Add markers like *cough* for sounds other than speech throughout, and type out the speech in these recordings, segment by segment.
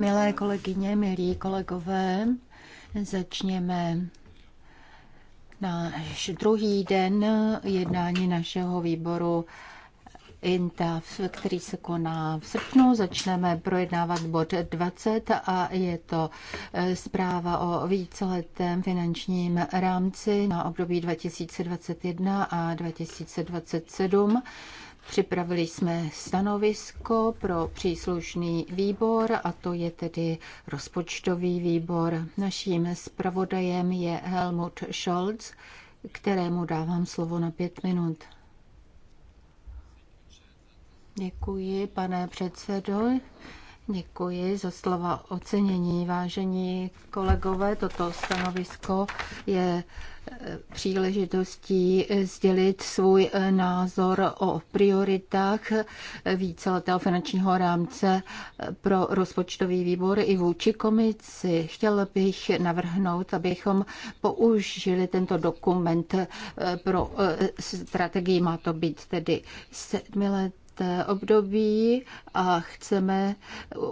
Milé kolegyně, milí kolegové, začněme náš druhý den jednání našeho výboru INTAF, který se koná v srpnu. Začneme projednávat bod 20 a je to zpráva o víceletém finančním rámci na období 2021 a 2027. Připravili jsme stanovisko pro příslušný výbor, a to je tedy rozpočtový výbor. Naším zpravodajem je Helmut Scholz, kterému dávám slovo na pět minut. Děkuji, pane předsedo. Děkuji za slova ocenění. Vážení kolegové, toto stanovisko je eh, příležitostí eh, sdělit svůj eh, názor o prioritách víceletého finančního rámce pro rozpočtový výbor i vůči komici. Chtěl bych navrhnout, abychom použili tento dokument pro strategii. Má to být tedy sedmilet období a chceme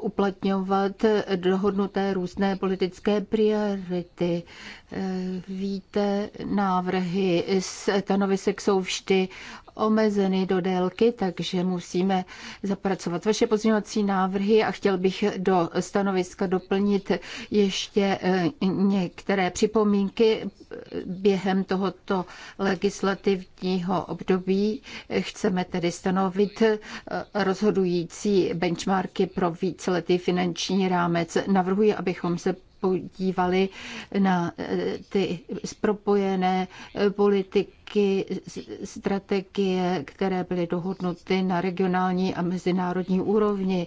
uplatňovat dohodnuté různé politické priority. Víte, návrhy stanovisek jsou vždy omezeny do délky, takže musíme zapracovat vaše pozměňovací návrhy a chtěl bych do stanoviska doplnit ještě eh, některé připomínky během tohoto legislativního období. Eh, chceme tedy stanovit eh, rozhodující benchmarky pro víceletý finanční rámec. Navrhuji, abychom se podívali na eh, ty propojené eh, politiky, strategie, které byly dohodnuty na regionální a mezinárodní úrovni,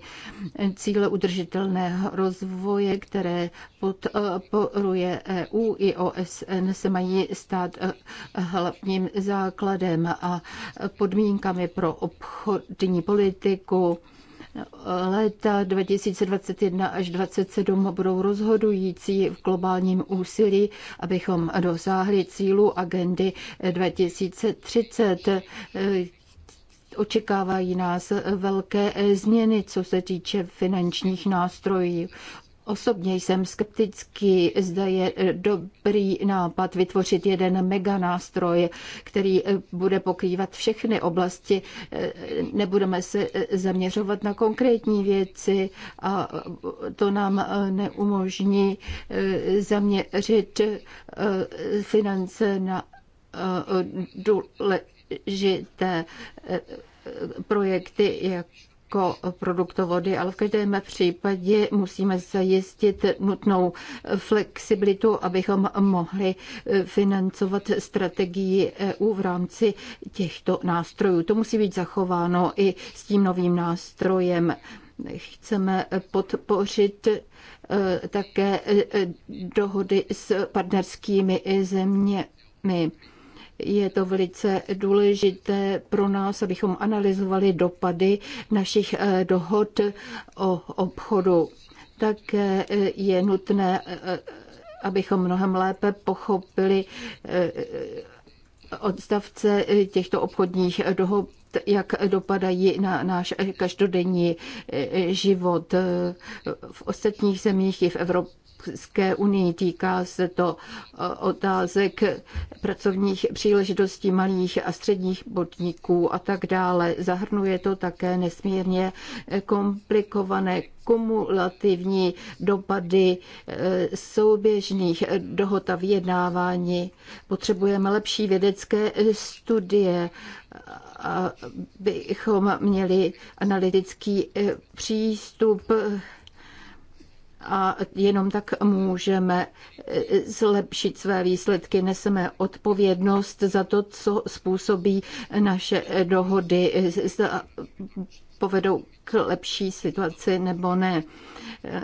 cíle udržitelného rozvoje, které podporuje EU i OSN, se mají stát eh, hlavním základem a podmínkami pro obchodní politiku Léta 2021 až 2027 budou rozhodující v globálním úsilí, abychom dosáhli cílu agendy 2030 očekávají nás velké změny, co se týče finančních nástrojů. Osobně jsem skeptický, zda je e, dobrý nápad vytvořit jeden mega nástroj, který e, bude pokrývat všechny oblasti. E, nebudeme se zaměřovat na konkrétní věci a to nám neumožní zaměřit finance na důležité projekty, jak jako produktovody, ale v každém případě musíme zajistit nutnou flexibilitu, abychom mohli financovat strategii EU v rámci těchto nástrojů. To musí být zachováno i s tím novým nástrojem chceme podpořit eh, také eh, dohody s partnerskými zeměmi. Je to velice důležité pro nás, abychom analyzovali dopady našich eh, dohod o obchodu. Také eh, je nutné, eh, abychom mnohem lépe pochopili odstavce těchto obchodních dohod jak dopadají na náš každodenní život v ostatních zemích i v Evropě Evropské unii. Týká se to e, otázek pracovních příležitostí malých a středních podniků a tak dále. Zahrnuje to také nesmírně komplikované kumulativní dopady e, souběžných dohod a vyjednávání. Potřebujeme lepší vědecké studie, abychom měli analytický e, přístup a jenom tak můžeme e, e, zlepšit své výsledky. Neseme odpovědnost za to, co způsobí naše dohody e, povedou k lepší situaci nebo ne.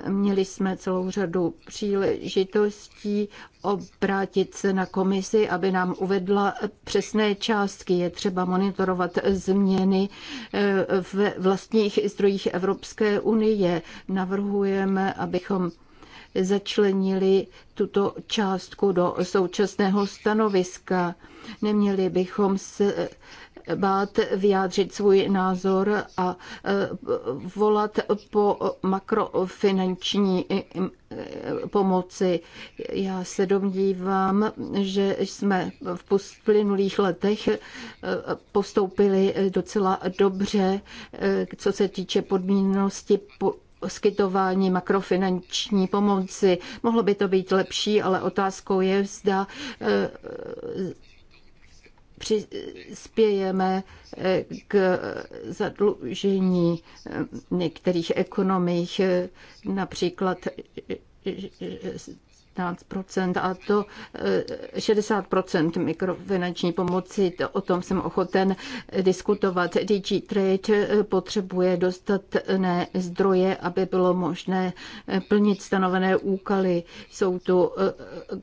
Měli jsme celou řadu příležitostí obrátit se na komisi, aby nám uvedla přesné částky. Je třeba monitorovat změny eh, v vlastních zdrojích Evropské unie. Navrhujeme, abychom začlenili tuto částku do současného stanoviska. Neměli bychom se bát vyjádřit svůj názor a e, volat po makrofinanční e, pomoci. Já se domnívám, že jsme v plynulých letech e, postoupili docela dobře, co se týče podmíněnosti poskytování makrofinanční pomoci. Mohlo by to být lepší, ale otázkou je, zda přispějeme eh, k zadlužení eh, některých ekonomik, eh, například 15 a to 60 eh, mikrofinanční pomoci. To, o tom jsem ochoten diskutovat. DG Trade eh, potřebuje dostatné zdroje, aby bylo možné eh, plnit stanovené úkaly. Jsou tu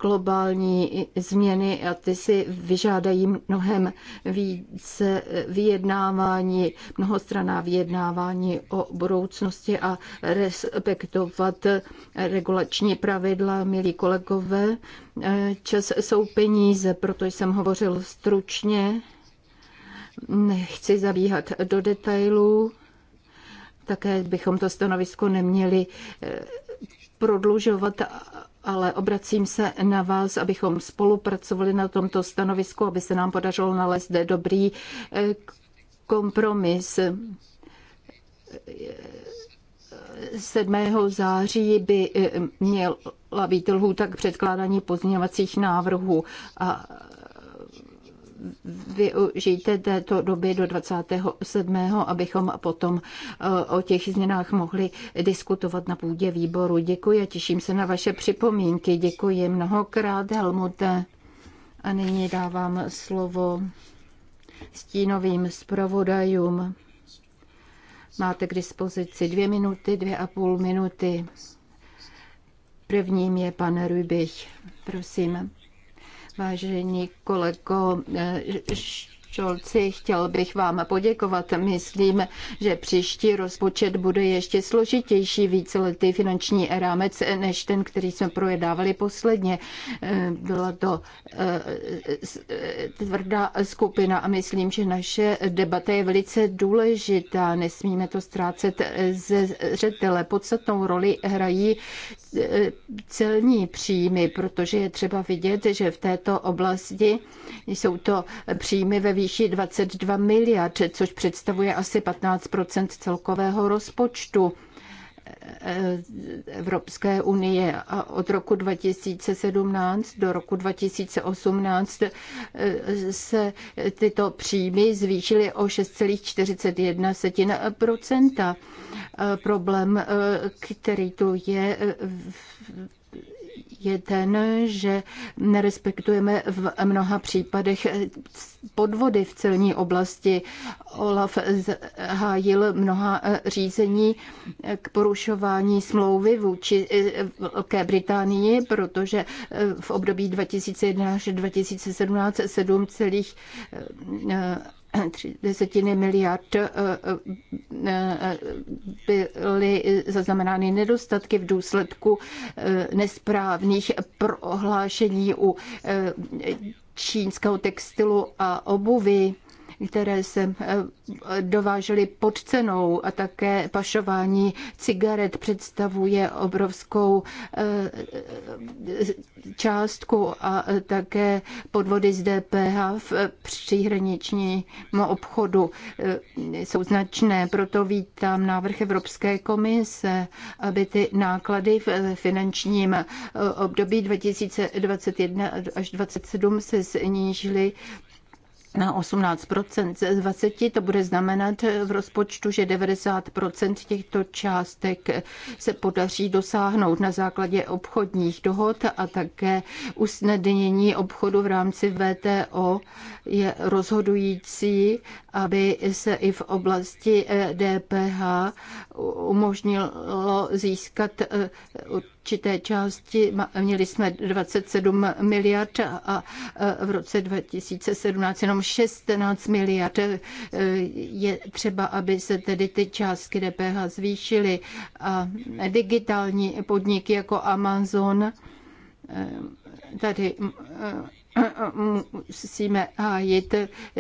globální změny a ty si vyžádají mnohem více vyjednávání, mnohostraná vyjednávání o budoucnosti a respektovat regulační pravidla, milí kolegové. Čas jsou peníze, proto jsem hovořil stručně. Nechci zabíhat do detailů. Také bychom to stanovisko neměli eh, prodlužovat, ale obracím se na vás, abychom spolupracovali na tomto stanovisku, aby se nám podařilo nalézt dobrý eh, kompromis 7. září by e, měl být lhůta k předkládání pozměňovacích návrhů a využijte této doby do 27., abychom potom e, o těch změnách mohli diskutovat na půdě výboru. Děkuji a těším se na vaše připomínky. Děkuji mnohokrát, Helmute. A nyní dávám slovo stínovým zpravodajům. Máte k dispozici dvě minuty, dvě a půl minuty. Prvním je pan Rybich. Prosím. Vážení kolego, eh, Šolci, chtěl bych vám poděkovat. Myslím, že příští rozpočet bude ještě složitější víceletý finanční rámec než ten, který jsme projedávali posledně. Byla to eh, eh, tvrdá skupina a myslím, že naše debata je velice důležitá. Nesmíme to ztrácet ze zřetele. Podstatnou roli hrají celní příjmy, protože je třeba vidět, že v této oblasti jsou to příjmy ve výši 22 miliard, což představuje asi 15 celkového rozpočtu. Eh, Evropské unie a od roku 2017 do roku 2018 eh, se tyto příjmy zvýšily o 6,41 eh, Problém, který tu je, je ten, že nerespektujeme v mnoha případech podvody v celní oblasti. Olaf hájil mnoha eh, řízení k porušování smlouvy vůči eh, Velké Británii, protože eh, v období 2011 až 2017 7, tři desetiny miliard eh, eh, byly zaznamenány nedostatky v důsledku eh, nesprávných prohlášení u čínského textilu a obuvy které se eh, dovážely pod cenou a také pašování cigaret představuje obrovskou eh, částku a eh, také podvody z DPH v příhraničním obchodu jsou značné. Proto vítám návrh Evropské komise, aby ty náklady v finančním období 2021 až 2027 se snížily na 18 ze 20, to bude znamenat v rozpočtu, že 90 těchto částek se podaří dosáhnout na základě obchodních dohod a také usnadnění obchodu v rámci VTO je rozhodující, aby se i v oblasti e DPH umožnilo získat eh, určité části. Měli jsme 27 miliard a v roce 2017 jenom 16 miliard. E, je třeba, aby se tedy ty částky DPH zvýšily. A digitální podniky jako Amazon e, tady e, musíme hájit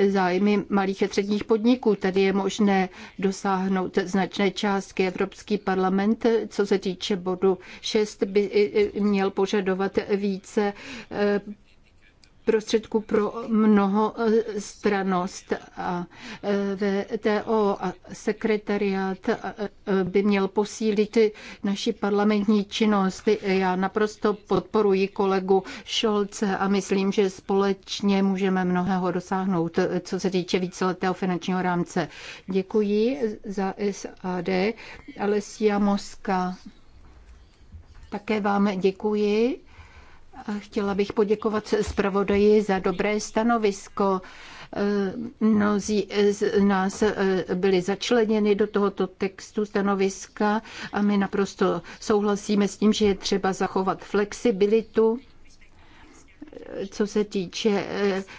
zájmy malých a středních podniků. Tady je možné dosáhnout značné částky. Evropský parlament, co se týče bodu 6, by měl požadovat více prostředku pro mnoho eh, stranost a eh, VTO a sekretariát eh, by měl posílit naši parlamentní činnost. Já naprosto podporuji kolegu Šolce a myslím, že společně můžeme mnohého dosáhnout, co se týče víceletého finančního rámce. Děkuji za SAD. Alessia Moska. Také vám děkuji. Chtěla bych poděkovat zpravodaji za dobré stanovisko. Eh, mnozí z nás eh, byli začleněni do tohoto textu stanoviska a my naprosto souhlasíme s tím, že je třeba zachovat flexibilitu eh, co se týče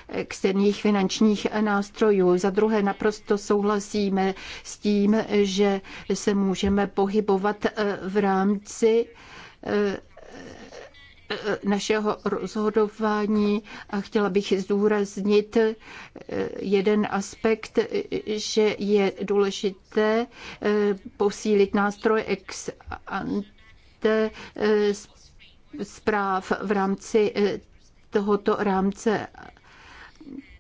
externích finančních nástrojů. Za druhé naprosto souhlasíme s tím, že se můžeme pohybovat v rámci Eh, našeho rozhodování a chtěla bych zdůraznit eh, jeden aspekt, že je důležité eh, posílit nástroj ex ante zpráv v rámci tohoto rámce.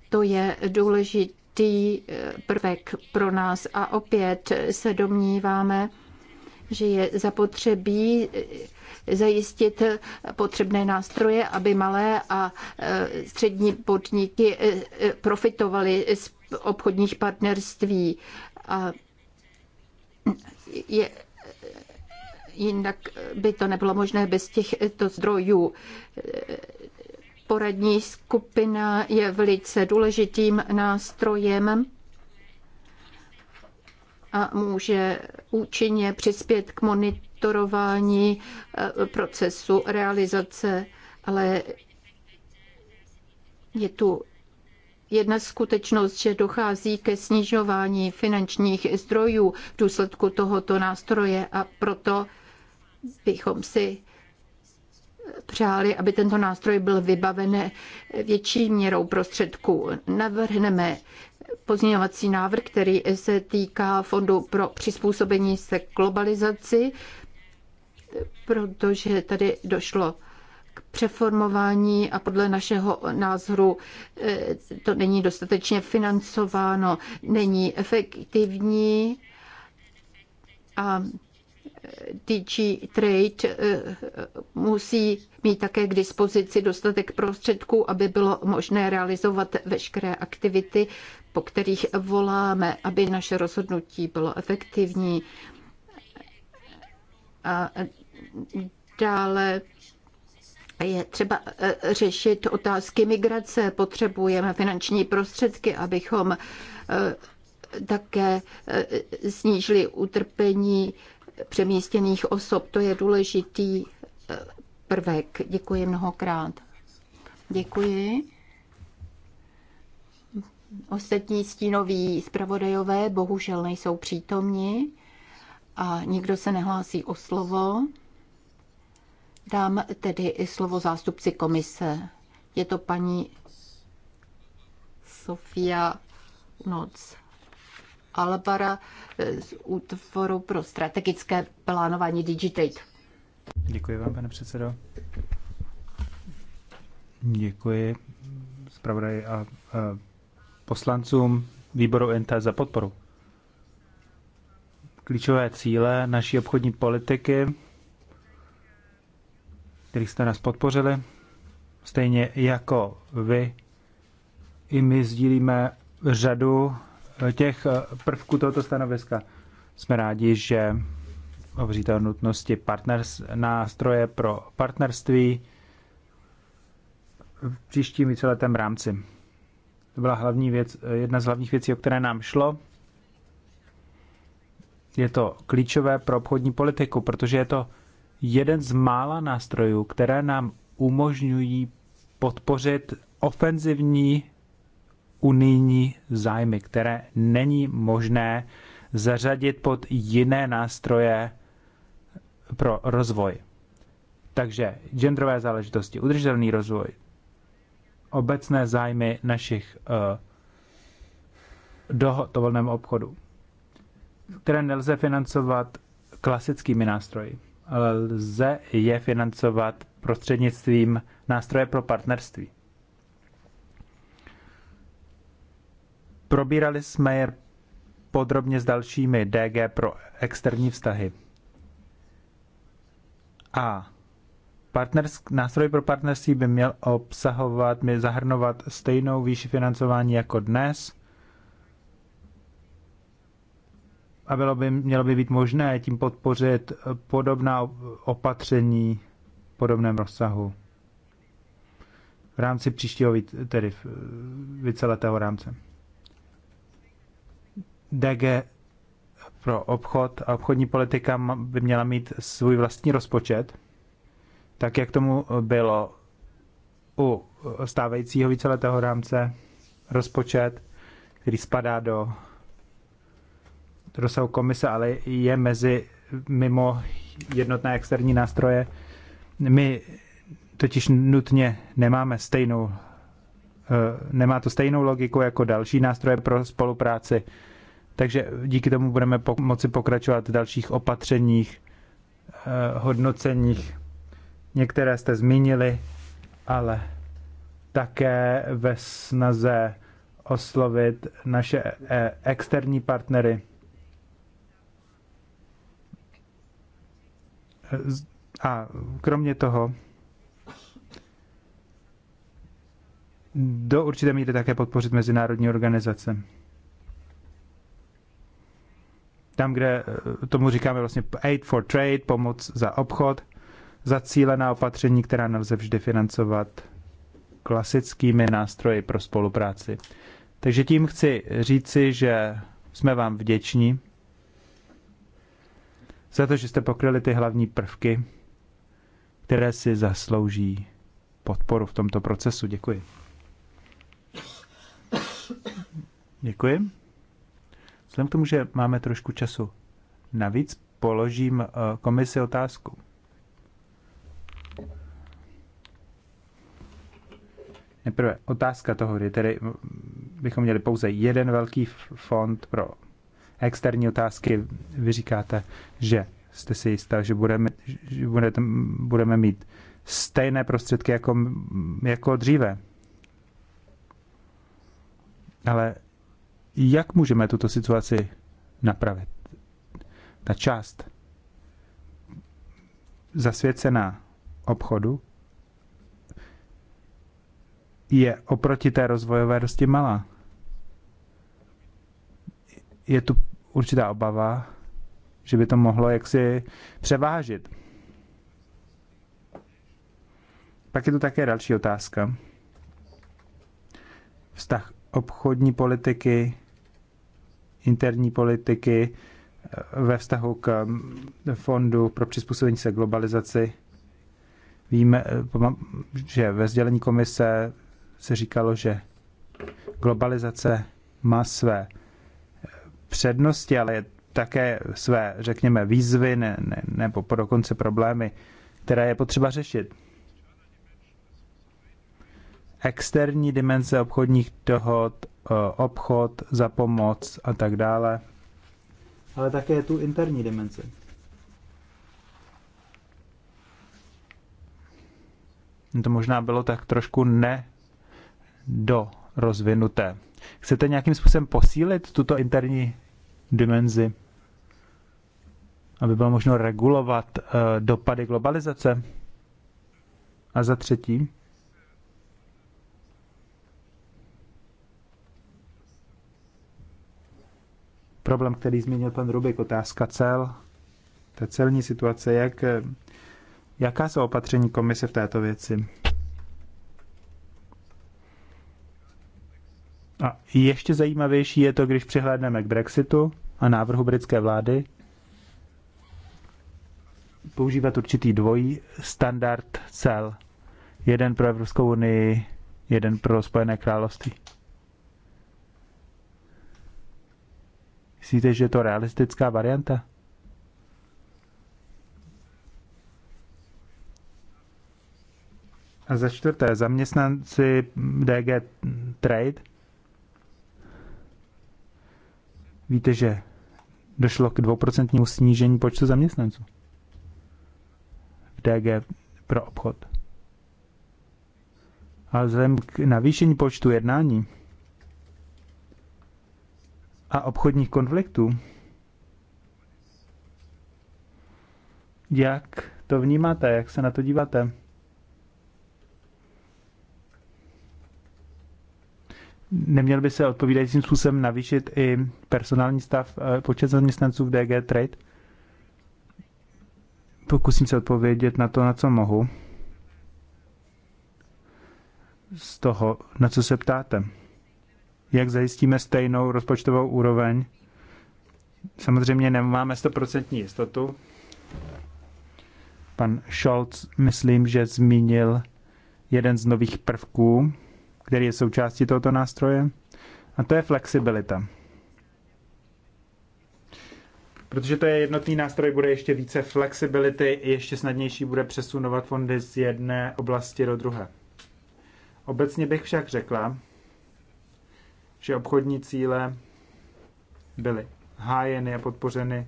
To je důležitý prvek pro nás a opět se domníváme, že je zapotřebí zajistit potřebné nástroje, aby malé a e, střední podniky e, e, profitovaly z obchodních partnerství. A je, jinak by to nebylo možné bez těchto zdrojů. Poradní skupina je velice důležitým nástrojem a může účinně přispět k monitorování monitorování eh, procesu realizace, ale je tu Jedna skutečnost, že dochází ke snižování finančních zdrojů v důsledku tohoto nástroje a proto bychom si přáli, aby tento nástroj byl vybaven větší měrou prostředků. Navrhneme pozměňovací návrh, který se týká Fondu pro přizpůsobení se globalizaci protože tady došlo k přeformování a podle našeho názoru eh, to není dostatečně financováno, není efektivní a DG Trade eh, musí mít také k dispozici dostatek prostředků, aby bylo možné realizovat veškeré aktivity, po kterých voláme, aby naše rozhodnutí bylo efektivní. A Dále je třeba eh, řešit otázky migrace. Potřebujeme finanční prostředky, abychom eh, také eh, snížili utrpení přemístěných osob. To je důležitý prvek. Děkuji mnohokrát. Děkuji. Ostatní stínoví zpravodajové bohužel nejsou přítomni a nikdo se nehlásí o slovo. Dám tedy i slovo zástupci komise. Je to paní Sofia Noc Albara eh, z Útvoru pro strategické plánování Digitate. Děkuji vám, pane předsedo. Děkuji zpravodaji a, poslancům výboru INTA za podporu. Klíčové cíle naší obchodní politiky kteří jste nás podpořili. Stejně jako vy, i my sdílíme řadu eh, těch eh, prvků tohoto stanoviska. Jsme rádi, že hovoříte o nutnosti partners, nástroje pro partnerství v příštím víceletém rámci. To byla hlavní věc, eh, jedna z hlavních věcí, o které nám šlo. Je to klíčové pro obchodní politiku, protože je to jeden z mála nástrojů, které nám umožňují podpořit ofenzivní unijní zájmy, které není možné zařadit pod jiné nástroje pro rozvoj. Takže genderové záležitosti, udržitelný rozvoj, obecné zájmy našich uh, dohod o volném obchodu, které nelze financovat klasickými nástroji lze je financovat prostřednictvím nástroje pro partnerství. Probírali jsme je podrobně s dalšími DG pro externí vztahy. A partnersk, nástroj pro partnerství by měl obsahovat, měl zahrnovat stejnou výši financování jako dnes – a bylo by, mělo by být možné tím podpořit podobná opatření v podobném rozsahu v rámci příštího, tedy víceletého rámce. DG pro obchod a obchodní politika by měla mít svůj vlastní rozpočet, tak jak tomu bylo u stávajícího víceletého rámce rozpočet, který spadá do rozsahu komise, ale je mezi mimo jednotné externí nástroje. My totiž nutně nemáme stejnou, eh, nemá to stejnou logiku jako další nástroje pro spolupráci. Takže díky tomu budeme moci pokračovat v dalších opatřeních, eh, hodnoceních. Některé jste zmínili, ale také ve snaze oslovit naše eh, externí partnery A kromě toho do určité míry také podpořit mezinárodní organizace. Tam, kde eh, tomu říkáme vlastně aid for trade, pomoc za obchod, zacílená opatření, která nelze vždy financovat klasickými nástroji pro spolupráci. Takže tím chci říci, že jsme vám vděční za to, že jste pokryli ty hlavní prvky, které si zaslouží podporu v tomto procesu. Děkuji. Děkuji. Vzhledem k tomu, že máme trošku času navíc, položím eh, komisi otázku. Nejprve otázka toho, kdy tedy bychom měli pouze jeden velký fond pro externí otázky. Vy říkáte, že jste si jistá, že budeme, že budete, budeme mít stejné prostředky jako, jako dříve. Ale jak můžeme tuto situaci napravit? Ta část zasvěcená obchodu je oproti té rozvojové dosti malá. Je tu určitá obava, že by to mohlo jaksi převážit. Pak je tu také další otázka. Vztah obchodní politiky, interní politiky eh, ve vztahu k mm, fondu pro přizpůsobení se globalizaci. Víme, eh, že ve sdělení komise se říkalo, že globalizace má své přednosti, ale také své, řekněme, výzvy ne, ne, nebo dokonce problémy, které je potřeba řešit. Externí dimenze obchodních dohod, e, obchod za pomoc a tak dále. Ale také je tu interní dimenze. To možná bylo tak trošku ne do rozvinuté. Chcete nějakým způsobem posílit tuto interní dimenzi, aby bylo možno regulovat eh, dopady globalizace. A za třetí, problém, který zmínil pan Rubik, otázka cel, ta celní situace, jak, eh, jaká jsou opatření komise v této věci? A ještě zajímavější je to, když přihlédneme k Brexitu a návrhu britské vlády používat určitý dvojí standard cel. Jeden pro Evropskou unii, jeden pro Spojené království. Myslíte, že je to realistická varianta? A za čtvrté, zaměstnanci DG Trade Víte, že došlo k dvouprocentnímu snížení počtu zaměstnanců v DG pro obchod. A vzhledem k navýšení počtu jednání a obchodních konfliktů, jak to vnímáte, jak se na to díváte? Neměl by se odpovídajícím způsobem navýšit i personální stav, eh, počet zaměstnanců v DG Trade? Pokusím se odpovědět na to, na co mohu. Z toho, na co se ptáte. Jak zajistíme stejnou rozpočtovou úroveň? Samozřejmě nemáme 100% jistotu. Pan Scholz, myslím, že zmínil jeden z nových prvků, který je součástí tohoto nástroje, a to je flexibilita. Protože to je jednotný nástroj, bude ještě více flexibility, ještě snadnější bude přesunovat fondy z jedné oblasti do druhé. Obecně bych však řekla, že obchodní cíle byly hájeny a podpořeny eh,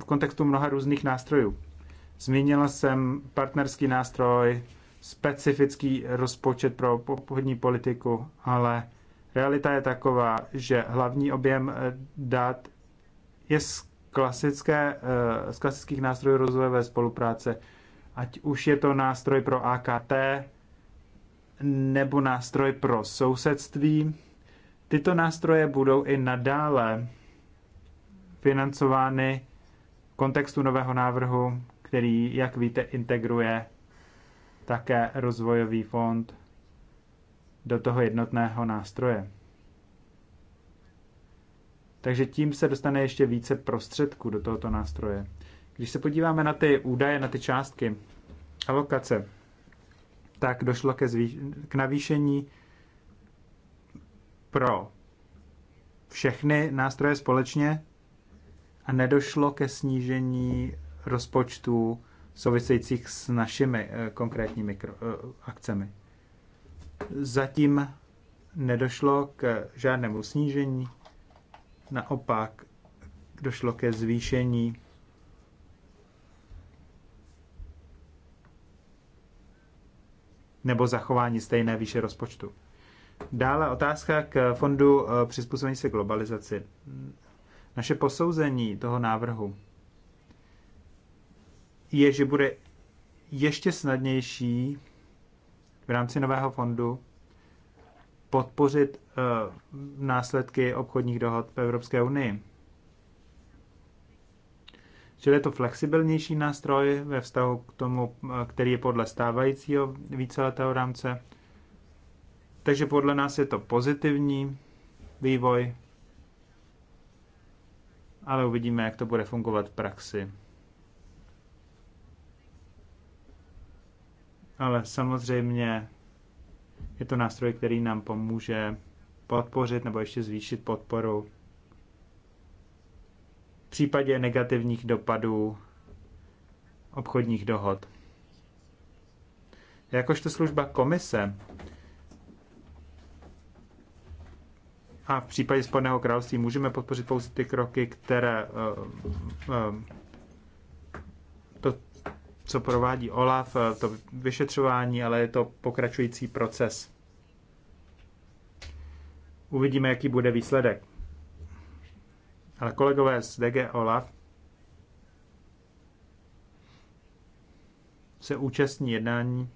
v kontextu mnoha různých nástrojů. Zmínila jsem partnerský nástroj, specifický rozpočet pro obchodní politiku, ale realita je taková, že hlavní objem eh, dat je z, klasické, eh, z klasických nástrojů rozvojové spolupráce. Ať už je to nástroj pro AKT nebo nástroj pro sousedství, tyto nástroje budou i nadále financovány v kontextu nového návrhu, který, jak víte, integruje také rozvojový fond do toho jednotného nástroje. Takže tím se dostane ještě více prostředků do tohoto nástroje. Když se podíváme na ty údaje, na ty částky, alokace, tak došlo ke zvýš- k navýšení pro všechny nástroje společně a nedošlo ke snížení rozpočtu souvisejících s našimi eh, konkrétními eh, akcemi. Zatím nedošlo k žádnému snížení, naopak došlo ke zvýšení nebo zachování stejné výše rozpočtu. Dále otázka k fondu eh, přizpůsobení se globalizaci. Naše posouzení toho návrhu je, že bude ještě snadnější v rámci nového fondu podpořit uh, následky obchodních dohod v Evropské unii. Čili je to flexibilnější nástroj ve vztahu k tomu, eh, který je podle stávajícího víceletého rámce. Takže podle nás je to pozitivní vývoj, ale uvidíme, jak to bude fungovat v praxi. ale samozřejmě je to nástroj, který nám pomůže podpořit nebo ještě zvýšit podporu v případě negativních dopadů obchodních dohod. Jakožto služba komise a v případě Spodného království můžeme podpořit pouze ty kroky, které uh, uh, to, co provádí OLAF, eh, to vyšetřování, ale je to pokračující proces. Uvidíme, jaký bude výsledek. Ale kolegové z DG OLAF se účastní jednání.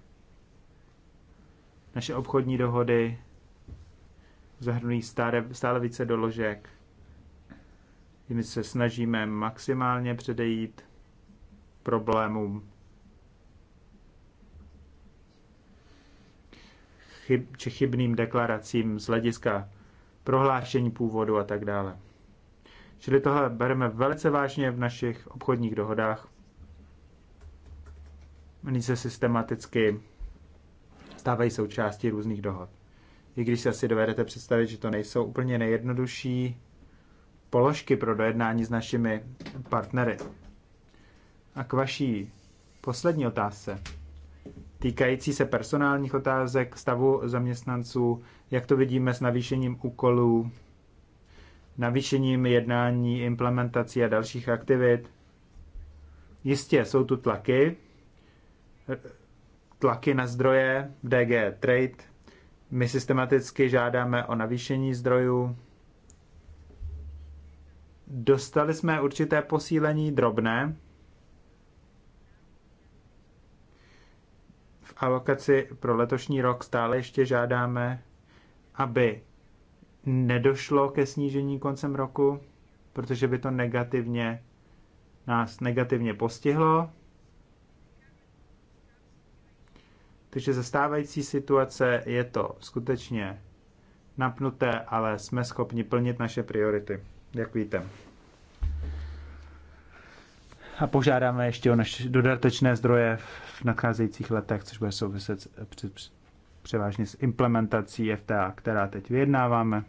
Naše obchodní dohody zahrnují stále, stále více doložek. My se snažíme maximálně předejít problémům chyb, či chybným deklaracím z hlediska prohlášení původu a tak dále. Čili tohle bereme velice vážně v našich obchodních dohodách. Oni se systematicky stávají součástí různých dohod. I když si asi dovedete představit, že to nejsou úplně nejjednodušší položky pro dojednání s našimi partnery. A k vaší poslední otázce týkající se personálních otázek, stavu zaměstnanců, jak to vidíme s navýšením úkolů, navýšením jednání, implementací a dalších aktivit. Jistě jsou tu tlaky, tlaky na zdroje v DG Trade. My systematicky žádáme o navýšení zdrojů. Dostali jsme určité posílení drobné, alokaci pro letošní rok stále ještě žádáme, aby nedošlo ke snížení koncem roku, protože by to negativně nás negativně postihlo. Takže zastávající situace je to skutečně napnuté, ale jsme schopni plnit naše priority, jak víte a požádáme ještě o naše dodatečné zdroje v nadcházejících letech, což bude souviset převážně s implementací FTA, která teď vyjednáváme.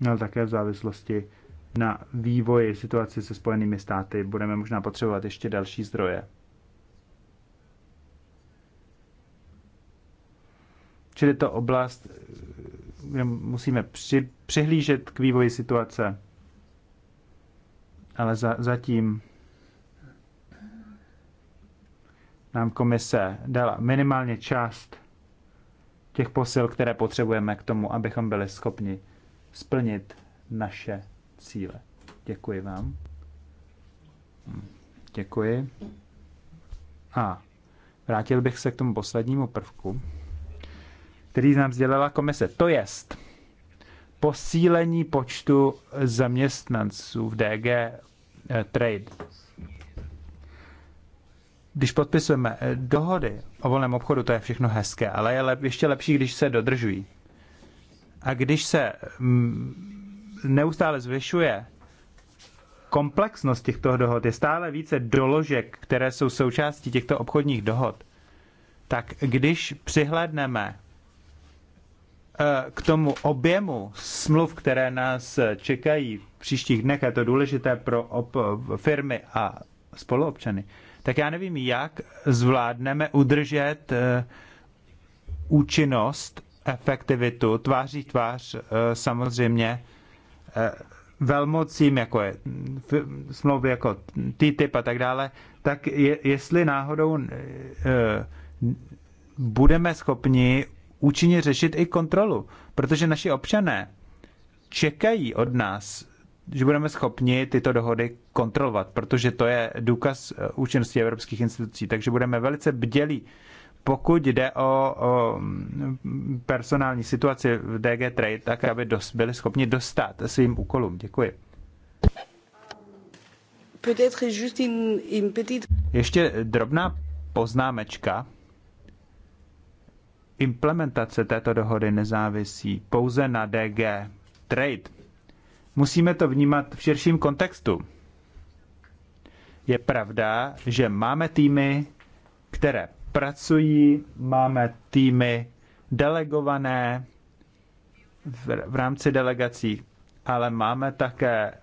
No, ale také v závislosti na vývoji situace se Spojenými státy budeme možná potřebovat ještě další zdroje. Čili to oblast, kde musíme při, přihlížet k vývoji situace ale za, zatím nám komise dala minimálně část těch posil, které potřebujeme k tomu, abychom byli schopni splnit naše cíle. Děkuji vám. Hm, děkuji. A vrátil bych se k tomu poslednímu prvku, který nám sdělila komise. To jest, posílení počtu zaměstnanců v DG eh, Trade. Když podpisujeme eh, dohody o volném obchodu, to je všechno hezké, ale je lep, ještě lepší, když se dodržují. A když se mm, neustále zvyšuje komplexnost těchto dohod, je stále více doložek, které jsou součástí těchto obchodních dohod, tak když přihlédneme Eh, k tomu objemu smluv, které nás eh, čekají v příštích dnech, a to důležité pro firmy a spoluobčany, tak já nevím, jak zvládneme udržet eh, účinnost, efektivitu, tváří tvář samozřejmě velmocím, jako je mm, smlouvy jako TTIP a tak dále, tak je, jestli náhodou budeme schopni účinně řešit i kontrolu, protože naši občané čekají od nás, že budeme schopni tyto dohody kontrolovat, protože to je důkaz eh, účinnosti evropských institucí, takže budeme velice bdělí, pokud jde o, o mm, personální situaci v DG Trade, tak aby dos, byli schopni dostat svým úkolům. Děkuji. Ještě drobná poznámečka implementace této dohody nezávisí pouze na DG Trade. Musíme to vnímat v širším kontextu. Je pravda, že máme týmy, které pracují, máme týmy delegované v, v rámci delegací, ale máme také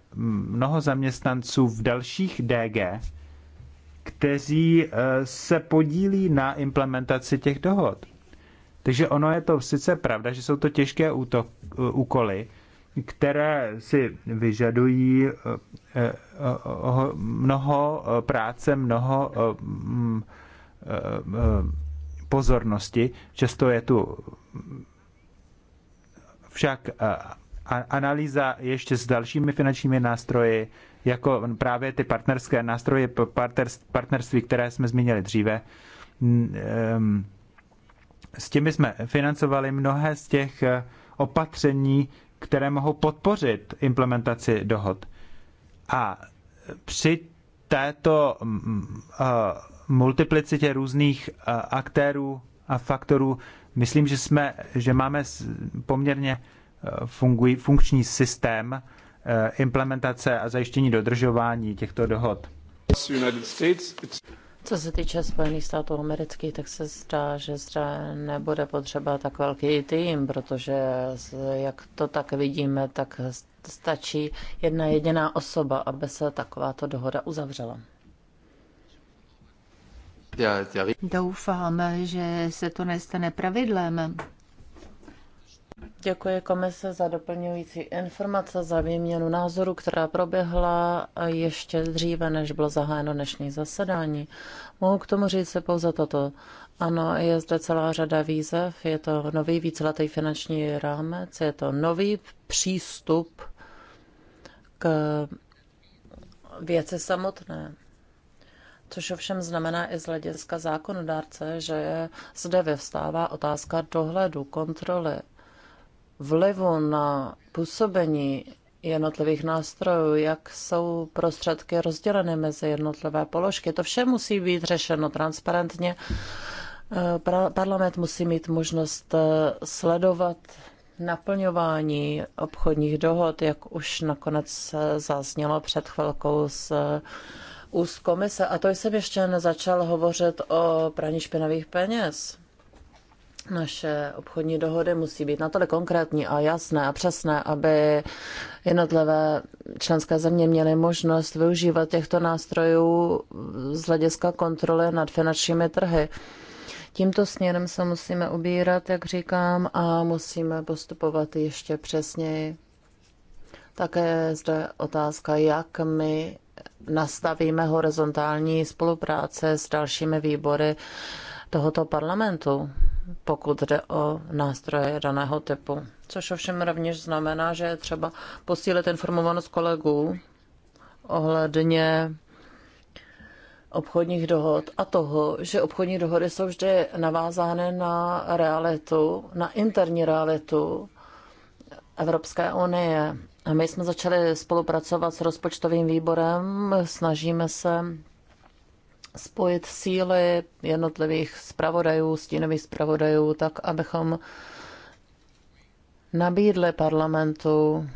mnoho zaměstnanců v dalších DG, kteří eh, se podílí na implementaci těch dohod. Takže ono je to sice pravda, že jsou to těžké útok, uh, úkoly, které si vyžadují uh, uh, mnoho práce, mnoho mm, pozornosti. Často je tu však analýza ještě s dalšími finančními nástroji, jako právě ty partnerské nástroje, partnerství, které jsme zmínili dříve, um, s těmi jsme financovali mnohé z těch eh, opatření, které mohou podpořit implementaci dohod. A při této mm, mm, eh, multiplicitě různých eh, aktérů a faktorů, myslím, že, jsme, že máme poměrně fungují, funkční systém implementace a zajištění dodržování těchto dohod. Co se týče Spojených států amerických, tak se zdá, že zda nebude potřeba tak velký tým, protože jak to tak vidíme, tak stačí jedna jediná osoba, aby se takováto dohoda uzavřela. Doufáme, že se to nestane pravidlem. Děkuji komise za doplňující informace, za výměnu názoru, která proběhla ještě dříve, než bylo zahájeno dnešní zasedání. Mohu k tomu říct se pouze toto. Ano, je zde celá řada výzev, je to nový víceletý finanční rámec, je to nový přístup k věci samotné. Což ovšem znamená i z hlediska zákonodárce, že zde vyvstává otázka dohledu, kontroly vlivu na působení jednotlivých nástrojů, jak jsou prostředky rozděleny mezi jednotlivé položky. To vše musí být řešeno transparentně. Eh, parlament musí mít možnost eh, sledovat naplňování obchodních dohod, jak už nakonec eh, zaznělo před chvilkou z úst komise. A to jsem ještě nezačal hovořit o praní špinavých peněz naše obchodní dohody musí být natolik konkrétní a jasné a přesné, aby jednotlivé členské země měly možnost využívat těchto nástrojů z hlediska kontroly nad finančními trhy. Tímto směrem se musíme ubírat, jak říkám, a musíme postupovat ještě přesněji. Také zde otázka, jak my nastavíme horizontální spolupráce s dalšími výbory tohoto parlamentu pokud jde o nástroje daného typu. Což ovšem rovněž znamená, že je třeba posílit informovanost kolegů ohledně obchodních dohod a toho, že obchodní dohody jsou vždy navázány na realitu, na interní realitu Evropské unie. A my jsme začali spolupracovat s rozpočtovým výborem, snažíme se spojit síly jednotlivých zpravodajů, stínových zpravodajů, tak abychom nabídli parlamentu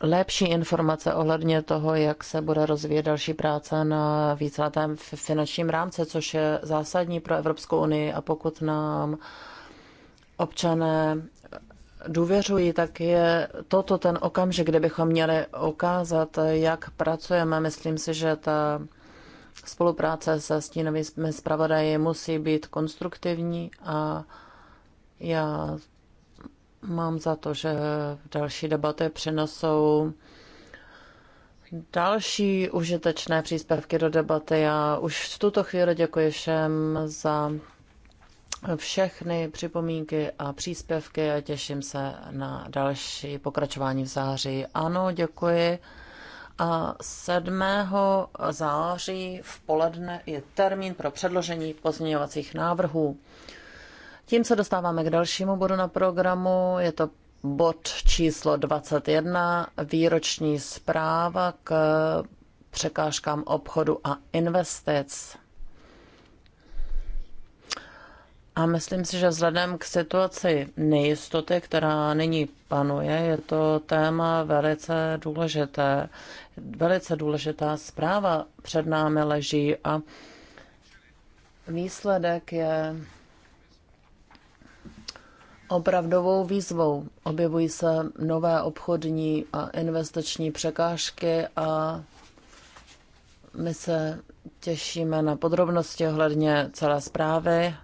lepší informace ohledně toho, jak se bude rozvíjet další práce na víceletém finančním rámci, což je zásadní pro Evropskou unii a pokud nám občané důvěřují, tak je toto ten okamžik, kde bychom měli ukázat, jak pracujeme. Myslím si, že ta spolupráce se stínovými zpravodaji musí být konstruktivní a já mám za to, že další debaty přinesou další užitečné příspěvky do debaty. Já už v tuto chvíli děkuji všem za všechny připomínky a příspěvky a těším se na další pokračování v září. Ano, děkuji. A 7. září v poledne je termín pro předložení pozměňovacích návrhů. Tím se dostáváme k dalšímu bodu na programu. Je to bod číslo 21, výroční zpráva k překážkám obchodu a investic. A myslím si, že vzhledem k situaci nejistoty, která nyní panuje, je to téma velice důležité. Velice důležitá zpráva před námi leží a výsledek je opravdovou výzvou. Objevují se nové obchodní a investiční překážky a my se těšíme na podrobnosti ohledně celé zprávy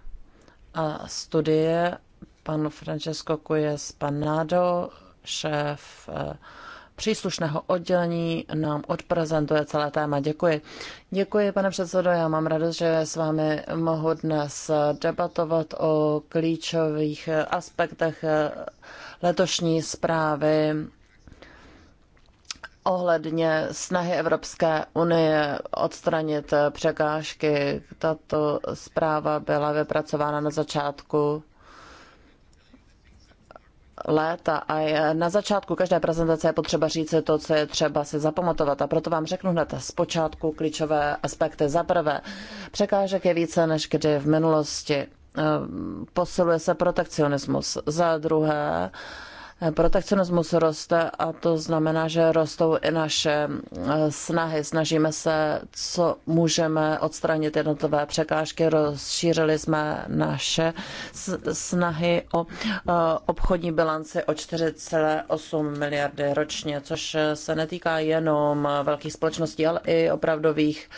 a studie pan Francesco Cuyes Panado, šéf eh, příslušného oddělení, nám odprezentuje celé téma. Děkuji. Děkuji, pane předsedo. Já mám radost, že s vámi mohu dnes debatovat o klíčových aspektech eh, letošní zprávy ohledně snahy Evropské unie odstranit překážky. Tato zpráva byla vypracována na začátku léta a na začátku každé prezentace je potřeba říct to, co je třeba si zapamatovat. A proto vám řeknu hned počátku klíčové aspekty. Za prvé, překážek je více než kdy v minulosti. Ehm, posiluje se protekcionismus. Za druhé, Protekcionismus roste a to znamená, že rostou i naše eh, snahy. Snažíme se, co můžeme odstranit jednotlivé překážky. Rozšířili jsme naše snahy o eh, obchodní bilanci o 4,8 miliardy ročně, což se netýká jenom velkých společností, ale i opravdových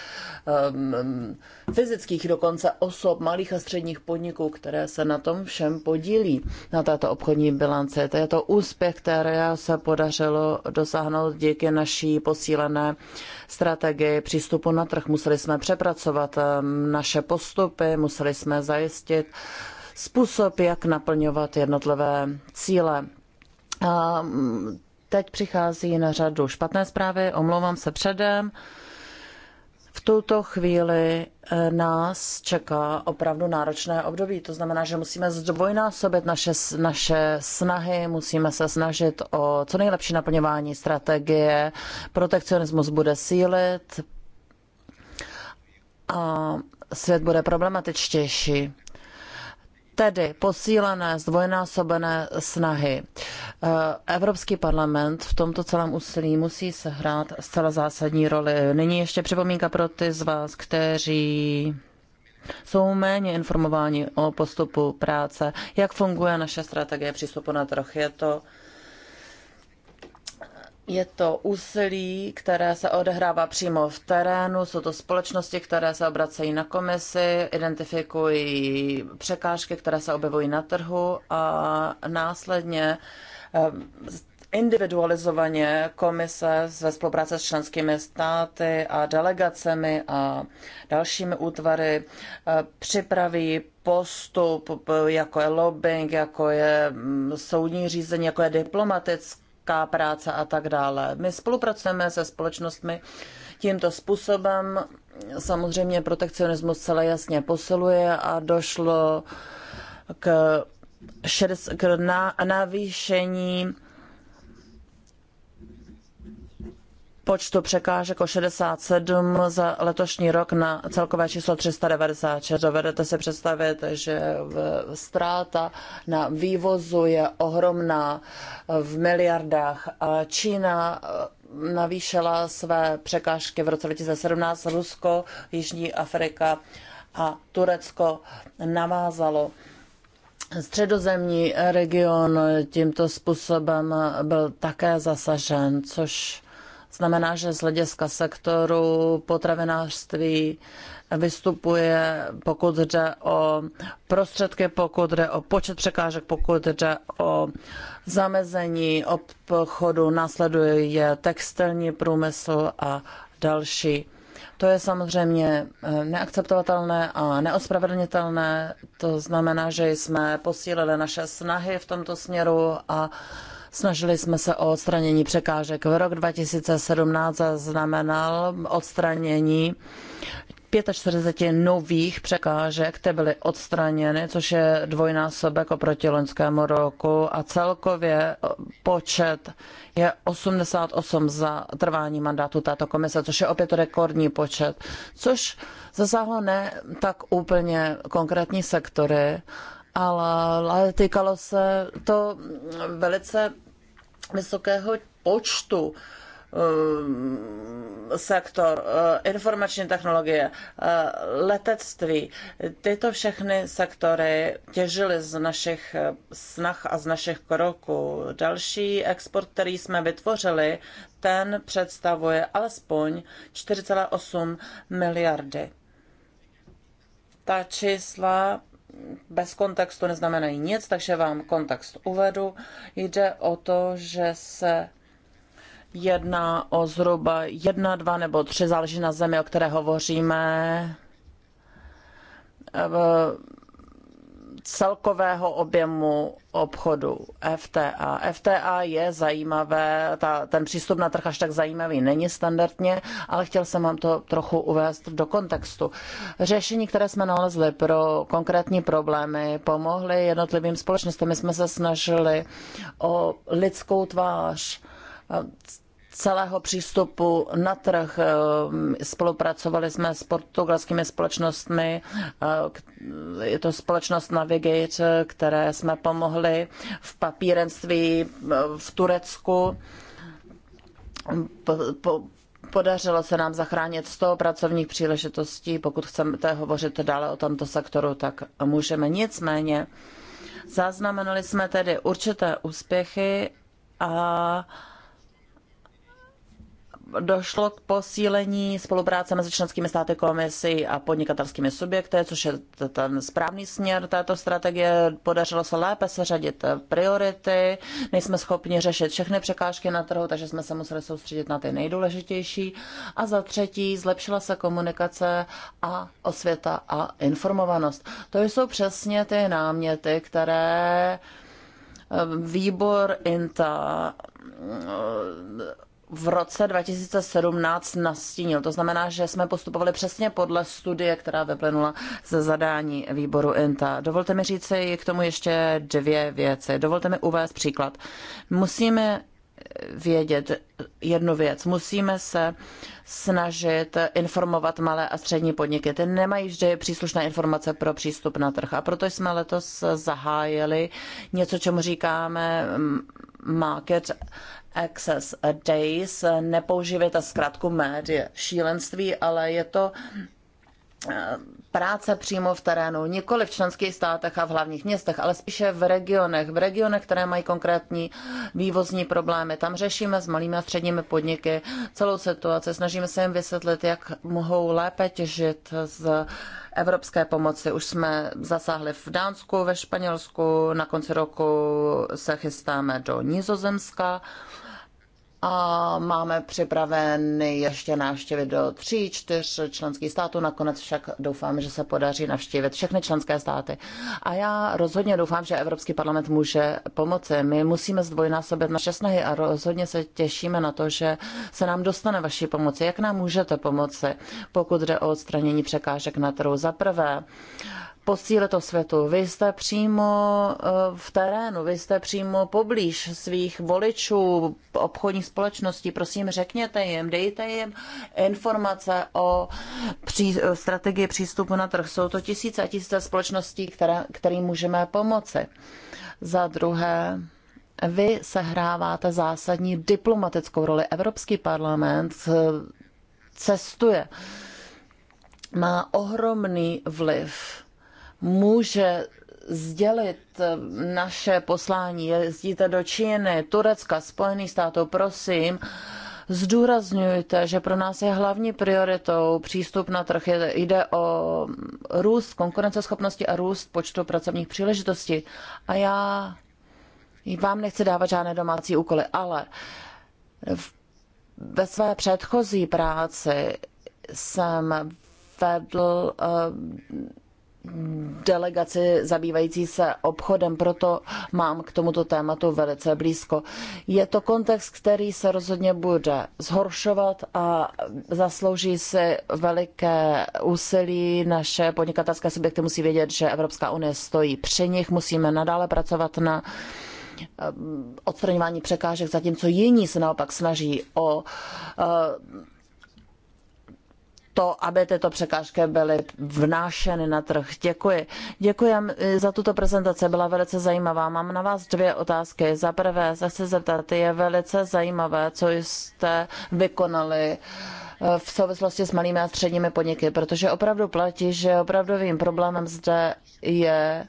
eh, fyzických dokonce osob, malých a středních podniků, které se na tom všem podílí, na této obchodní bilanci. To je to úspěch, které se podařilo dosáhnout díky naší posílené strategii přístupu na trh. Museli jsme přepracovat um, naše postupy, museli jsme zajistit způsob, jak naplňovat jednotlivé cíle. Um, teď přichází na řadu špatné zprávy, omlouvám se předem. V tuto chvíli eh, nás čeká opravdu náročné období. To znamená, že musíme zdvojnásobit naše, naše snahy, musíme se snažit o co nejlepší naplňování strategie. Protekcionismus bude sílit a svět bude problematičtější. Tedy posílené, zdvojnásobené snahy. Eh, Evropský parlament v tomto celém úsilí musí sehrát zcela zásadní roli. Nyní ještě připomínka pro ty z vás, kteří jsou méně informováni o postupu práce, jak funguje naše strategie přístupu na trh. Je to je to úsilí, které se odehrává přímo v terénu, jsou to společnosti, které se obracejí na komisi, identifikují překážky, které se objevují na trhu a následně eh, individualizovaně komise ve spolupráci s členskými státy a delegacemi a dalšími útvary eh, připraví postup, jako je lobbying, jako je mm, soudní řízení, jako je diplomatické lidská práce a tak dále. My spolupracujeme se společnostmi tímto způsobem. Samozřejmě protekcionismus celé jasně posiluje a došlo k, šest, k na, navýšení počtu překážek o 67 za letošní rok na celkové číslo 396. Dovedete si představit, že ztráta na vývozu je ohromná v miliardách. Čína eh, navýšila své překážky v roce 2017, Rusko, Jižní Afrika a Turecko navázalo. Středozemní region tímto způsobem byl také zasažen, což Znamená, že z hlediska sektoru potravinářství vystupuje, pokud jde o prostředky, pokud jde o počet překážek, pokud jde o zamezení obchodu, následuje textilní průmysl a další. To je samozřejmě eh, neakceptovatelné a neospravedlnitelné. To znamená, že jsme posílili naše snahy v tomto směru a Snažili jsme se o odstranění překážek. V rok 2017 znamenal odstranění 45 nových překážek, ty byly odstraněny, což je dvojnásobek oproti loňskému roku a celkově počet je 88 za trvání mandátu této komise, což je opět rekordní počet, což zasáhlo ne tak úplně konkrétní sektory, ale týkalo se to velice vysokého počtu eh, sektor, eh, informační technologie, eh, letectví. Tyto všechny sektory těžily z našich snah a z našich kroků. Další export, který jsme vytvořili, ten představuje alespoň 4,8 miliardy. Ta čísla bez kontextu neznamenají nic, takže vám kontext uvedu. Jde o to, že se jedná o zhruba jedna, dva nebo tři, záleží na zemi, o které hovoříme celkového objemu obchodu FTA. FTA je zajímavé, ta, ten přístup na trh až tak zajímavý není standardně, ale chtěl jsem vám to trochu uvést do kontextu. Řešení, které jsme nalezli pro konkrétní problémy, pomohly jednotlivým společnostem. My jsme se snažili o lidskou tvář celého přístupu na trh. Eh, spolupracovali jsme s portugalskými společnostmi, eh, je to společnost Navigate, které jsme pomohli v papírenství eh, v Turecku. Po, po, podařilo se nám zachránit 100 pracovních příležitostí. Pokud chcete hovořit dále o tomto sektoru, tak můžeme. Nicméně zaznamenali jsme tedy určité úspěchy a došlo k posílení spolupráce mezi členskými státy komisí a podnikatelskými subjekty, což je ten správný směr této strategie. Podařilo se lépe seřadit priority, nejsme schopni řešit všechny překážky na trhu, takže jsme se museli soustředit na ty nejdůležitější. A za třetí, zlepšila se komunikace a osvěta a informovanost. To jsou přesně ty náměty, které eh, výbor INTA eh, v roce 2017 nastínil. To znamená, že jsme postupovali přesně podle studie, která vyplynula ze zadání výboru INTA. Dovolte mi si k tomu ještě dvě věci. Dovolte mi uvést příklad. Musíme vědět jednu věc. Musíme se snažit informovat malé a střední podniky. Ty nemají vždy příslušné informace pro přístup na trh. A proto jsme letos zahájili něco, čemu říkáme Market Access Days. Nepoužívejte zkrátku média šílenství, ale je to Eh, práce přímo v terénu, nikoli v členských státech a v hlavních městech, ale spíše v regionech, v regionech, které mají konkrétní vývozní problémy. Tam řešíme s malými a středními podniky celou situaci, snažíme se jim vysvětlit, jak mohou lépe těžit z evropské pomoci. Už jsme zasáhli v Dánsku, ve Španělsku, na konci roku se chystáme do Nizozemska a máme připraveny ještě návštěvy do tří, čtyř členských států. Nakonec však doufám, že se podaří navštívit všechny členské státy. A já rozhodně doufám, že Evropský parlament může pomoci. My musíme zdvojnásobit naše snahy a rozhodně se těšíme na to, že se nám dostane vaší pomoci. Jak nám můžete pomoci, pokud jde o odstranění překážek na trhu? Za prvé, posílit světu. Vy jste přímo eh, v terénu, vy jste přímo poblíž svých voličů, obchodních společností. Prosím, řekněte jim, dejte jim informace o pří, strategii přístupu na trh. Jsou to tisíce a tisíce společností, které, kterým můžeme pomoci. Za druhé, vy sehráváte zásadní diplomatickou roli. Evropský parlament eh, cestuje má ohromný vliv může sdělit eh, naše poslání. Jezdíte do Číny, Turecka, Spojený států, prosím, zdůrazňujte, že pro nás je hlavní prioritou přístup na trh. Jde o růst konkurenceschopnosti a růst počtu pracovních příležitostí. A já vám nechci dávat žádné domácí úkoly, ale ve své předchozí práci jsem vedl uh, delegaci zabývající se obchodem, proto mám k tomuto tématu velice blízko. Je to kontext, který se rozhodně bude zhoršovat a zaslouží si veliké úsilí. Naše podnikatelské subjekty musí vědět, že Evropská unie stojí při nich, musíme nadále pracovat na eh, odstraňování překážek, zatímco jiní se naopak snaží o eh, to, aby tyto překážky byly vnášeny na trh. Děkuji. Děkuji eh, za tuto prezentaci, byla velice zajímavá. Mám na vás dvě otázky. Za prvé se chci zeptat, je velice zajímavé, co jste vykonali eh, v souvislosti s malými a středními podniky, protože opravdu platí, že opravdovým problémem zde je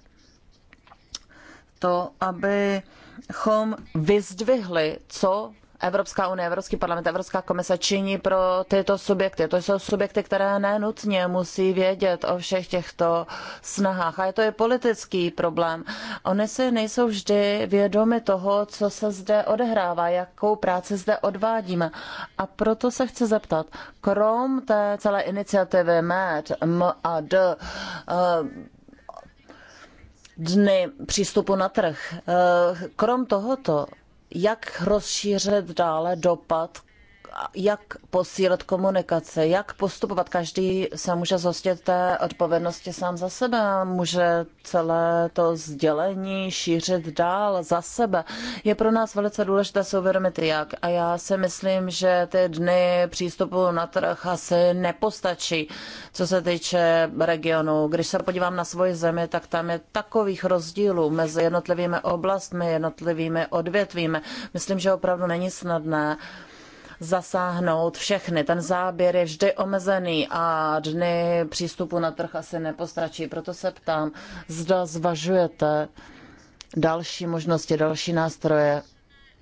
to, abychom vyzdvihli, co Evropská unie, Evropský parlament, Evropská komise činí pro tyto subjekty. To jsou subjekty, které nenutně musí vědět o všech těchto snahách. A je to i politický problém. Oni si nejsou vždy vědomi toho, co se zde odehrává, jakou práci zde odvádíme. A proto se chci zeptat, krom té celé iniciativy MED, M a D, eh, dny přístupu na trh. Eh, krom tohoto jak rozšířit dále dopad jak posílat komunikace, jak postupovat. Každý se může zhostit té odpovědnosti sám za sebe, může celé to sdělení šířit dál za sebe. Je pro nás velice důležité se uvědomit, jak. A já si myslím, že ty dny přístupu na trh asi nepostačí, co se týče regionu. Když se podívám na svoji zemi, tak tam je takových rozdílů mezi jednotlivými oblastmi, jednotlivými odvětvími. Myslím, že opravdu není snadné zasáhnout všechny. Ten záběr je vždy omezený a dny přístupu na trh asi nepostačí. Proto se ptám, zda zvažujete další možnosti, další nástroje,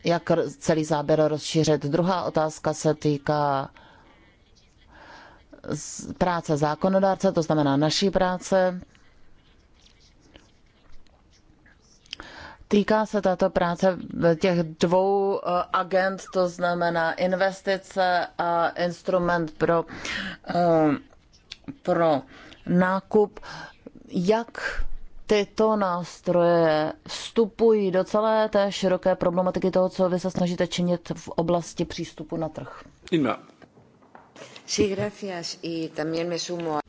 jak celý záběr rozšířit. Druhá otázka se týká práce zákonodárce, to znamená naší práce. Týká se tato práce těch dvou eh, agent, to znamená investice a instrument pro, eh, pro nákup. Jak tyto nástroje vstupují do celé té široké problematiky toho, co vy se snažíte činit v oblasti přístupu na trh? Inna. Sí, gracias. Y también me sumo.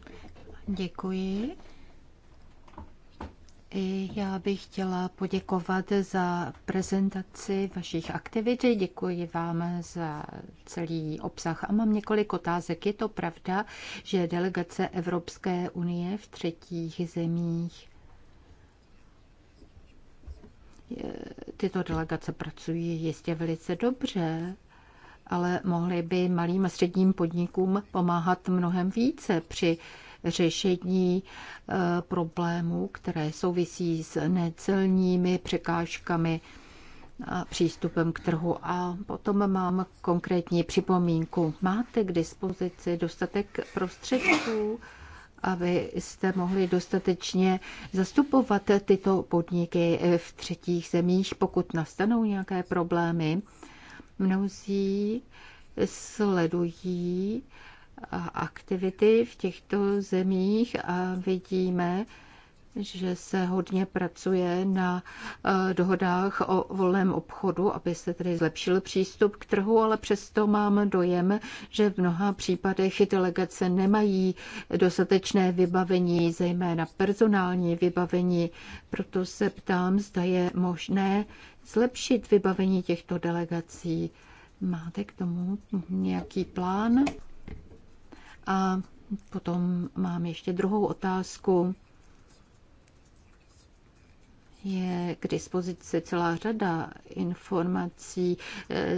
Děkuji. I já bych chtěla poděkovat za prezentaci vašich aktivit. Děkuji vám za celý obsah. A mám několik otázek. Je to pravda, že delegace Evropské unie v třetích zemích tyto delegace pracují jistě velice dobře, ale mohly by malým a středním podnikům pomáhat mnohem více při řešení eh, problémů, které souvisí s necelními překážkami a přístupem k trhu. A potom mám konkrétní připomínku. Máte k dispozici dostatek prostředků, abyste mohli dostatečně zastupovat tyto podniky v třetích zemích, pokud nastanou nějaké problémy. Mnozí sledují aktivity v těchto zemích a vidíme, že se hodně pracuje na eh, dohodách o volném obchodu, aby se tedy zlepšil přístup k trhu, ale přesto mám dojem, že v mnoha případech delegace nemají dostatečné vybavení, zejména personální vybavení. Proto se ptám, zda je možné zlepšit vybavení těchto delegací. Máte k tomu nějaký plán? A potom mám ještě druhou otázku. Je k dispozici celá řada informací.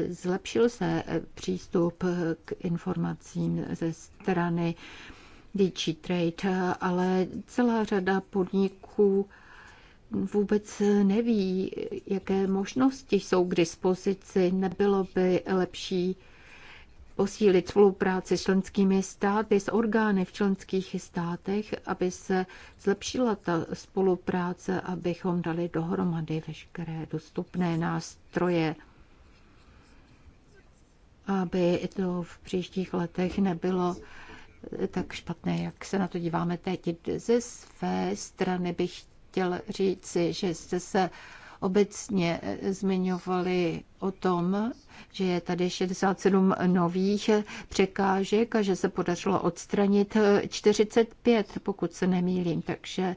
Zlepšil se přístup k informacím ze strany DigiTrade, ale celá řada podniků vůbec neví, jaké možnosti jsou k dispozici. Nebylo by lepší posílit spolupráci s členskými státy, s orgány v členských státech, aby se zlepšila ta spolupráce, abychom dali dohromady veškeré dostupné nástroje, aby to v příštích letech nebylo tak špatné, jak se na to díváme teď. Ze své strany bych chtěl říci, že jste se obecně eh, zmiňovali o tom, že je tady 67 nových eh, překážek a že se podařilo odstranit 45, eh, pokud se nemýlím. Takže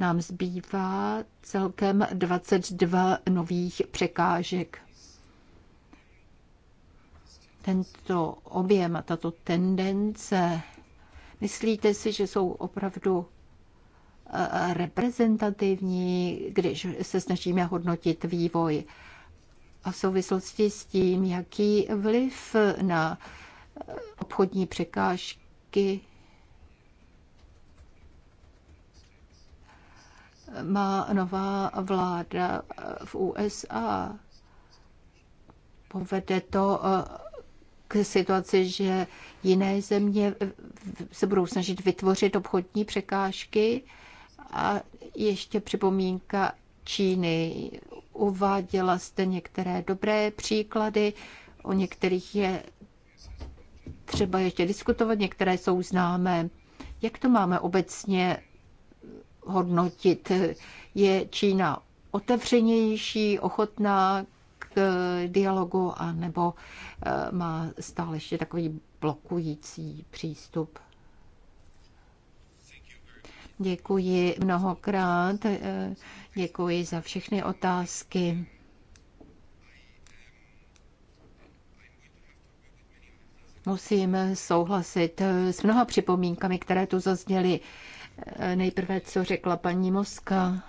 nám zbývá celkem 22 nových překážek. Tento objem a tato tendence, myslíte si, že jsou opravdu reprezentativní, když se snažíme hodnotit vývoj a v souvislosti s tím, jaký vliv na obchodní překážky má nová vláda v USA. Povede to eh, k situaci, že jiné země se budou snažit vytvořit obchodní překážky a ještě připomínka Číny. Uváděla jste některé dobré příklady, o některých je třeba ještě diskutovat, některé jsou známé. Jak to máme obecně hodnotit? Je Čína otevřenější, ochotná k dialogu, anebo eh, má stále ještě takový blokující přístup? Děkuji mnohokrát, eh, děkuji za všechny otázky. Musím souhlasit eh, s mnoha připomínkami, které tu zazněly. Eh, nejprve, co řekla paní Moska.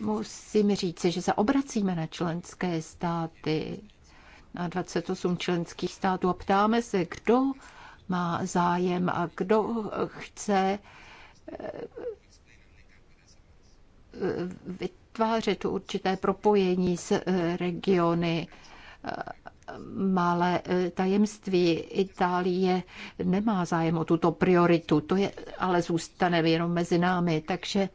Musím říci, že se obracíme na členské státy, na 28 členských států a ptáme se, kdo má zájem a kdo chce eh, vytvářet určité propojení s eh, regiony. Eh, malé tajemství Itálie nemá zájem o tuto prioritu, to je, ale zůstane jenom mezi námi, takže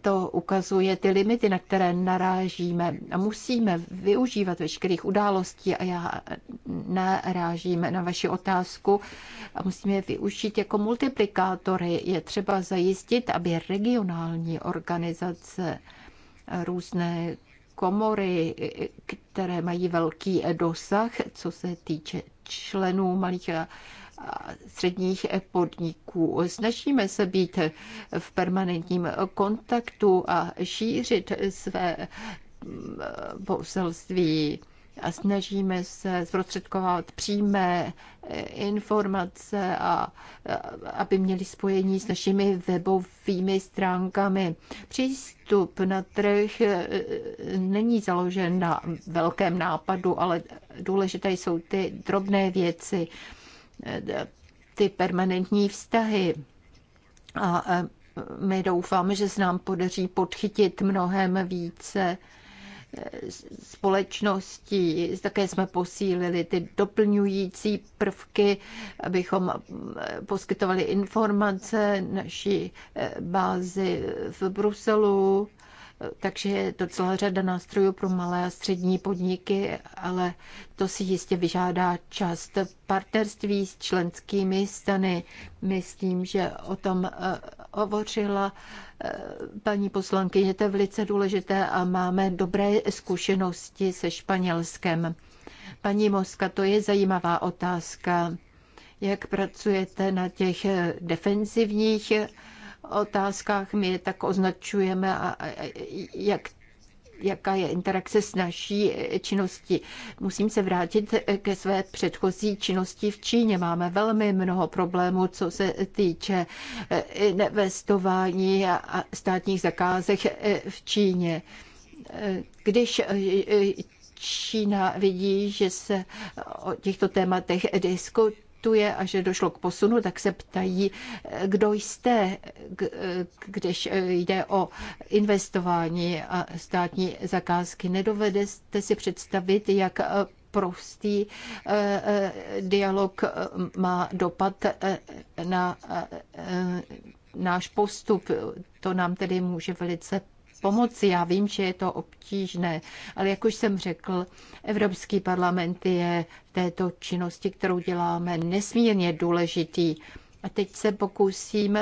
to ukazuje ty limity, na které narážíme a musíme využívat veškerých událostí a já narážím na vaši otázku a musíme je využít jako multiplikátory. Je třeba zajistit, aby regionální organizace různé komory, které mají velký dosah, co se týče členů malých a středních podniků. Snažíme se být v permanentním kontaktu a šířit své mm, poselství a snažíme se zprostředkovat přímé eh, informace, a, eh, aby měli spojení s našimi webovými stránkami. Přístup na trh eh, není založen na velkém nápadu, ale důležité jsou ty drobné věci ty permanentní vztahy. A e, my doufáme, že se nám podaří podchytit mnohem více e, společností. Také jsme posílili ty doplňující prvky, abychom e, poskytovali informace naší bázi v Bruselu takže je to celá řada nástrojů pro malé a střední podniky, ale to si jistě vyžádá část partnerství s členskými stany. Myslím, že o tom eh, hovořila eh, paní poslankyně, to je velice důležité a máme dobré zkušenosti se Španělskem. Paní Moska, to je zajímavá otázka. Jak pracujete na těch defenzivních otázkách. My je tak označujeme a jak jaká je interakce s naší činností. Musím se vrátit ke své předchozí činnosti v Číně. Máme velmi mnoho problémů, co se týče eh, investování a státních zakázek eh, v Číně. Eh, když Čína vidí, že se o těchto tématech diskutuje, akceptuje a že došlo k posunu, tak se ptají, kdo jste, když jde o investování a státní zakázky. Nedovedete si představit, jak prostý eh, eh, dialog eh, má dopad na náš postup. To nám tedy může velice pomoci. Já vím, že je to obtížné, ale jak už jsem řekl, Evropský parlament je v této činnosti, kterou děláme, nesmírně důležitý. A teď se pokusím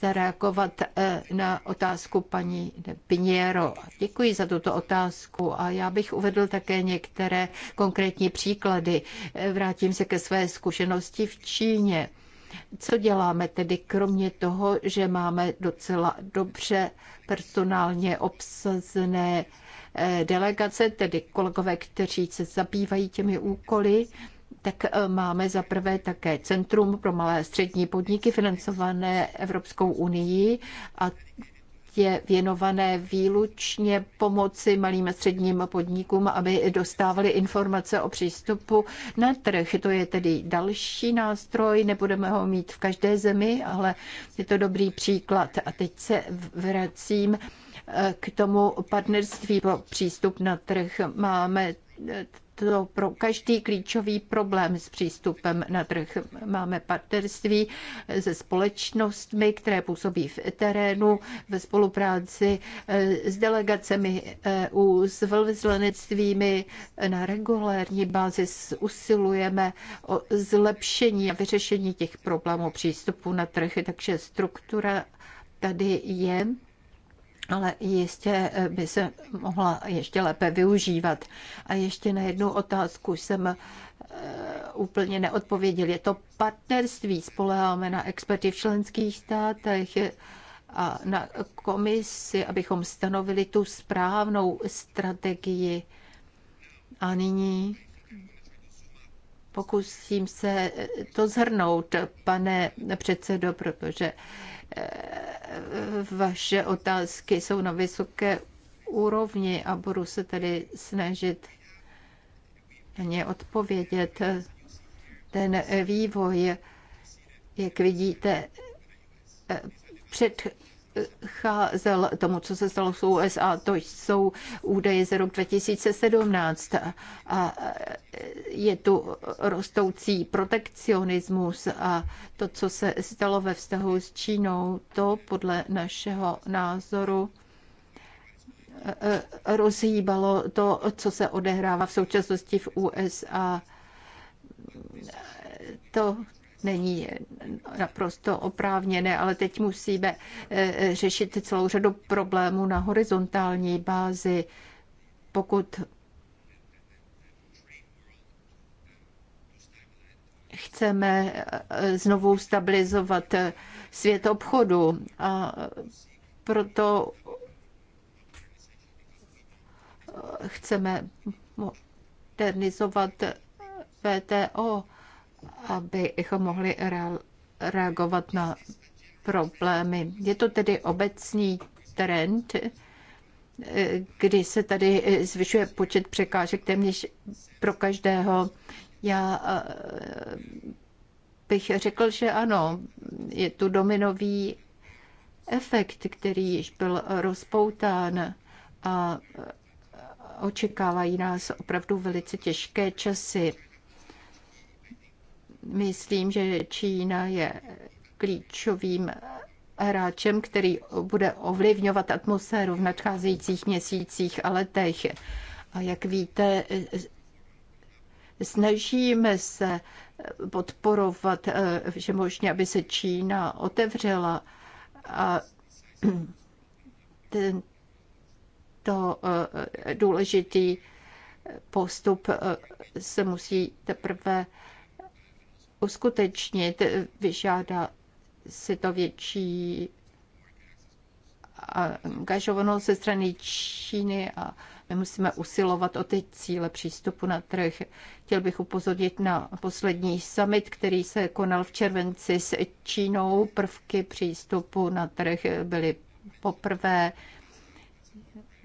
zareagovat eh, na otázku paní Piniero. Děkuji za tuto otázku a já bych uvedl také některé konkrétní příklady. Eh, vrátím se ke své zkušenosti v Číně. Co děláme tedy kromě toho, že máme docela dobře personálně obsazené eh, delegace, tedy kolegové, kteří se zabývají těmi úkoly, tak eh, máme za prvé také Centrum pro malé a střední podniky financované Evropskou unii a je věnované výlučně pomoci malým a středním podnikům, aby dostávali informace o přístupu na trh. To je tedy další nástroj, nebudeme ho mít v každé zemi, ale je to dobrý příklad. A teď se vracím eh, k tomu partnerství pro přístup na trh. Máme to pro každý klíčový problém s přístupem na trh. Máme partnerství se společnostmi, které působí v terénu, ve spolupráci eh, s delegacemi EU, s velvyslanectvími na regulární bázi usilujeme o zlepšení a vyřešení těch problémů přístupu na trh, takže struktura tady je ale jistě eh, by se mohla ještě lépe využívat. A ještě na jednu otázku jsem eh, úplně neodpověděl. Je to partnerství, spoleháme na experty v členských státech eh, a na komisi, abychom stanovili tu správnou strategii. A nyní Pokusím se eh, to zhrnout, pane předsedo, protože eh, vaše otázky jsou na vysoké úrovni a budu se tedy snažit ně odpovědět. Ten vývoj, jak vidíte, eh, před předcházel tomu, co se stalo v USA. To jsou údaje ze rok 2017 a je tu rostoucí protekcionismus a to, co se stalo ve vztahu s Čínou, to podle našeho názoru eh, rozhýbalo to, co se odehrává v současnosti v USA. To, není naprosto oprávněné, ale teď musíme eh, řešit celou řadu problémů na horizontální bázi. Pokud chceme eh, znovu stabilizovat eh, svět obchodu a proto chceme modernizovat VTO abychom mohli reagovat na problémy. Je to tedy obecný trend, eh, kdy se tady eh, zvyšuje počet překážek téměř pro každého. Já eh, bych řekl, že ano, je tu dominový efekt, který již byl rozpoután a očekávají nás opravdu velice těžké časy myslím, že Čína je klíčovým hráčem, který bude ovlivňovat atmosféru v nadcházejících měsících a letech. A jak víte, snažíme se podporovat, že možná, aby se Čína otevřela. A tento eh, důležitý postup eh, se musí teprve uskutečnit. Vyžádá si to větší angažovanost ze strany Číny a my musíme usilovat o ty cíle přístupu na trh. Chtěl bych upozornit na poslední summit, který se konal v červenci s Čínou. Prvky přístupu na trh byly poprvé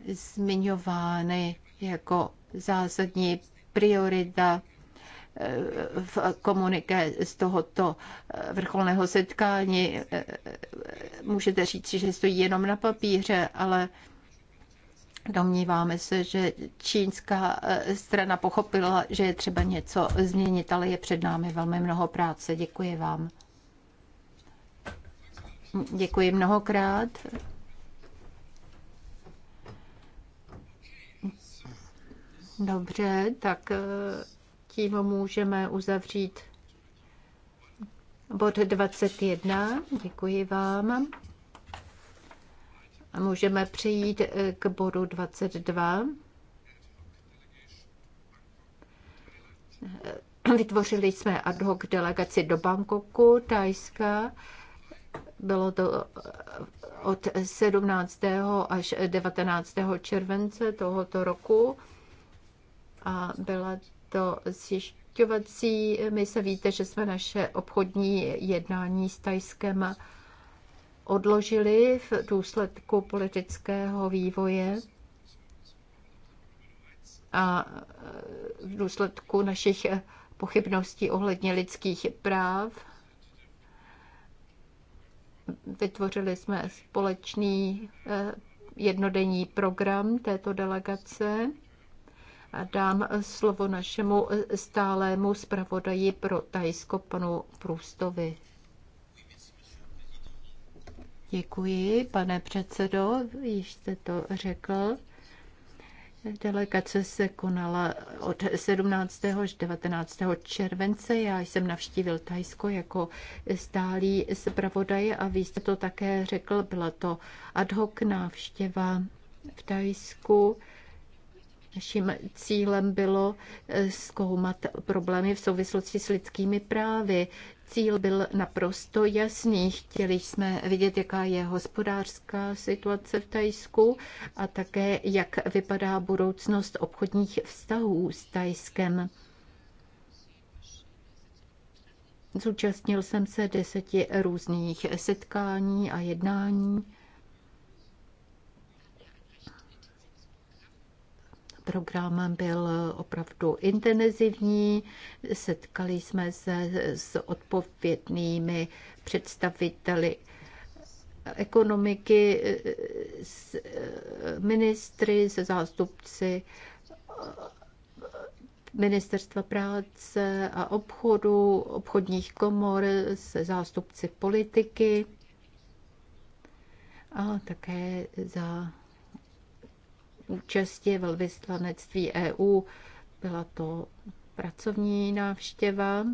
zmiňovány jako zásadní priorita v komuniké z tohoto vrcholného setkání. Můžete říct, že stojí jenom na papíře, ale Domníváme se, že čínská strana pochopila, že je třeba něco změnit, ale je před námi velmi mnoho práce. Děkuji vám. Děkuji mnohokrát. Dobře, tak tím můžeme uzavřít bod 21. Děkuji vám. A můžeme přejít eh, k bodu 22. Eh, vytvořili jsme ad hoc delegaci do Bangkoku, Tajska. Bylo to eh, od 17. až 19. července tohoto roku. A byla to zjišťovací se Víte, že jsme naše obchodní jednání s Tajskem odložili v důsledku politického vývoje a v důsledku našich pochybností ohledně lidských práv. Vytvořili jsme společný eh, jednodenní program této delegace a dám eh, slovo našemu eh, stálému zpravodaji pro Tajsko, panu Průstovi. Děkuji, pane předsedo, již jste to řekl. Delegace se konala od 17. až 19. července. Já jsem navštívil Tajsko jako stálý zpravodaj a vy jste to také řekl, byla to ad hoc návštěva v Tajsku. Naším cílem bylo eh, zkoumat problémy v souvislosti s lidskými právy. Cíl byl naprosto jasný. Chtěli jsme vidět, jaká je hospodářská situace v Tajsku a také, jak vypadá budoucnost obchodních vztahů s Tajskem. Zúčastnil jsem se deseti různých setkání a jednání. program byl opravdu intenzivní. Setkali jsme se s odpovědnými představiteli ekonomiky, s eh, ministry, se zástupci eh, Ministerstva práce a obchodu, obchodních komor, se zástupci politiky a také za účasti velvyslanectví EU. Byla to pracovní návštěva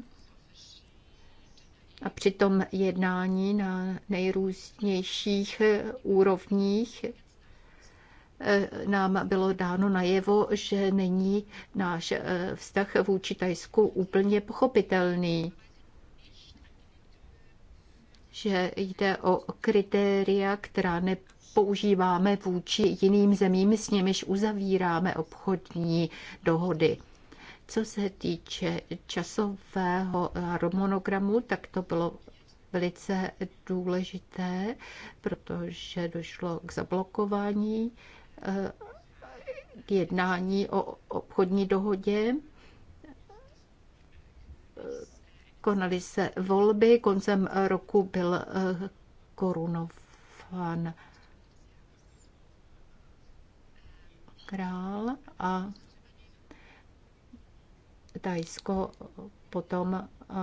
a přitom jednání na nejrůznějších úrovních e, nám bylo dáno najevo, že není náš e, vztah vůči Tajsku úplně pochopitelný že jde o kritéria, která nepoužíváme vůči jiným zemím, s nimiž uzavíráme obchodní dohody. Co se týče časového harmonogramu, tak to bylo velice důležité, protože došlo k zablokování k eh, jednání o obchodní dohodě Konaly se volby, koncem roku byl eh, korunován král a Tajsko potom eh,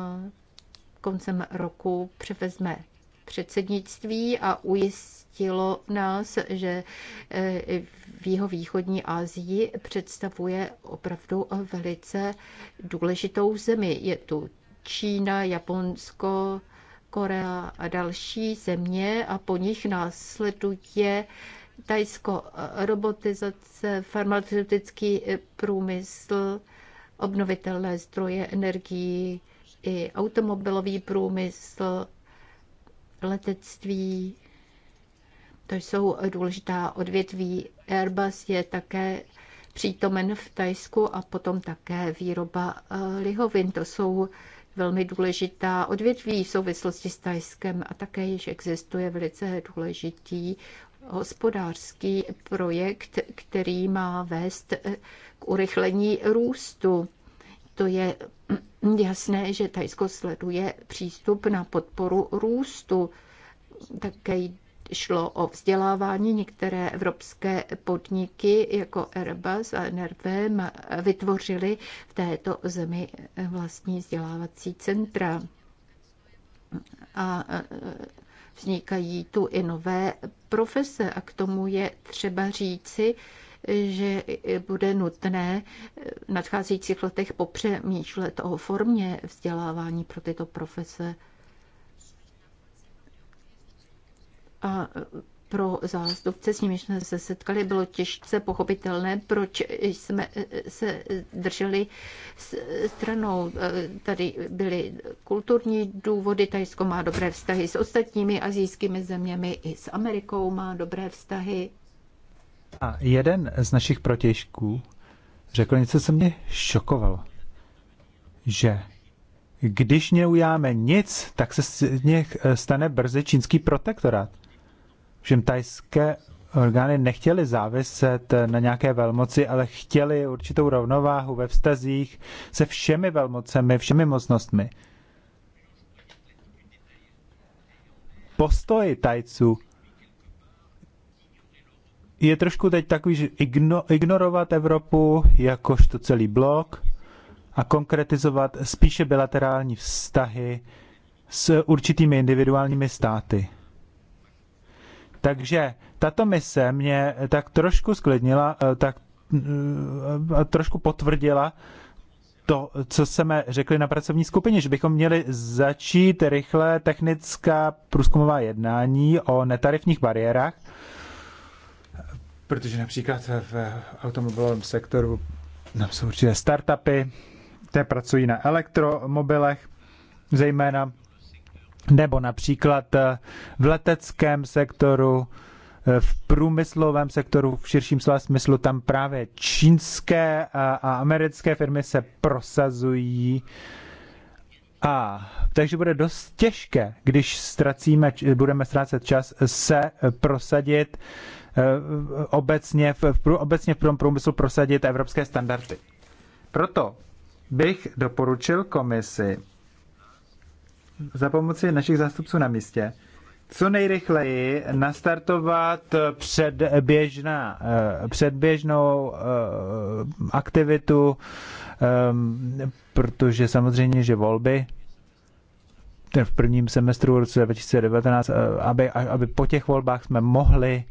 koncem roku převezme předsednictví a ujistilo nás, že eh, v jeho východní Asii představuje opravdu velice důležitou zemi. Je tu Čína, Japonsko, Korea a další země a po nich následuje Tajsko, eh, robotizace, farmaceutický eh, průmysl, obnovitelné zdroje energií i automobilový průmysl, letectví. To jsou důležitá odvětví. Airbus je také přítomen v Tajsku a potom také výroba eh, lihovin. To jsou velmi důležitá odvětví v souvislosti s Tajskem a také již existuje velice důležitý hospodářský projekt, který má vést eh, k urychlení růstu. To je *clears throat* jasné, že Tajsko sleduje přístup na podporu růstu. Také šlo o vzdělávání. Některé evropské podniky jako Airbus a NRV vytvořily v této zemi vlastní vzdělávací centra. A vznikají tu i nové profese a k tomu je třeba říci, že bude nutné v nadcházejících letech popřemýšlet o formě vzdělávání pro tyto profese. A e, pro zástupce, s nimi jsme se setkali, bylo těžce pochopitelné, proč jsme e, se drželi stranou. E, tady byly kulturní důvody, Tajsko má dobré vztahy s ostatními azijskými zeměmi, i s Amerikou má dobré vztahy. A jeden z našich protěžků řekl něco, co mě šokovalo, že když neujáme nic, tak se z nich stane brzy čínský protektorát že tajské orgány nechtěly záviset na nějaké velmoci, ale chtěli určitou rovnováhu ve vztazích se všemi velmocemi, všemi mocnostmi. Postoj Tajců je trošku teď takový, že igno, ignorovat Evropu jakožto celý blok a konkretizovat spíše bilaterální vztahy s určitými individuálními státy. Takže tato mise mě tak trošku sklidnila, eh, tak eh, trošku potvrdila to, co jsme řekli na pracovní skupině, že bychom měli začít rychle technická průzkumová jednání o netarifních bariérách, protože například v automobilovém sektoru tam jsou určité startupy, které pracují na elektromobilech, zejména nebo například eh, v leteckém sektoru, eh, v průmyslovém sektoru, v širším slova smyslu, tam právě čínské a americké firmy se prosazují. A takže bude dost těžké, když ztracíme, budeme ztrácet čas, se eh, prosadit obecně v, v, obecně v průmyslu prosadit evropské standardy. Proto bych doporučil komisi, za pomoci našich zástupců na místě co nejrychleji nastartovat předběžná, eh, předběžnou eh, aktivitu, eh, protože samozřejmě, že volby v prvním semestru roce 2019, aby, aby po těch volbách jsme mohli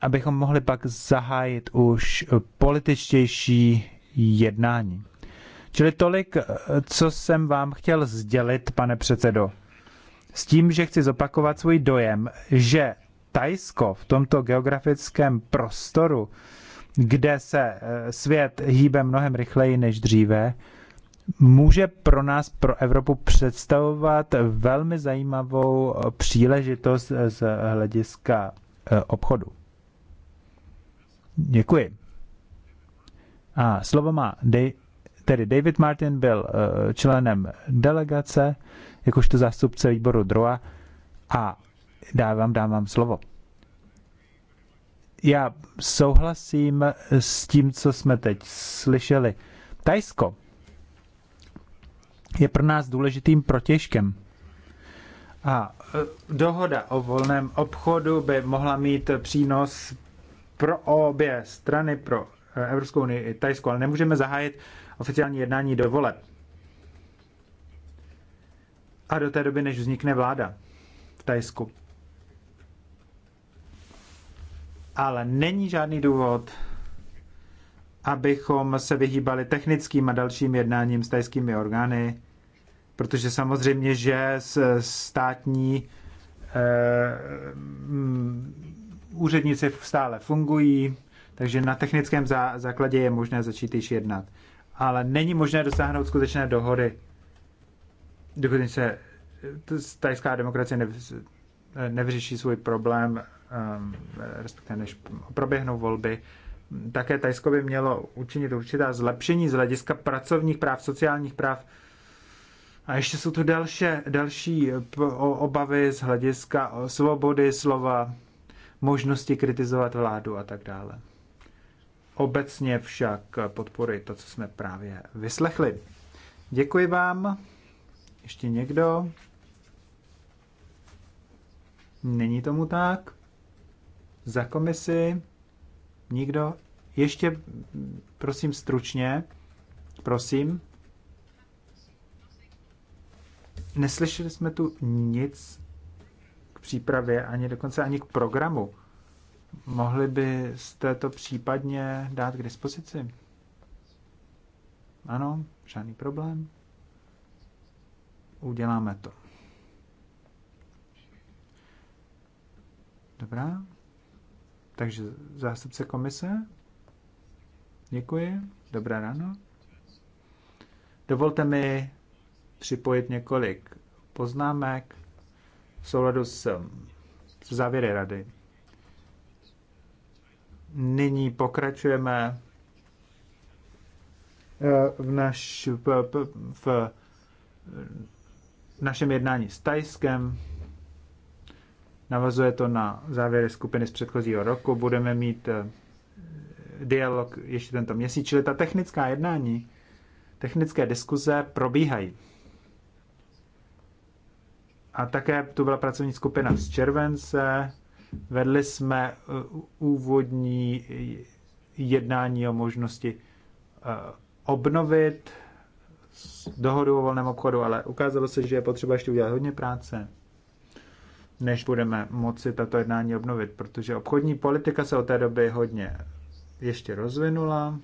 abychom mohli pak zahájit už političtější jednání. Čili tolik, eh, co jsem vám chtěl sdělit, pane předsedo. S tím, že chci zopakovat svůj dojem, že Tajsko v tomto geografickém prostoru, kde se eh, svět hýbe mnohem rychleji než dříve, může pro nás, pro Evropu, představovat velmi zajímavou eh, příležitost z hlediska obchodu. Děkuji. A slovo má Dej Tedy David Martin byl eh, členem delegace, jakožto zástupce výboru DROA a dávám, dávám slovo. Já souhlasím s tím, co jsme teď slyšeli. Tajsko je pro nás důležitým protěžkem. A eh, dohoda o volném obchodu by mohla mít přínos pro obě strany, pro eh, Evropskou unii i Tajsko, ale nemůžeme zahájit oficiální jednání do voleb. A do té doby, než vznikne vláda v Tajsku. Ale není žádný důvod, abychom se vyhýbali technickým a dalším jednáním s tajskými orgány, protože samozřejmě, že státní eh, mm, úředníci stále fungují, takže na technickém základě je možné začít již jednat ale není možné dosáhnout skutečné dohody, dokud se tajská demokracie nevyřeší svůj problém, um, respektive než proběhnou volby. Také Tajsko by mělo učinit určitá zlepšení z hlediska pracovních práv, sociálních práv. A ještě jsou tu další, další obavy z hlediska svobody slova, možnosti kritizovat vládu a tak dále obecně však podporuji to, co jsme právě vyslechli. Děkuji vám. Ještě někdo? Není tomu tak? Za komisi? Nikdo? Ještě, prosím, stručně. Prosím. Neslyšeli jsme tu nic k přípravě, ani dokonce ani k programu. Mohli byste to případně dát k dispozici? Ano, žádný problém. Uděláme to. Dobrá. Takže zástupce komise. Děkuji. Dobré ráno. Dovolte mi připojit několik poznámek v souladu s, s závěry rady Nyní pokračujeme eh, v, naš, v, v našem jednání s Tajskem. Navazuje to na závěry skupiny z předchozího roku. Budeme mít eh, dialog ještě tento měsíc, čili ta technická jednání, technické diskuze probíhají. A také tu byla pracovní skupina z července, Vedli jsme eh, úvodní eh, jednání o možnosti eh, obnovit dohodu o volném obchodu, ale ukázalo se, že je potřeba ještě udělat hodně práce, než budeme moci tato jednání obnovit, protože obchodní politika se od té doby hodně ještě rozvinula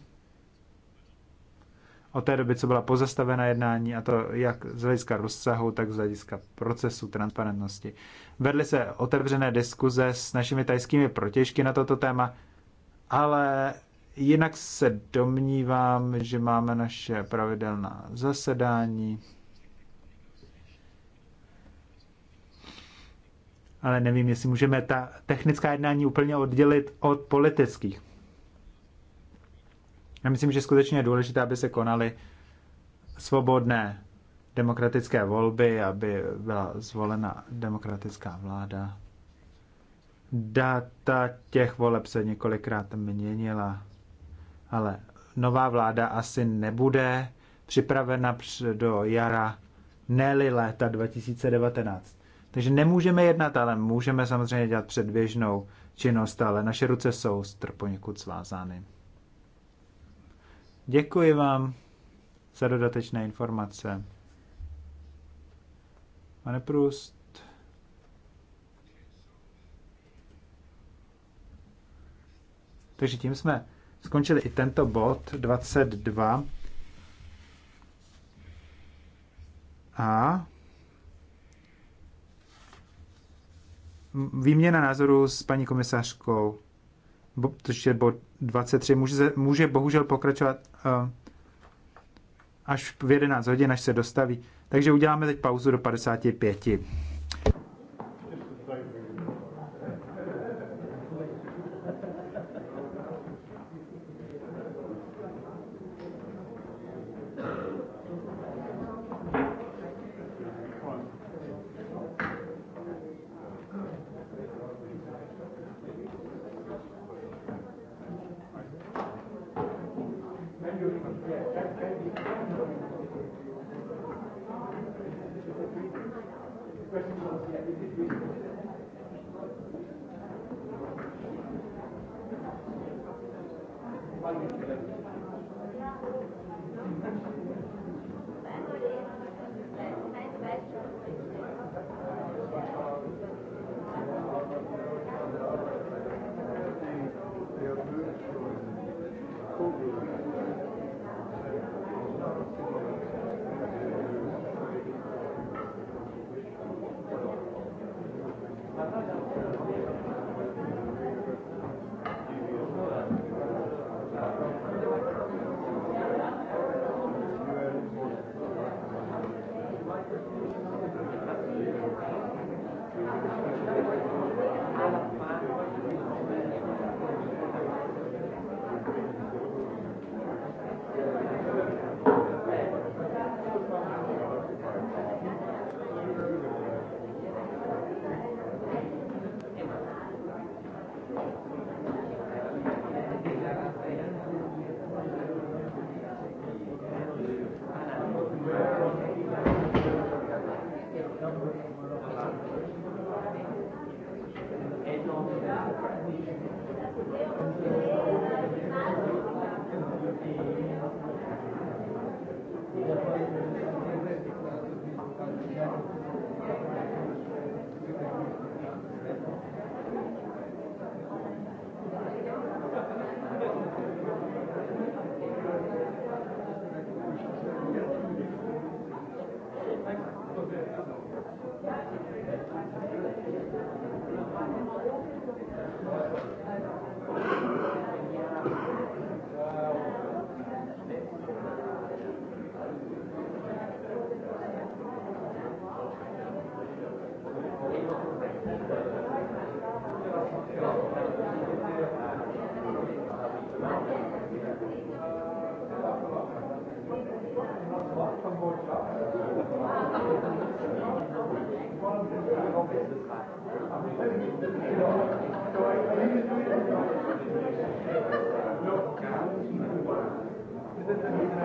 od té doby, co byla pozastavena jednání, a to jak z hlediska rozsahu, tak z hlediska procesu transparentnosti. Vedly se otevřené diskuze s našimi tajskými protěžky na toto téma, ale jinak se domnívám, že máme naše pravidelná zasedání. Ale nevím, jestli můžeme ta technická jednání úplně oddělit od politických. Já myslím, že skutečně je důležité, aby se konaly svobodné demokratické volby, aby byla zvolena demokratická vláda. Data těch voleb se několikrát měnila, ale nová vláda asi nebude připravena do jara, ne-li léta 2019. Takže nemůžeme jednat, ale můžeme samozřejmě dělat předběžnou činnost, ale naše ruce jsou poněkud svázány. Děkuji vám za dodatečné informace. Pane Prust. Takže tím jsme skončili i tento bod 22. A výměna názoru s paní komisařkou, To je bod 23 může, může bohužel pokračovat eh, až v 11 hodin, až se dostaví. Takže uděláme teď pauzu do 55.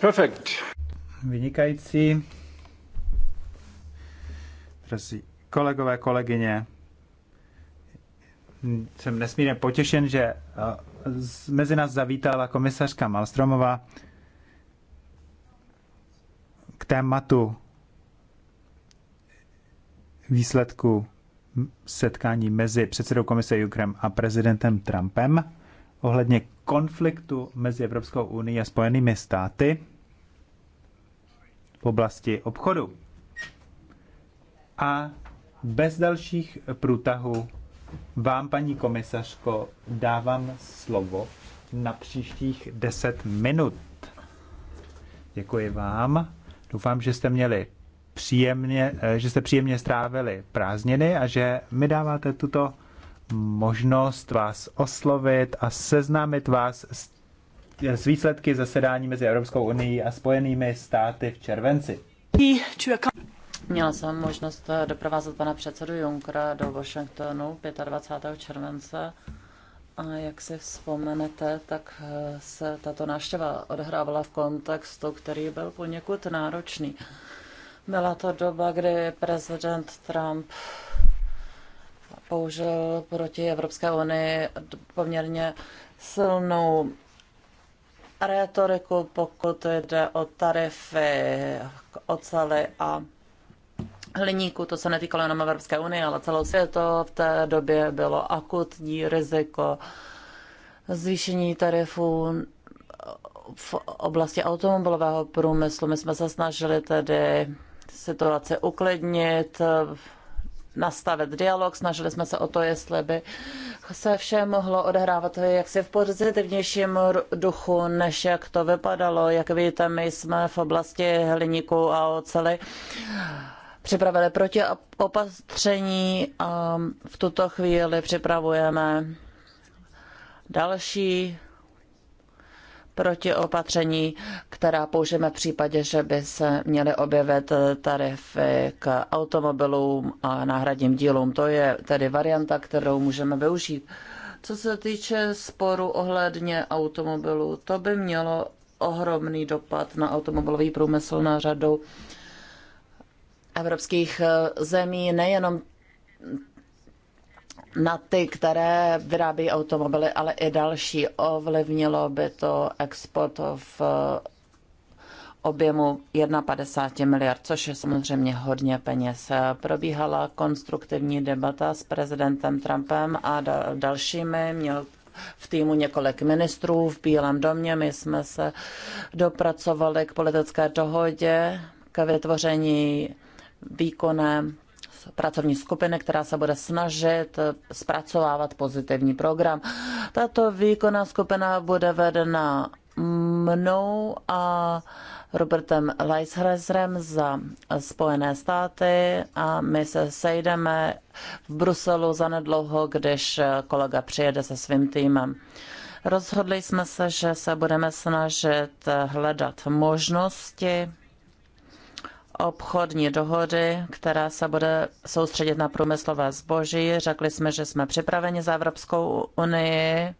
Perfect. Vynikající. Drazí kolegové, kolegyně, jsem nesmírně potěšen, že eh, mezi nás zavítala komisařka Malstromová k tématu výsledku setkání mezi předsedou komise Jukrem a prezidentem Trumpem ohledně konfliktu mezi Evropskou unii a Spojenými státy v oblasti obchodu. A bez dalších průtahů vám, paní komisařko, dávám slovo na příštích 10 minut. Děkuji vám. Doufám, že jste měli příjemně, eh, že jste příjemně strávili prázdniny a že mi dáváte tuto možnost vás oslovit a seznámit vás s, s výsledky zasedání mezi Evropskou unii a Spojenými státy v červenci. Měla jsem možnost eh, doprovázet pana předsedu Junckera do Washingtonu 25. července a jak si vzpomenete, tak eh, se tato návštěva odhrávala v kontextu, který byl poněkud náročný. Byla to doba, kdy prezident Trump použil proti Evropské unii poměrně silnou retoriku, pokud jde o tarify ocely a hliníku. To se netýkalo jenom Evropské unie, ale celou světo. V té době bylo akutní riziko zvýšení tarifů v oblasti automobilového průmyslu. My jsme se snažili tedy situaci uklidnit, nastavit dialog, snažili jsme se o to, jestli by se vše mohlo odehrávat jaksi v pozitivnějším duchu, než jak to vypadalo. Jak víte, my jsme v oblasti hliníku a Oceli připravili proti opatření a v tuto chvíli připravujeme další protiopatření, která použijeme v případě, že by se měly objevit tarify k automobilům a náhradním dílům. To je tedy varianta, kterou můžeme využít. Co se týče sporu ohledně automobilů, to by mělo ohromný dopad na automobilový průmysl na řadu evropských zemí, nejenom na ty, které vyrábí automobily, ale i další. Ovlivnilo by to export v eh, objemu 51 miliard, což je samozřejmě hodně peněz. Probíhala konstruktivní debata s prezidentem Trumpem a dalšími. Měl v týmu několik ministrů v Bílém domě. My jsme se dopracovali k politické dohodě, k vytvoření výkonné pracovní skupiny, která se bude snažit zpracovávat pozitivní program. Tato výkonná skupina bude vedena mnou a Robertem Leishreserem za Spojené státy a my se sejdeme v Bruselu zanedlouho, když kolega přijede se svým týmem. Rozhodli jsme se, že se budeme snažit hledat možnosti, obchodní dohody, která se bude soustředit na průmyslové zboží. Řekli jsme, že jsme připraveni za Evropskou unii,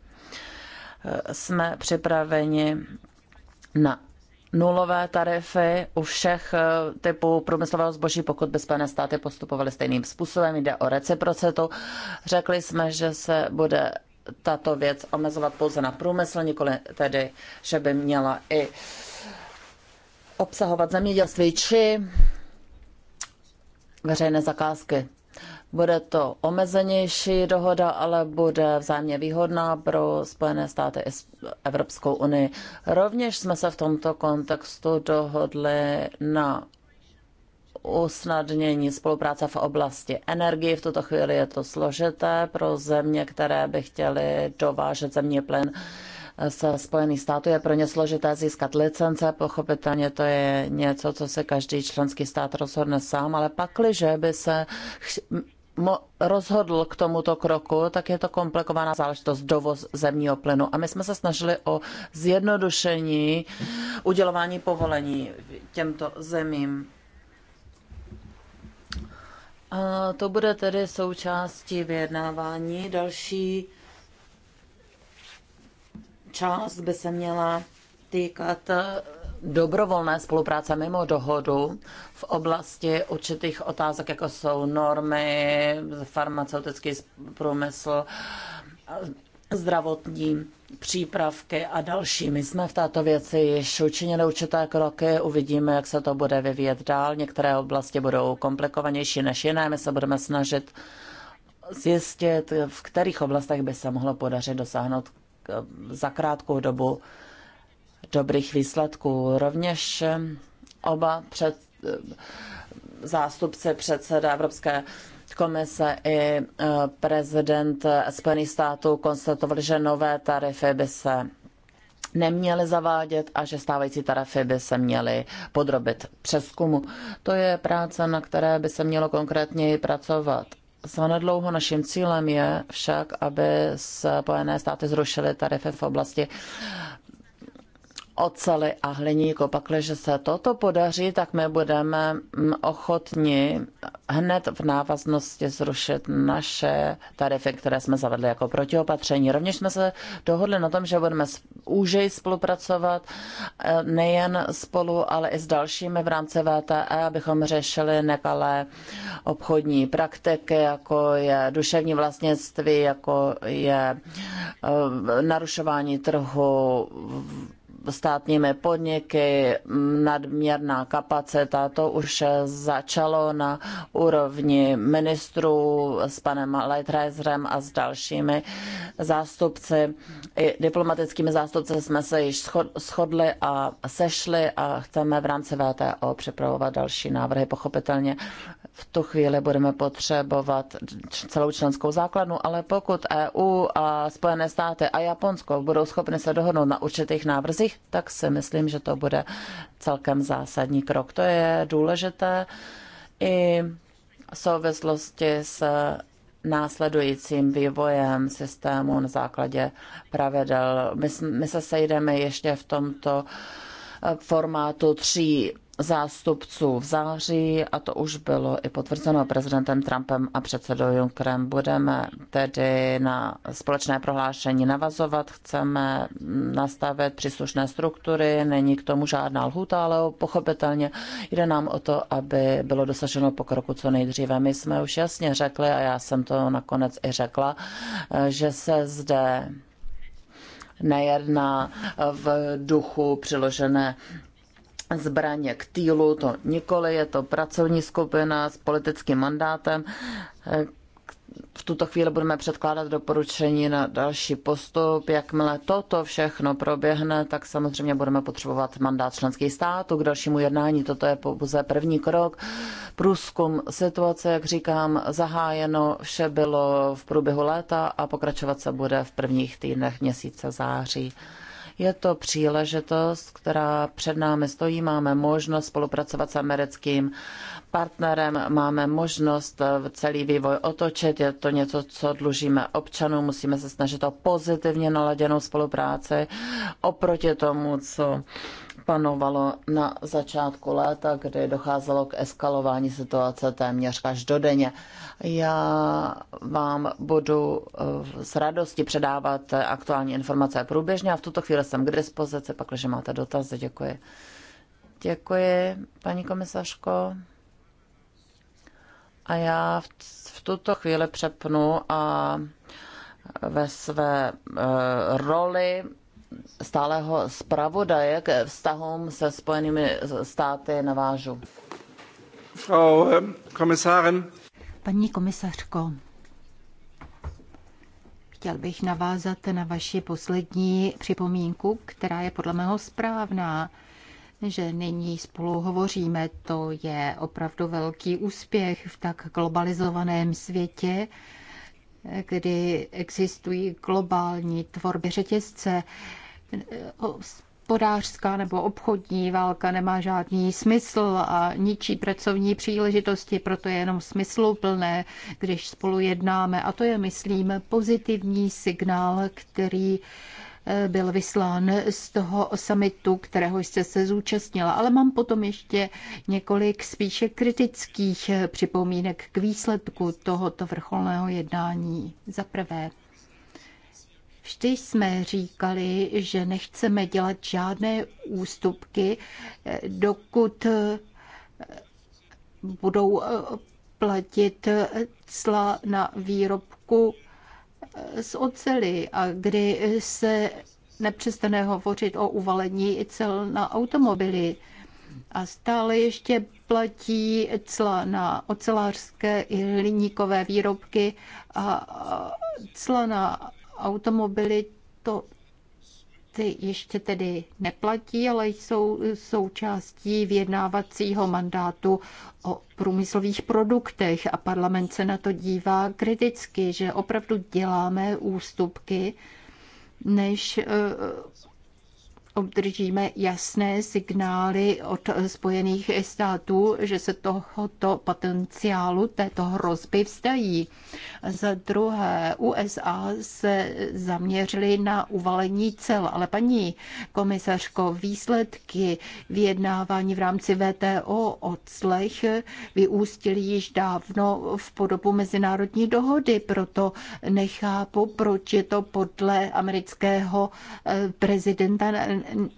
jsme připraveni na nulové tarify u všech eh, typů průmyslového zboží, pokud by Spojené státy postupovaly stejným způsobem. Jde o reciprocitu. Řekli jsme, že se bude tato věc omezovat pouze na průmysl, nikoli tedy, že by měla i uh, obsahovat zemědělství či veřejné zakázky. Bude to omezenější dohoda, ale bude vzájemně výhodná pro Spojené státy i Evropskou unii. Rovněž jsme se v tomto kontextu dohodli na usnadnění spolupráce v oblasti energie. V tuto chvíli je to složité pro země, které by chtěly dovážet zemní plyn z Spojených států. Je pro ně složité získat licence, pochopitelně to je něco, co se každý členský stát rozhodne sám, ale pakliže by se rozhodl k tomuto kroku, tak je to komplikovaná záležitost dovoz zemního plynu. A my jsme se snažili o zjednodušení udělování povolení těmto zemím. A to bude tedy součástí vyjednávání. Další část by se měla týkat eh, dobrovolné spolupráce mimo dohodu v oblasti určitých otázek, jako jsou normy, farmaceutický průmysl, eh, zdravotní přípravky a další. My jsme v této věci již učinili určité kroky, uvidíme, jak se to bude vyvíjet dál. Některé oblasti budou komplikovanější než jiné, my se budeme snažit zjistit, v kterých oblastech by se mohlo podařit dosáhnout za krátkou dobu dobrých výsledků. Rovněž oba před, zástupce předseda Evropské komise i e, prezident Spojených států konstatovali, že nové tarify by se neměly zavádět a že stávající tarify by se měly podrobit přeskumu. To je práce, na které by se mělo konkrétněji pracovat zanedlouho naším cílem je však, aby Spojené státy zrušily tarify v oblasti oceli a hliníku. když se toto podaří, tak my budeme mm, ochotni hned v návaznosti zrušit naše tarify, které jsme zavedli jako protiopatření. Rovněž jsme se dohodli na tom, že budeme úžej spolupracovat eh, nejen spolu, ale i s dalšími v rámci VTE, abychom řešili nekalé obchodní praktiky, jako je duševní vlastnictví, jako je eh, narušování trhu státními podniky, nadměrná kapacita, to už začalo na úrovni ministrů s panem Leitreiserem a s dalšími zástupci. I diplomatickými zástupci jsme se již shodli a sešli a chceme v rámci VTO připravovat další návrhy. Pochopitelně v tu chvíli budeme potřebovat celou členskou základnu, ale pokud EU a Spojené státy a Japonsko budou schopny se dohodnout na určitých návrzích, tak si myslím, že to bude celkem zásadní krok. To je důležité i v souvislosti s následujícím vývojem systému na základě pravidel. My, my se sejdeme ještě v tomto eh, formátu tří zástupců v září a to už bylo i potvrzeno prezidentem Trumpem a předsedou Junckerem. Budeme tedy na společné prohlášení navazovat, chceme nastavit příslušné struktury, není k tomu žádná lhuta, ale pochopitelně jde nám o to, aby bylo dosaženo pokroku co nejdříve. My jsme už jasně řekli, a já jsem to nakonec i řekla, že se zde nejedná v duchu přiložené zbraně k týlu, to nikoli, je to pracovní skupina s politickým mandátem. V tuto chvíli budeme předkládat doporučení na další postup. Jakmile toto všechno proběhne, tak samozřejmě budeme potřebovat mandát členských států k dalšímu jednání. Toto je pouze první krok. Průzkum situace, jak říkám, zahájeno, vše bylo v průběhu léta a pokračovat se bude v prvních týdnech měsíce září. Je to příležitost, která před námi stojí. Máme možnost spolupracovat s americkým partnerem, máme možnost eh, celý vývoj otočit. Je to něco, co dlužíme občanům. Musíme se snažit o pozitivně naladěnou spolupráci oproti tomu, co panovalo na začátku léta, kdy docházelo k eskalování situace téměř každodenně. Já vám budu eh, s radostí předávat aktuální informace průběžně a v tuto chvíli jsem k dispozici, pakliže máte dotazy. Děkuji. Děkuji, paní komisařko. A já v, v tuto chvíli přepnu a ve své eh, roli stáleho zpravodaje k vztahům se Spojenými státy navážu. Frau ähm, Paní komisařko, chtěl bych navázat na vaši poslední připomínku, která je podle mého správná že nyní spolu hovoříme. To je opravdu velký úspěch v tak globalizovaném světě kdy existují globální tvorby řetězce. podářská nebo obchodní válka nemá žádný smysl a ničí pracovní příležitosti, proto je jenom smysluplné, když spolu jednáme. A to je, myslím, pozitivní signál, který Eh, byl vyslán z toho samitu, kterého jste se zúčastnila. Ale mám potom ještě několik spíše kritických eh, připomínek k výsledku tohoto vrcholného jednání. Za prvé, Vždy jsme říkali, že nechceme dělat žádné ústupky, eh, dokud budou platit cla na výrobku, z oceli a kdy se nepřestane hovořit o uvalení i cel na automobily. A stále ještě platí cla na ocelářské i hliníkové výrobky a cla na automobily to ještě tedy neplatí, ale jsou součástí vyjednávacího mandátu o průmyslových produktech a parlament se na to dívá kriticky, že opravdu děláme ústupky, než eh, obdržíme jasné signály od Spojených států, že se tohoto potenciálu, této hrozby vzdají. Za druhé, USA se zaměřili na uvalení cel, ale paní komisařko, výsledky vyjednávání v rámci VTO o clech vyústily již dávno v podobu mezinárodní dohody, proto nechápu, proč je to podle amerického eh, prezidenta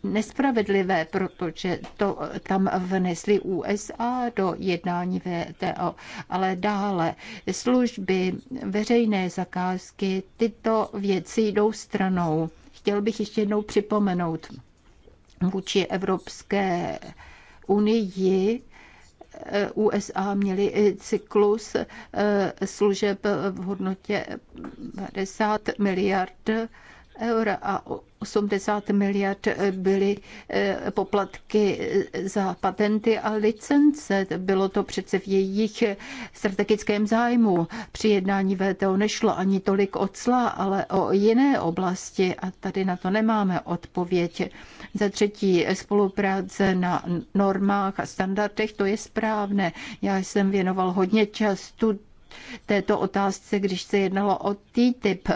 nespravedlivé, protože to tam vnesli USA do jednání VTO, ale dále služby, veřejné zakázky, tyto věci jdou stranou. Chtěl bych ještě jednou připomenout vůči Evropské unii, eh, USA měli eh, cyklus eh, služeb v hodnotě 50 miliard eur a 80 miliard byly eh, poplatky eh, za patenty a licence. Bylo to přece v jejich strategickém zájmu. Při jednání VTO nešlo ani tolik o cla, ale o jiné oblasti a tady na to nemáme odpověď. Za třetí spolupráce na normách a standardech, to je správné. Já jsem věnoval hodně času této otázce, když se jednalo o TTIP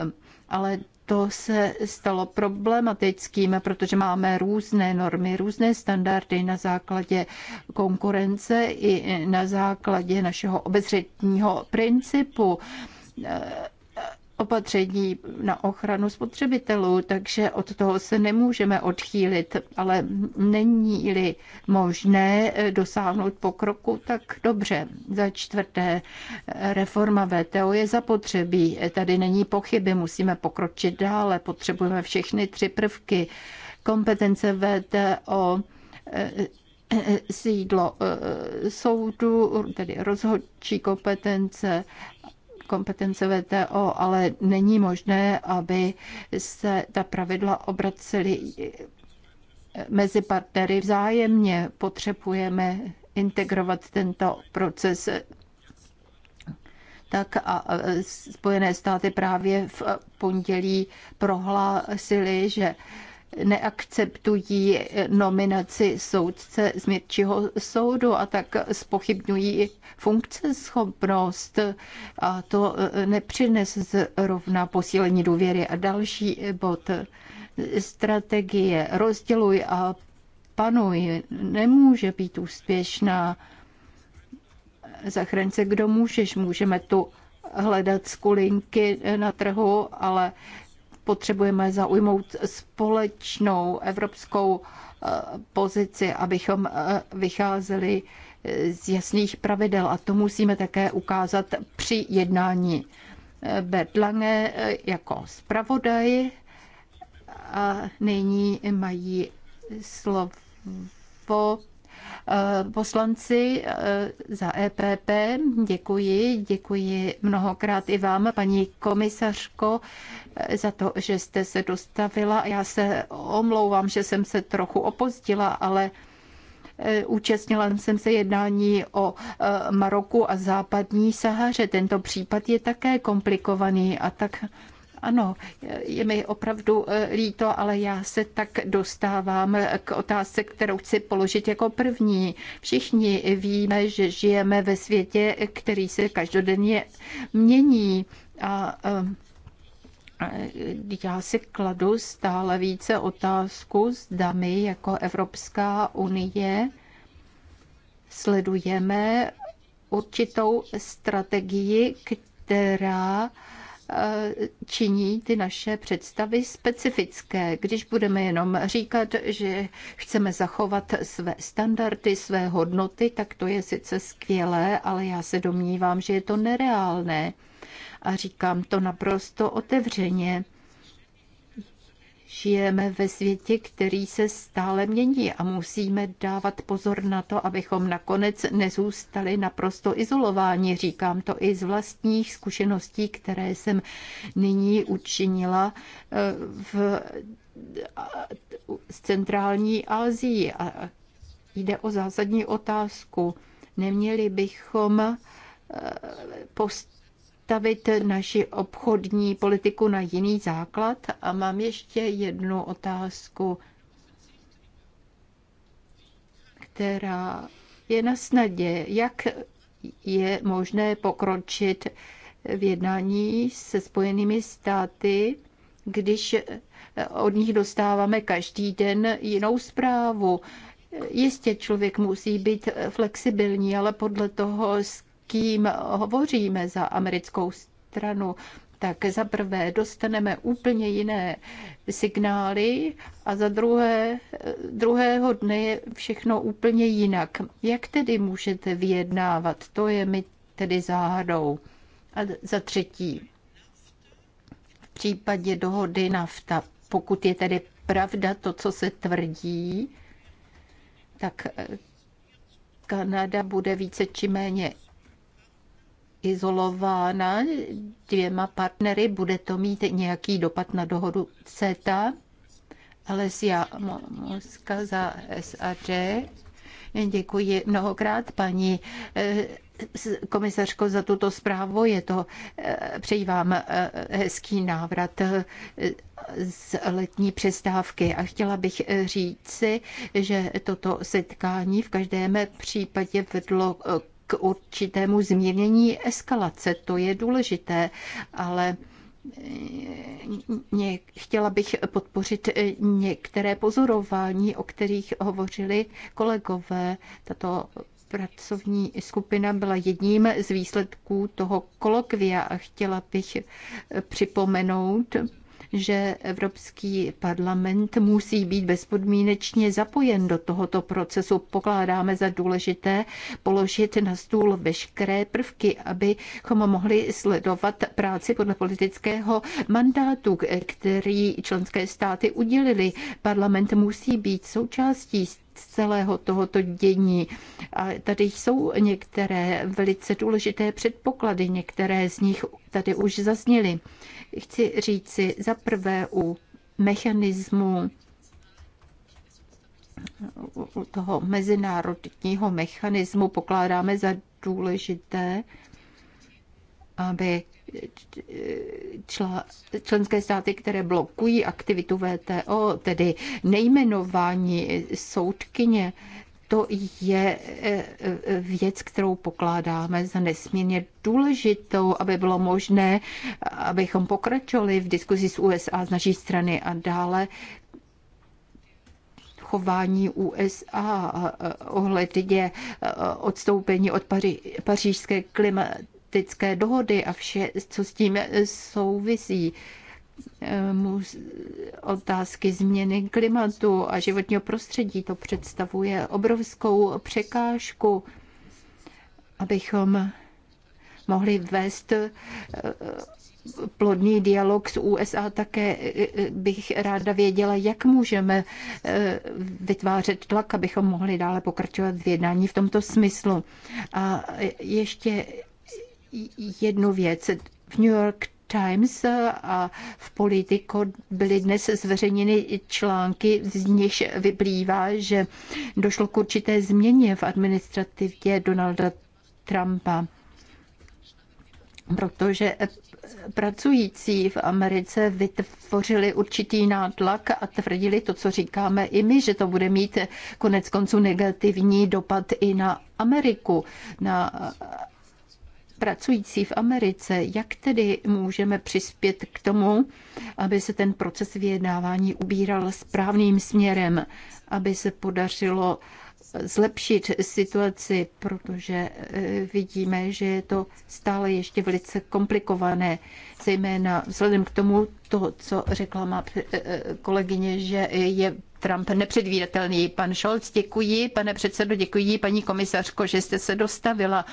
ale to se stalo problematickým, protože máme různé normy, různé standardy na základě konkurence i na základě našeho obezřetního principu opatření na ochranu spotřebitelů, takže od toho se nemůžeme odchýlit, ale není-li možné eh, dosáhnout pokroku, tak dobře. Za čtvrté, eh, reforma VTO je zapotřebí. Tady není pochyby, musíme pokročit dále, potřebujeme všechny tři prvky. Kompetence VTO, eh, sídlo soudu, tedy rozhodčí kompetence kompetence VTO, ale není možné, aby se ta pravidla obracely mezi partnery vzájemně. Potřebujeme integrovat tento proces tak a Spojené státy právě v pondělí prohlásili, že neakceptují nominaci soudce z mětčího soudu a tak spochybňují funkce schopnost a to eh, nepřines zrovna posílení důvěry. A další bod strategie rozděluj a panuj nemůže být úspěšná. Zachránce, kdo můžeš, můžeme tu hledat skulinky na trhu, ale Potřebujeme zaujmout společnou evropskou eh, pozici, abychom eh, vycházeli eh, z jasných pravidel a to musíme také ukázat při jednání. Bertlange jako zpravodaj a nyní mají slovo Eh, poslanci eh, za EPP. Děkuji, děkuji mnohokrát i vám, paní komisařko, eh, za to, že jste se dostavila. Já se omlouvám, že jsem se trochu opozdila, ale Účastnila jsem se jednání o Maroku a západní Sahaře. Tento případ je také komplikovaný a tak ano, je mi opravdu eh, líto, ale já se tak dostávám k otázce, kterou chci položit jako první. Všichni víme, že žijeme ve světě, který se každodenně mění. A, eh, já si kladu stále více otázku, zda my jako Evropská unie sledujeme určitou strategii, která činí ty naše představy specifické. Když budeme jenom říkat, že chceme zachovat své standardy, své hodnoty, tak to je sice skvělé, ale já se domnívám, že je to nereálné. A říkám to naprosto otevřeně. Žijeme ve světě, který se stále mění a musíme dávat pozor na to, abychom nakonec nezůstali naprosto izolováni. Říkám to i z vlastních zkušeností, které jsem nyní učinila eh, v eh, z centrální Asii. A jde o zásadní otázku. Neměli bychom eh, post postavit naši obchodní politiku na jiný základ? A mám ještě jednu otázku, která je na snadě. Jak je možné pokročit v jednání se Spojenými státy, když od nich dostáváme každý den jinou zprávu? Jistě člověk musí být flexibilní, ale podle toho, s kým hovoříme za americkou stranu, tak za prvé dostaneme úplně jiné signály a za druhé, druhého dne je všechno úplně jinak. Jak tedy můžete vyjednávat? To je mi tedy záhadou. A za třetí, v případě dohody nafta, pokud je tedy pravda to, co se tvrdí, tak Kanada bude více či méně izolována dvěma partnery, bude to mít nějaký dopad na dohodu CETA, ale já, Moska za SAD. Děkuji mnohokrát, paní eh, komisařko, za tuto zprávu. Je to, eh, přeji vám eh, hezký návrat z letní přestávky a chtěla bych říci, že toto setkání v každém případě vedlo k určitému zmírnění eskalace. To je důležité, ale eh, chtěla bych podpořit eh, některé pozorování, o kterých hovořili kolegové. Tato pracovní skupina byla jedním z výsledků toho kolokvia a chtěla bych eh, připomenout, že Evropský parlament musí být bezpodmínečně zapojen do tohoto procesu. Pokládáme za důležité položit na stůl veškeré prvky, abychom mohli sledovat práci podle politického mandátu, který členské státy udělili. Parlament musí být součástí celého tohoto dění. A tady jsou některé velice důležité předpoklady, některé z nich tady už zazněly. Chci říci za prvé u mechanismu u toho mezinárodního mechanismu pokládáme za důležité, aby čl- členské státy, které blokují aktivitu VTO, tedy nejmenování soudkyně, to je e, e, věc, kterou pokládáme za nesmírně důležitou, aby bylo možné, abychom pokračovali v diskuzi s USA z naší strany a dále chování USA e, ohledně odstoupení od Paři- pařížské klimat politické dohody a vše, co s tím souvisí otázky změny klimatu a životního prostředí. To představuje obrovskou překážku, abychom mohli vést eh, plodný dialog s USA. Také eh, bych ráda věděla, jak můžeme eh, vytvářet tlak, abychom mohli dále pokračovat v jednání v tomto smyslu. A ještě jednu věc. V New York Times a v Politico byly dnes zveřejněny články, z nichž vyplývá, že došlo k určité změně v administrativě Donalda Trumpa protože pracující v Americe vytvořili určitý nátlak a tvrdili to, co říkáme i my, že to bude mít konec konců negativní dopad i na Ameriku, na pracující v Americe. Jak tedy můžeme přispět k tomu, aby se ten proces vyjednávání ubíral správným směrem, aby se podařilo zlepšit situaci, protože eh, vidíme, že je to stále ještě velice komplikované, zejména vzhledem k tomu, to, co řekla má eh, eh, kolegyně, že je Trump nepředvídatelný. Pan Scholz, děkuji, pane předsedo, děkuji, paní komisařko, že jste se dostavila.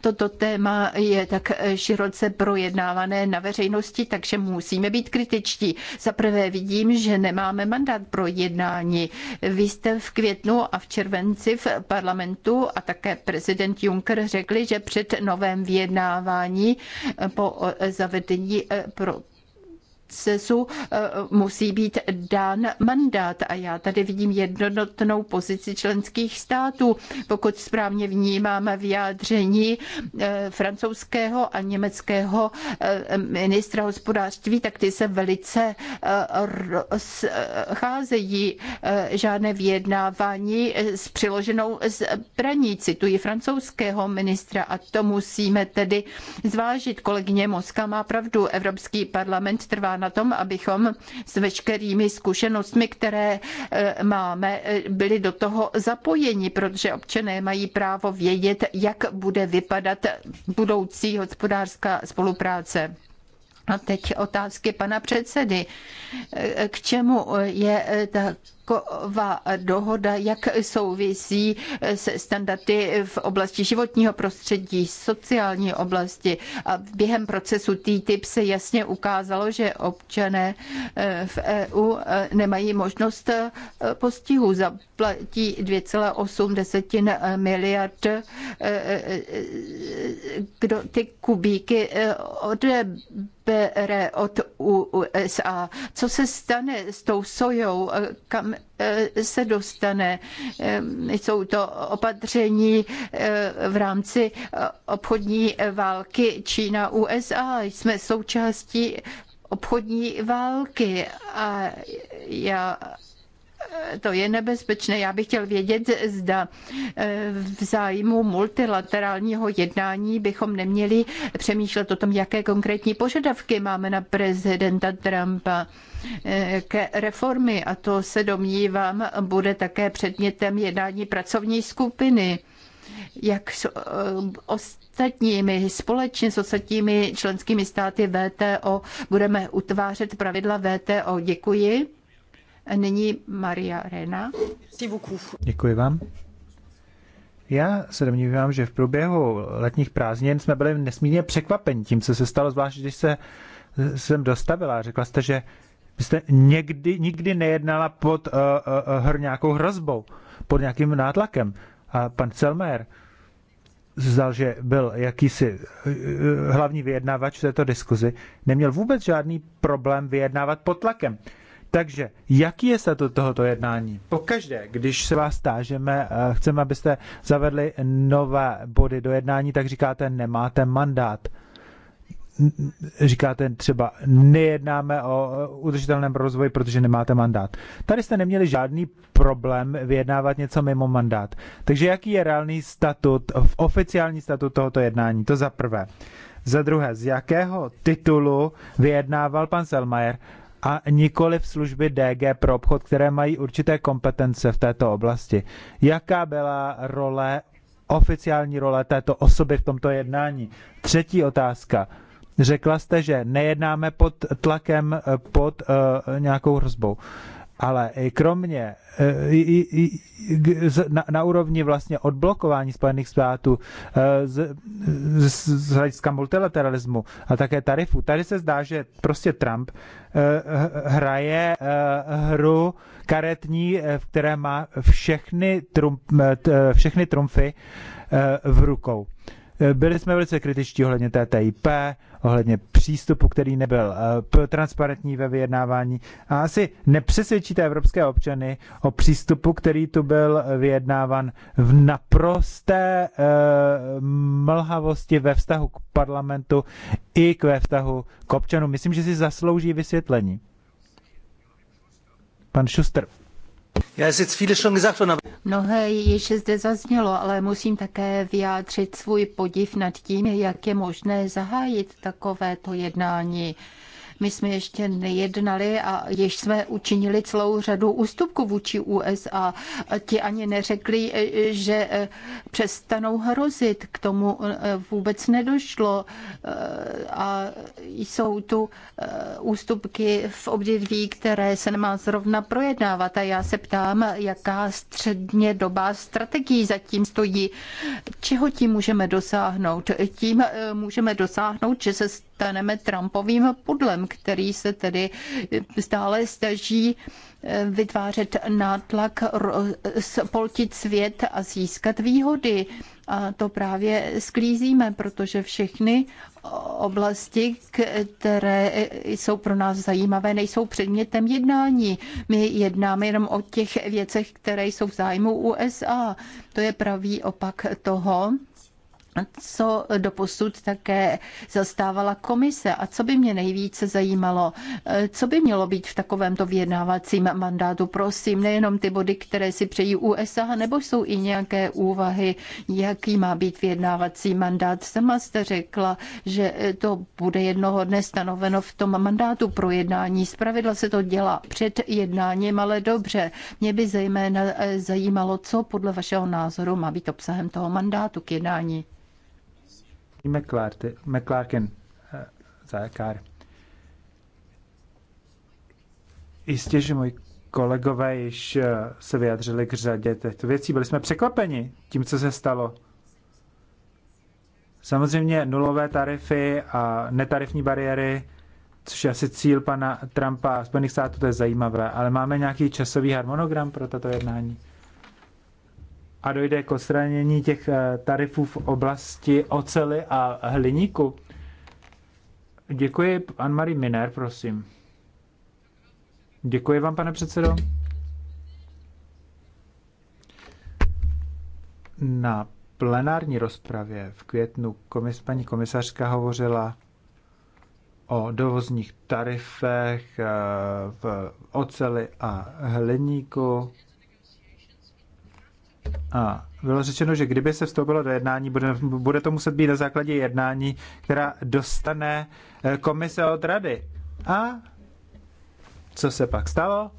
Toto téma je tak široce projednávané na veřejnosti, takže musíme být kritičtí. Za prvé vidím, že nemáme mandát pro jednání. Vy jste v květnu a v červenci v parlamentu a také prezident Juncker řekli, že před novém vyjednávání po zavedení pro procesu eh, musí být dán mandát a já tady vidím jednotnou pozici členských států. Pokud správně vnímám vyjádření eh, francouzského a německého eh, ministra hospodářství, tak ty se velice rozcházejí žádné vyjednávání s přiloženou zbraní, cituji francouzského ministra a to musíme tedy zvážit. Kolegyně Moska má pravdu, Evropský parlament trvá na na tom, abychom s veškerými zkušenostmi, které e, máme, e, byli do toho zapojeni, protože občané mají právo vědět, jak bude vypadat budoucí hospodářská spolupráce. A teď otázky pana předsedy. E, k čemu je tak Ková dohoda, jak souvisí se standardy v oblasti životního prostředí, sociální oblasti. A během procesu TTIP se jasně ukázalo, že občané eh, v EU eh, nemají možnost eh, postihu. Zaplatí 2,8 miliard, kdo ty kubíky odebere od USA. Co se stane s tou sojou? Kam eh, se dostane? Eh, jsou to opatření eh, v rámci obchodní války Čína-USA. Jsme součástí obchodní války a já to je nebezpečné. Já bych chtěl vědět, zda eh, v zájmu multilaterálního jednání bychom neměli přemýšlet o tom, jaké konkrétní požadavky máme na prezidenta Trumpa, eh, ke reformy. A to se domnívám, bude také předmětem jednání pracovní skupiny jak s eh, ostatními, společně s ostatními členskými státy VTO budeme utvářet pravidla VTO. Děkuji. Nyní Maria Rena. Děkuji vám. Já se domnívám, že v průběhu letních prázdnin jsme byli nesmírně překvapeni tím, co se stalo, zvlášť když se sem dostavila. Řekla jste, že jste někdy, nikdy nejednala pod uh, eh, uh, eh, hr, eh, nějakou hrozbou, pod nějakým nátlakem. A pan Celmer zdal, že byl jakýsi hlavní vyjednávač v této diskuzi, neměl vůbec žádný problém vyjednávat pod tlakem. Takže jaký je statut tohoto jednání? Pokaždé, když se vás stážeme, eh, chceme, abyste zavedli nové body do jednání, tak říkáte, nemáte mandát. Říkáte třeba, nejednáme o eh, udržitelném rozvoji, protože nemáte mandát. Tady jste neměli žádný problém vyjednávat něco mimo mandát. Takže jaký je reálný statut, oficiální statut tohoto jednání? To za prvé. Za druhé, z jakého titulu vyjednával pan Selmayr? a nikoli v služby DG pro obchod, které mají určité kompetence v této oblasti. Jaká byla role, oficiální role této osoby v tomto jednání? Třetí otázka. Řekla jste, že nejednáme pod tlakem, pod uh, nějakou hrozbou. Ale kromě e, na úrovni vlastně odblokování Spojených států e, z, z, z hlediska multilateralismu a také tarifu, tady se zdá, že prostě Trump e, hraje hru karetní, v které má všechny, trump, všechny trumfy v rukou. Eh, byli jsme velice kritičtí ohledně TTIP, ohledně přístupu, který nebyl eh, transparentní ve vyjednávání a asi nepřesvědčíte evropské občany o přístupu, který tu byl eh, vyjednávan v naprosté mlhavosti ve vztahu k parlamentu i k ve vztahu k občanům. Myslím, že si zaslouží vysvětlení. Pan Šuster. Mnohé již zde zaznělo, ale musím také vyjádřit svůj podiv nad tím, jak je možné zahájit takovéto jednání. My jsme ještě nejednali a již jsme učinili celou řadu ústupků vůči USA. Ti ani neřekli, že eh, přestanou hrozit. K tomu eh, vůbec nedošlo. Eh, a jsou tu ústupky v období, které se nemá zrovna projednávat. A já se ptám, jaká středně doba strategií zatím stojí. Čeho tím můžeme dosáhnout? Tím můžeme dosáhnout, že se staneme Trumpovým pudlem, který se tedy stále staží eh, vytvářet nátlak, spoltit svět a získat výhody. A to právě sklízíme, protože všechny oblasti, které jsou pro nás zajímavé, nejsou předmětem jednání. My jednáme jenom o těch věcech, které jsou v zájmu USA. To je pravý opak toho, co doposud také zastávala komise a co by mě nejvíce zajímalo, eh, co by mělo být v takovémto vyjednávacím mandátu, prosím, nejenom ty body, které si přejí USA, nebo jsou i nějaké úvahy, jaký má být vyjednávací mandát. Sama jste řekla, že eh, to bude jednoho dne stanoveno v tom mandátu pro jednání. Zpravidla se to dělá před jednáním, ale dobře. Mě by zejména eh, zajímalo, co podle vašeho názoru má být obsahem toho mandátu k jednání. McClarkin eh, za Jakár. Jistě, že moji kolegové již eh, se vyjadřili k řadě těchto věcí. Byli jsme překvapeni tím, co se stalo. Samozřejmě nulové tarify a netarifní bariéry, což je asi cíl pana Trumpa a Spojených států, to je zajímavé, ale máme nějaký časový harmonogram pro tato jednání? a dojde k odstranění těch eh, tarifů v oblasti ocely a hliníku. Děkuji, Anne-Marie Miner, prosím. Děkuji vám, pane předsedo. Na plenární rozpravě v květnu komis, paní komisařka hovořila o dovozních tarifech eh, v oceli a hliníku a bylo řečeno, že kdyby se vstoupilo do jednání, bude, bude to muset být na základě jednání, která dostane eh, komise od rady. A co se pak stalo?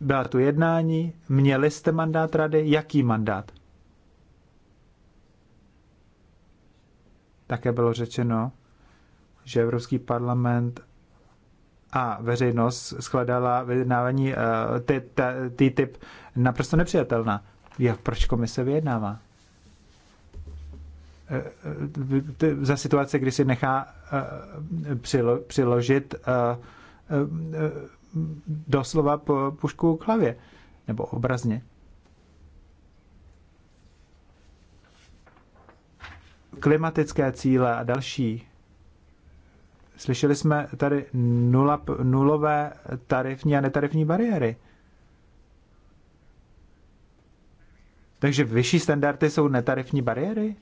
Byla tu jednání, měli jste mandát rady, jaký mandát? Také bylo řečeno, že Evropský parlament a veřejnost shledala vyjednávání eh, TTIP naprosto nepřijatelná. Jak proč komise vyjednává? Eh, eh, za situace, kdy si nechá přiložit doslova pušku k hlavě, nebo obrazně. Klimatické cíle a další Slyšeli jsme tady nula, nulové tarifní a netarifní bariéry. Takže vyšší standardy jsou netarifní bariéry?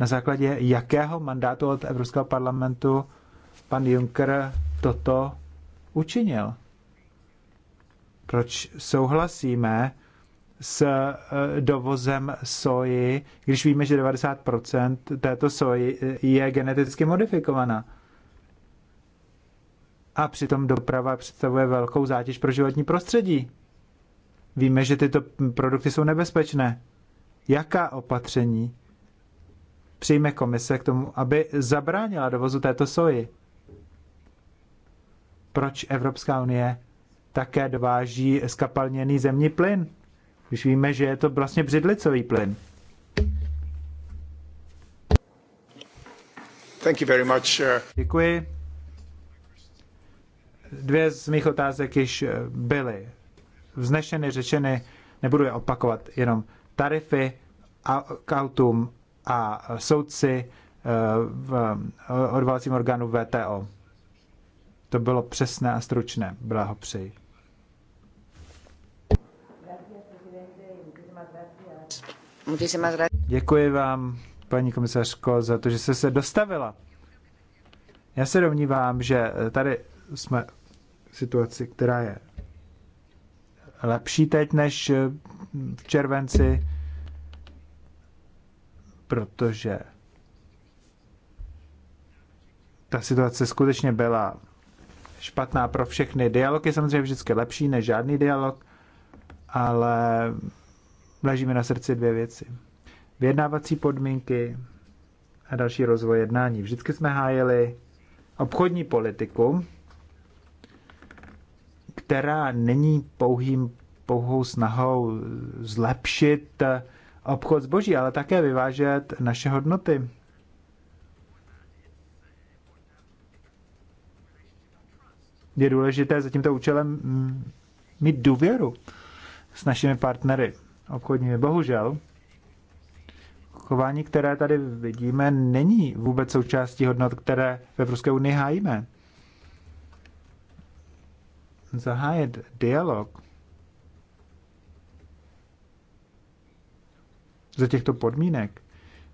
Na základě jakého mandátu od Evropského parlamentu pan Juncker toto učinil? Proč souhlasíme s eh, dovozem soji, když víme, že 90% této soji eh, je geneticky modifikovaná? a přitom doprava představuje velkou zátěž pro životní prostředí. Víme, že tyto produkty jsou nebezpečné. Jaká opatření přijme komise k tomu, aby zabránila dovozu této soji? Proč Evropská unie také dováží skapalněný zemní plyn? Když víme, že je to vlastně břidlicový plyn. Thank you very much. Uh, Děkuji. Dvě z mých otázek již eh, byly vznešeny, řečeny, nebudu je opakovat, jenom tarify a, k autům a soudci eh, v eh, odvolacím orgánu VTO. To bylo přesné a stručné. přeji. Děkuji vám, paní komisařko, za to, že jste se dostavila. Já se domnívám, že tady jsme v situaci, která je lepší teď než eh, v červenci, protože ta situace skutečně byla špatná pro všechny. Dialog je samozřejmě vždycky lepší než žádný dialog, ale leží mi na srdci dvě věci. Vyjednávací podmínky a další rozvoj jednání. Vždycky jsme hájili obchodní politiku, která není pouhým, pouhou snahou zlepšit eh, obchod zboží, ale také vyvážet naše hodnoty. Je důležité za tímto účelem mm, mít důvěru s našimi partnery obchodními. Bohužel, chování, které tady vidíme, není vůbec součástí hodnot, které v Evropské unii hájíme zahájit dialog za těchto podmínek,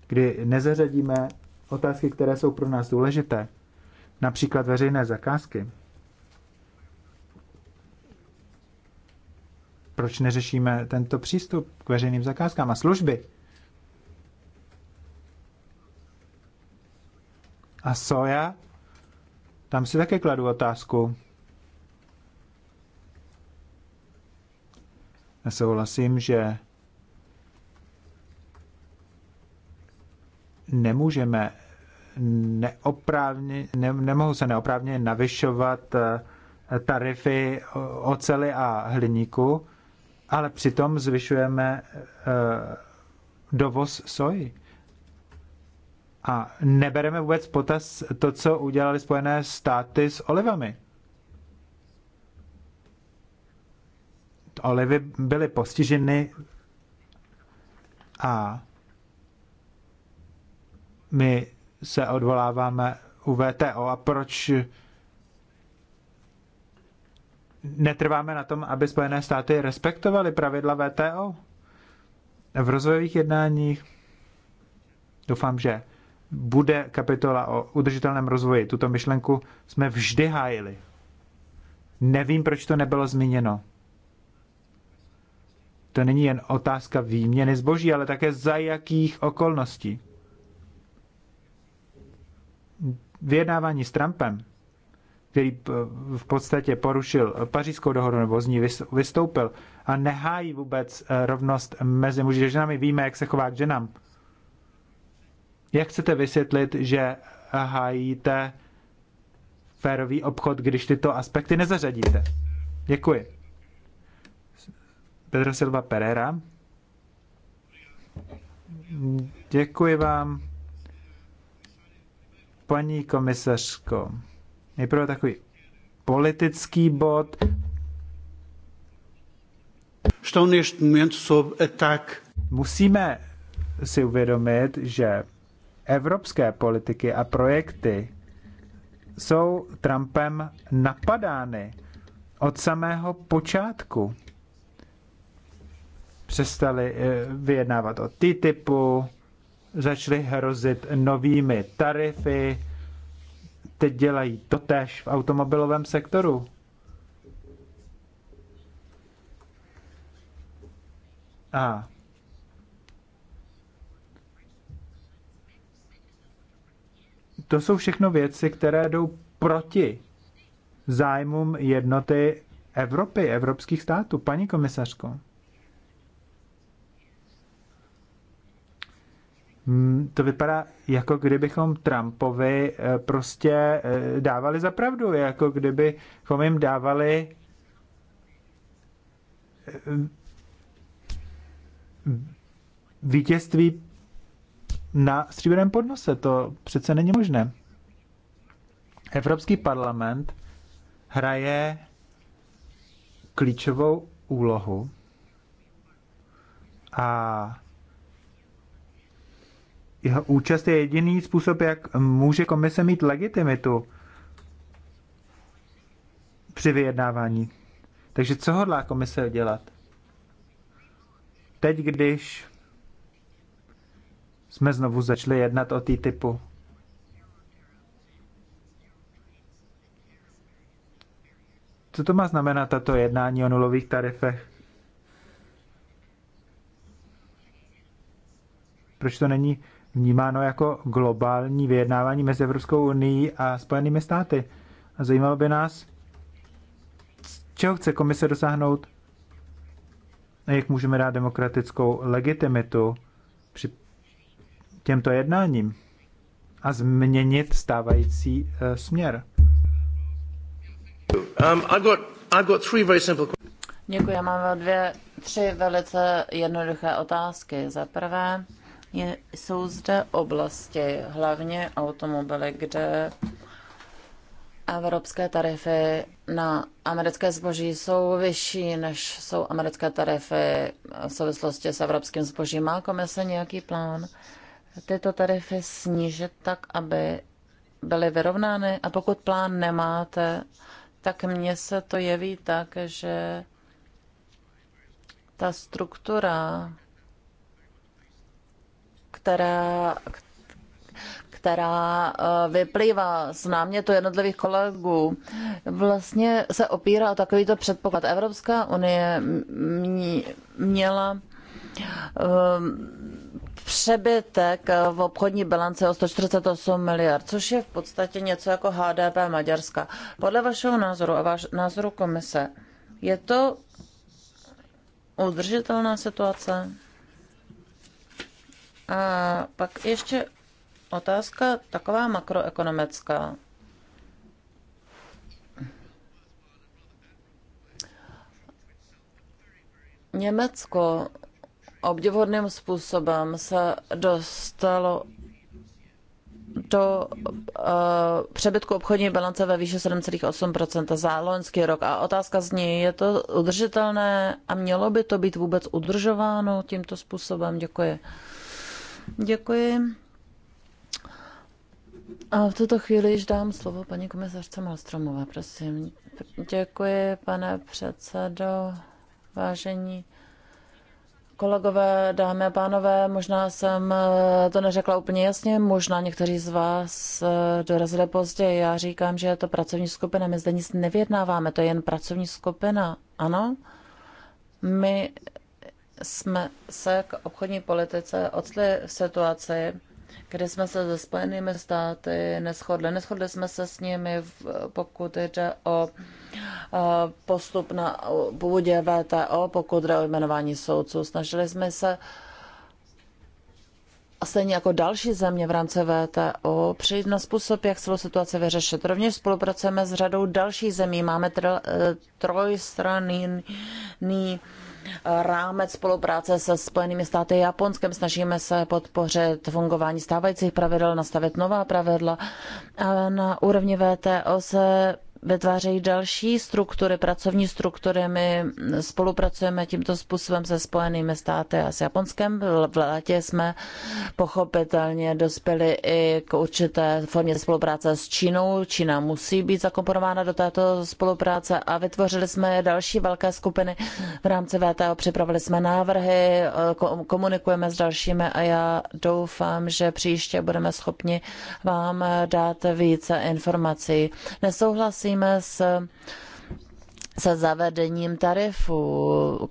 kdy nezařadíme otázky, které jsou pro nás důležité, například veřejné zakázky, proč neřešíme tento přístup k veřejným zakázkám a služby? A soja? Tam si také kladu otázku. souhlasím, že nemůžeme neoprávně, ne, nemohou se neoprávně navyšovat eh, tarify oceli a hliníku, ale přitom zvyšujeme eh, dovoz soji. A nebereme vůbec potaz to, co udělali Spojené státy s olivami. olivy byly postiženy a my se odvoláváme u VTO a proč netrváme na tom, aby Spojené státy respektovaly pravidla VTO v rozvojových jednáních. Doufám, že bude kapitola o udržitelném rozvoji. Tuto myšlenku jsme vždy hájili. Nevím, proč to nebylo zmíněno. To není jen otázka výměny zboží, ale také za jakých okolností. Vyjednávání s Trumpem, který v podstatě porušil pařížskou dohodu nebo z ní vystoupil a nehájí vůbec eh, rovnost mezi muži a ženami. Víme, jak se chová k ženám. Jak chcete vysvětlit, že hájíte férový obchod, když tyto aspekty nezařadíte? Děkuji. Pedro Silva Pereira. Děkuji vám, paní komisařko. Nejprve takový politický bod. E, Musíme si uvědomit, že evropské politiky a projekty jsou Trumpem napadány od samého počátku přestali eh, vyjednávat o TTIPu, začali hrozit novými tarify, teď dělají to tež v automobilovém sektoru. A to jsou všechno věci, které jdou proti zájmům jednoty Evropy, evropských států. Paní komisařko. Mm, to vypadá, jako kdybychom Trumpovi eh, prostě eh, dávali za pravdu, jako kdybychom jim dávali eh, vítězství na stříbrném podnose. To přece není možné. Evropský parlament hraje klíčovou úlohu a jeho účast je jediný způsob, jak může komise mít legitimitu při vyjednávání. Takže co hodlá komise dělat? Teď, když jsme znovu začali jednat o typu. Co to má znamenat tato jednání o nulových tarifech? Proč to není vnímáno jako globální vyjednávání mezi Evropskou unii a Spojenými státy. A zajímalo by nás, čeho chce komise dosáhnout a jak můžeme dát demokratickou legitimitu při těmto jednáním a změnit stávající uh, směr. Um, I've got, I've got three very simple... Děkuji, já mám dvě, tři velice jednoduché otázky. Za prvé, je, jsou zde oblasti, hlavně automobily, kde evropské tarify na americké zboží jsou vyšší, než jsou americké tarify v souvislosti s evropským zbožím. Má komise nějaký plán tyto tarify snížit tak, aby byly vyrovnány? A pokud plán nemáte, tak mně se to jeví tak, že ta struktura která, která eh, vyplývá z námětu jednotlivých kolegů, vlastně se opírá o takovýto předpoklad. Evropská unie měla ehm, přebytek v obchodní bilanci o 148 miliard, což je v podstatě něco jako HDP Maďarska. Podle vašeho názoru a váš, názoru komise, je to udržitelná situace? A pak ještě otázka taková makroekonomická. Německo obdivodným způsobem se dostalo do uh, přebytku obchodní bilance ve výši 7,8 za loňský rok. A otázka zní, je to udržitelné a mělo by to být vůbec udržováno tímto způsobem? Děkuji. Uh, Děkuji. A v tuto chvíli již dám slovo paní komisařce Malstromové, prosím. Děkuji, pane předsedo, vážení kolegové, dámy a pánové, možná jsem eh, to neřekla úplně jasně, možná někteří z vás eh, dorazili později. Já říkám, že je to pracovní skupina, my zde nic nevyjednáváme, to je jen pracovní skupina, ano? My jsme se k obchodní politice odstli v situaci, kde jsme se se Spojenými státy neschodli. Neschodli jsme se s nimi, pokud jde o postup na původě VTO, pokud jde o jmenování soudců. Snažili jsme se a stejně jako další země v rámci VTO přijít na způsob, jak celou situaci vyřešit. Rovněž spolupracujeme s řadou dalších zemí. Máme e, trojstranný rámec spolupráce se Spojenými státy a Japonskem. Snažíme se podpořit fungování stávajících pravidel, nastavit nová pravidla. A na úrovni VTO se vytvářejí další struktury, pracovní struktury. My spolupracujeme tímto způsobem se Spojenými státy a s Japonskem. V létě jsme pochopitelně dospěli i k určité formě spolupráce s Čínou. Čína musí být zakomponována do této spolupráce a vytvořili jsme další velké skupiny v rámci VTO. Připravili jsme návrhy, komunikujeme s dalšími a já doufám, že příště budeme schopni vám dát více informací. Nesouhlasím souhlasíme s se zavedením tarifů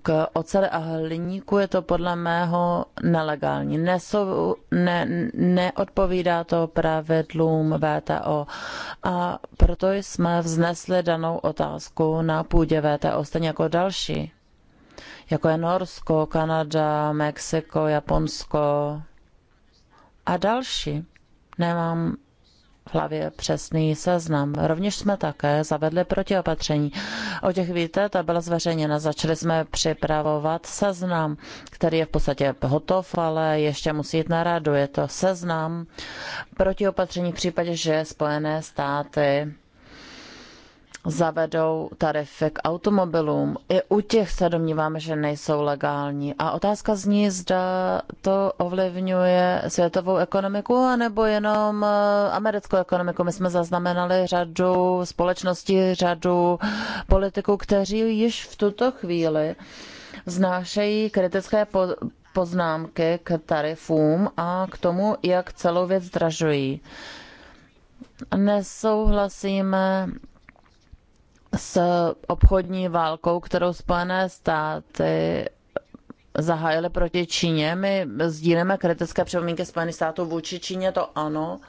k oceli a hliníku je to podle mého nelegální. Nesou, ne, neodpovídá to pravidlům VTO a proto jsme vznesli danou otázku na půdě VTO, stejně jako další, jako je Norsko, Kanada, Mexiko, Japonsko a další. Nemám hlavě přesný seznam. Rovněž jsme také zavedli protiopatření. O těch víte, ta byla zveřejněna. Začali jsme připravovat seznam, který je v podstatě hotov, ale ještě musí jít na radu. Je to seznam protiopatření v případě, že Spojené státy zavedou tarify k automobilům. I u těch se domníváme, že nejsou legální. A otázka zní, zda to ovlivňuje světovou ekonomiku, anebo jenom eh, americkou ekonomiku. My jsme zaznamenali řadu společností, řadu politiků, kteří již v tuto chvíli znášejí kritické po poznámky k tarifům a k tomu, jak celou věc zdražují. Nesouhlasíme s obchodní válkou, kterou Spojené státy zahájily proti Číně. My sdílíme kritické připomínky Spojených států vůči Číně, to ano.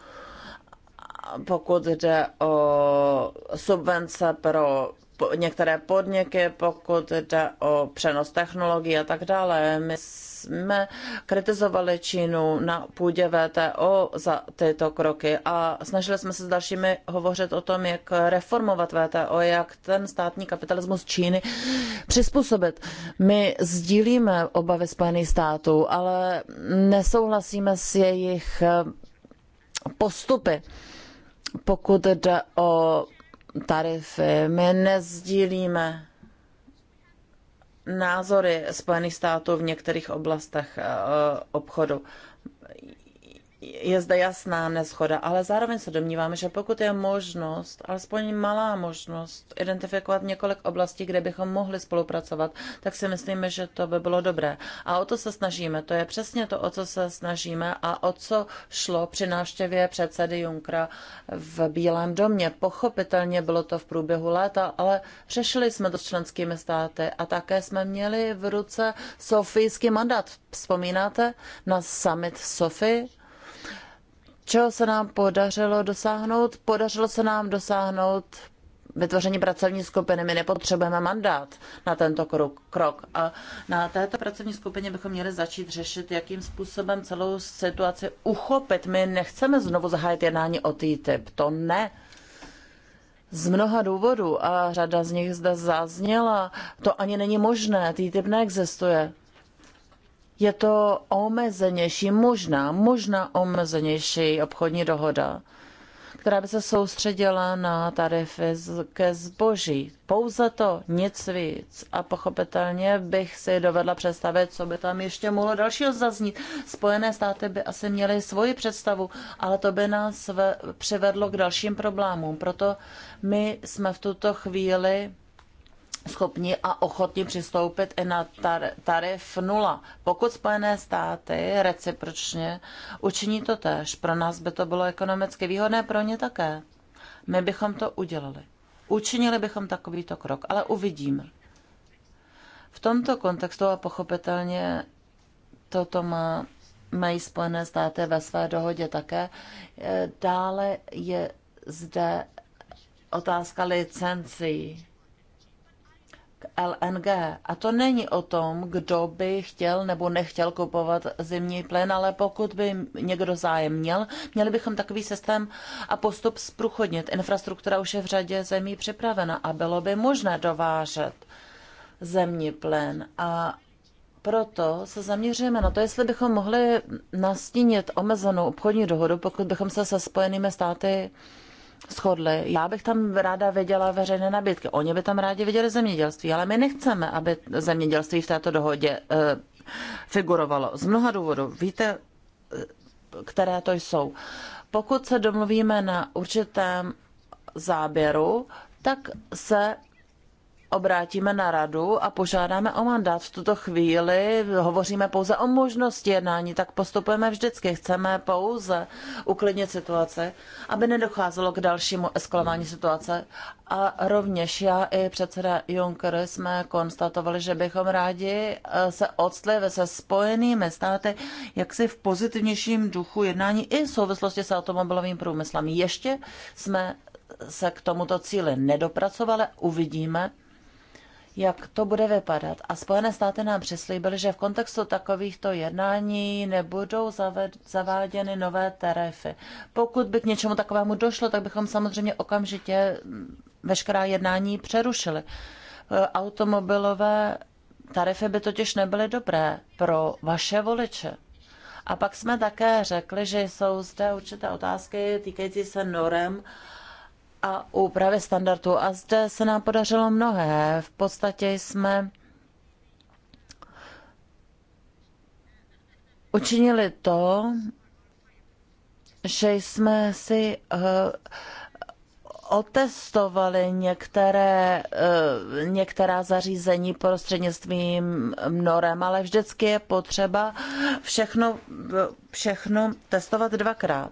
Pokud jde o subvence pro některé podniky, pokud jde o přenos technologií a tak dále, my jsme kritizovali Čínu na půdě VTO za tyto kroky a snažili jsme se s dalšími hovořit o tom, jak reformovat VTO, jak ten státní kapitalismus Číny přizpůsobit. My sdílíme obavy Spojených států, ale nesouhlasíme s jejich eh, postupy. Pokud jde o tarify, my nezdílíme názory Spojených států v některých oblastech eh, obchodu je zde jasná neschoda, ale zároveň se domníváme, že pokud je možnost, alespoň malá možnost, identifikovat několik oblastí, kde bychom mohli spolupracovat, tak si myslíme, že to by bylo dobré. A o to se snažíme. To je přesně to, o co se snažíme a o co šlo při návštěvě předsedy Junkra v Bílém domě. Pochopitelně bylo to v průběhu léta, ale řešili jsme to s členskými státy a také jsme měli v ruce sofijský mandát. Vzpomínáte na summit Sofii? čeho se nám podařilo dosáhnout? Podařilo se nám dosáhnout vytvoření pracovní skupiny. My nepotřebujeme mandát na tento krok. A na této pracovní skupině bychom měli začít řešit, jakým způsobem celou situaci uchopit. My nechceme znovu zahájit jednání o TTIP. To ne. Z mnoha důvodů a řada z nich zde zazněla. To ani není možné. TTIP neexistuje je to omezenější, možná, možná omezenější obchodní dohoda, která by se soustředila na tarify ke zboží. Pouze to, nic víc. A pochopitelně bych si dovedla představit, co by tam ještě mohlo dalšího zaznít. Spojené státy by asi měly svoji představu, ale to by nás přivedlo k dalším problémům. Proto my jsme v tuto chvíli schopni a ochotni přistoupit i na tar- tarif nula. Pokud Spojené státy recipročně učiní to tež, pro nás by to bylo ekonomicky výhodné, pro ně také. My bychom to udělali. Učinili bychom takovýto krok, ale uvidíme. V tomto kontextu a pochopitelně toto má, mají Spojené státy ve své dohodě také. E, dále je zde otázka licencí k LNG. A to není o tom, kdo by chtěl nebo nechtěl kupovat zimní plyn, ale pokud by někdo zájem měl, měli bychom takový systém a postup spruchodnit. Infrastruktura už je v řadě zemí připravena a bylo by možné dovážet zemní plyn. A proto se zaměříme na to, jestli bychom mohli nastínit omezenou obchodní dohodu, pokud bychom se se Spojenými státy shodli. Já bych tam ráda viděla veřejné nabídky. Oni by tam rádi viděli zemědělství, ale my nechceme, aby zemědělství v této dohodě eh, figurovalo. Z mnoha důvodů. Víte, eh, které to jsou. Pokud se domluvíme na určitém záběru, tak se obrátíme na radu a požádáme o mandát. V tuto chvíli hovoříme pouze o možnosti jednání, tak postupujeme vždycky. Chceme pouze uklidnit situaci, aby nedocházelo k dalšímu eskalování situace. A rovněž já i předseda Juncker jsme konstatovali, že bychom rádi eh, se odstli se spojenými státy jaksi v pozitivnějším duchu jednání i v souvislosti s automobilovým průmyslem. Ještě jsme se k tomuto cíli nedopracovali, uvidíme, jak to bude vypadat. A Spojené státy nám přislíbily, že v kontextu takovýchto jednání nebudou zaváděny nové tarify. Pokud by k něčemu takovému došlo, tak bychom samozřejmě okamžitě veškerá jednání přerušili. E, automobilové tarify by totiž nebyly dobré pro vaše voliče. A pak jsme také řekli, že jsou zde určité otázky týkající se norem a úpravy standardů. A zde se nám podařilo mnohé. V podstatě jsme učinili to, že jsme si uh, otestovali některé, eh, některá zařízení prostřednictvím norem, ale vždycky je potřeba všechno, všechno testovat dvakrát.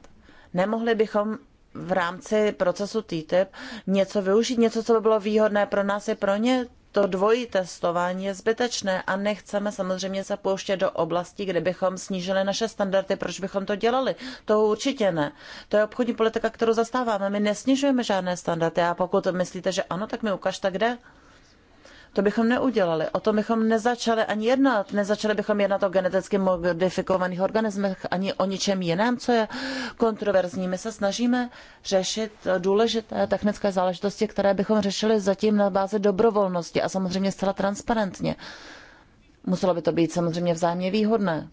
Nemohli bychom v rámci procesu TTIP něco využít, něco, co by bylo výhodné pro nás i pro ně, to dvojí testování je zbytečné a nechceme samozřejmě se pouštět do oblasti, kde bychom snížili naše standardy. Proč bychom to dělali? To určitě ne. To je obchodní politika, kterou zastáváme. My nesnižujeme žádné standardy a pokud myslíte, že ano, tak mi ukažte kde. To bychom neudělali, o tom bychom nezačali ani jednat. Nezačali bychom jednat o geneticky modifikovaných organismech ani o ničem jiném, co je kontroverzní. My se snažíme řešit důležité technické záležitosti, které bychom řešili zatím na bázi dobrovolnosti a samozřejmě zcela transparentně. Muselo by to být samozřejmě vzájemně výhodné.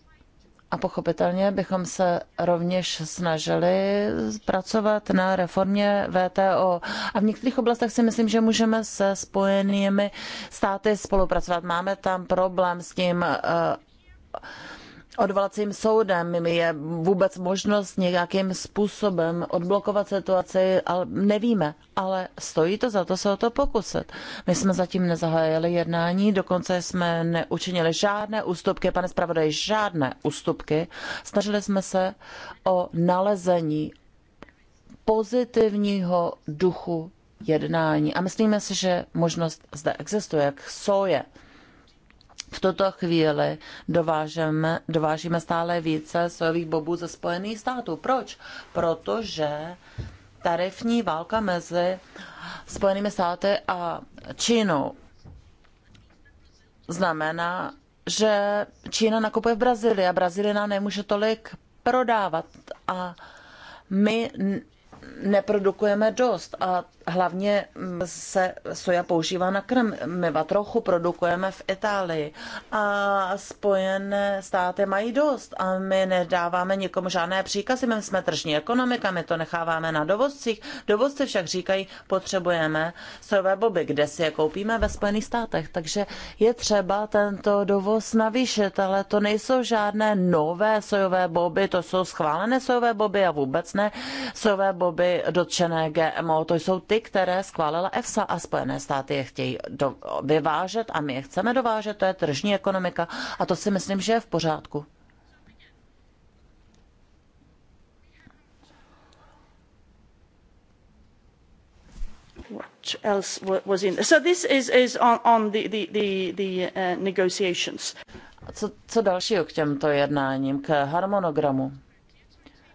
A pochopitelně bychom se rovněž snažili pracovat na reformě VTO. A v některých oblastech si myslím, že můžeme se spojenými státy spolupracovat. Máme tam problém s tím uh, odvolacím soudem je vůbec možnost nějakým způsobem odblokovat situaci, ale nevíme. Ale stojí to za to se o to pokusit. My jsme zatím nezahájili jednání, dokonce jsme neučinili žádné ústupky, pane zpravodaj, žádné ústupky. Snažili jsme se o nalezení pozitivního duchu jednání. A myslíme si, že možnost zde existuje, jak soje v tuto chvíli dovážeme, dovážíme stále více sojových bobů ze Spojených států. Proč? Protože tarifní válka mezi Spojenými státy a Čínou znamená, že Čína nakupuje v Brazílii a Brazílie nám nemůže tolik prodávat a my neprodukujeme dost a Hlavně mm, se soja používá na krmiva, trochu produkujeme v Itálii a spojené státy mají dost a my nedáváme nikomu žádné příkazy, my jsme tržní ekonomika, my to necháváme na dovozcích. Dovozci však říkají, potřebujeme sojové boby, kde si je koupíme ve Spojených státech, takže je třeba tento dovoz navýšit, ale to nejsou žádné nové sojové boby, to jsou schválené sojové boby a vůbec ne sojové boby dotčené GMO, to jsou ty ty, které schválila EFSA a Spojené státy je chtějí do, vyvážet a my je chceme dovážet, to je tržní ekonomika a to si myslím, že je v pořádku. what else was in So this is, is on, on the, the, the, the uh, negotiations. Co, co dalšího k těmto jednáním, k harmonogramu?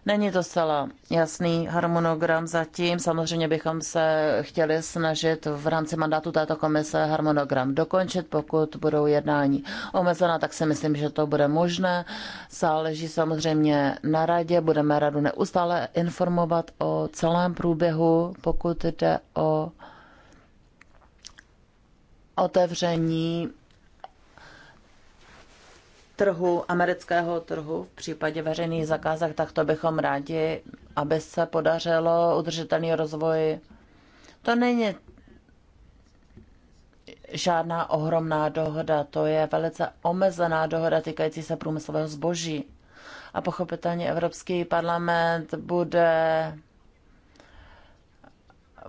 Není to zcela jasný harmonogram zatím. Samozřejmě bychom se chtěli snažit v rámci mandátu této komise harmonogram dokončit, pokud budou jednání omezená, tak si myslím, že to bude možné. Záleží samozřejmě na radě, budeme radu neustále informovat o celém průběhu, pokud jde o otevření trhu, amerického trhu v případě veřejných zakázek, tak to bychom rádi, aby se podařilo udržitelný rozvoj. To není žádná ohromná dohoda, to je velice omezená dohoda týkající se průmyslového zboží. A pochopitelně Evropský parlament bude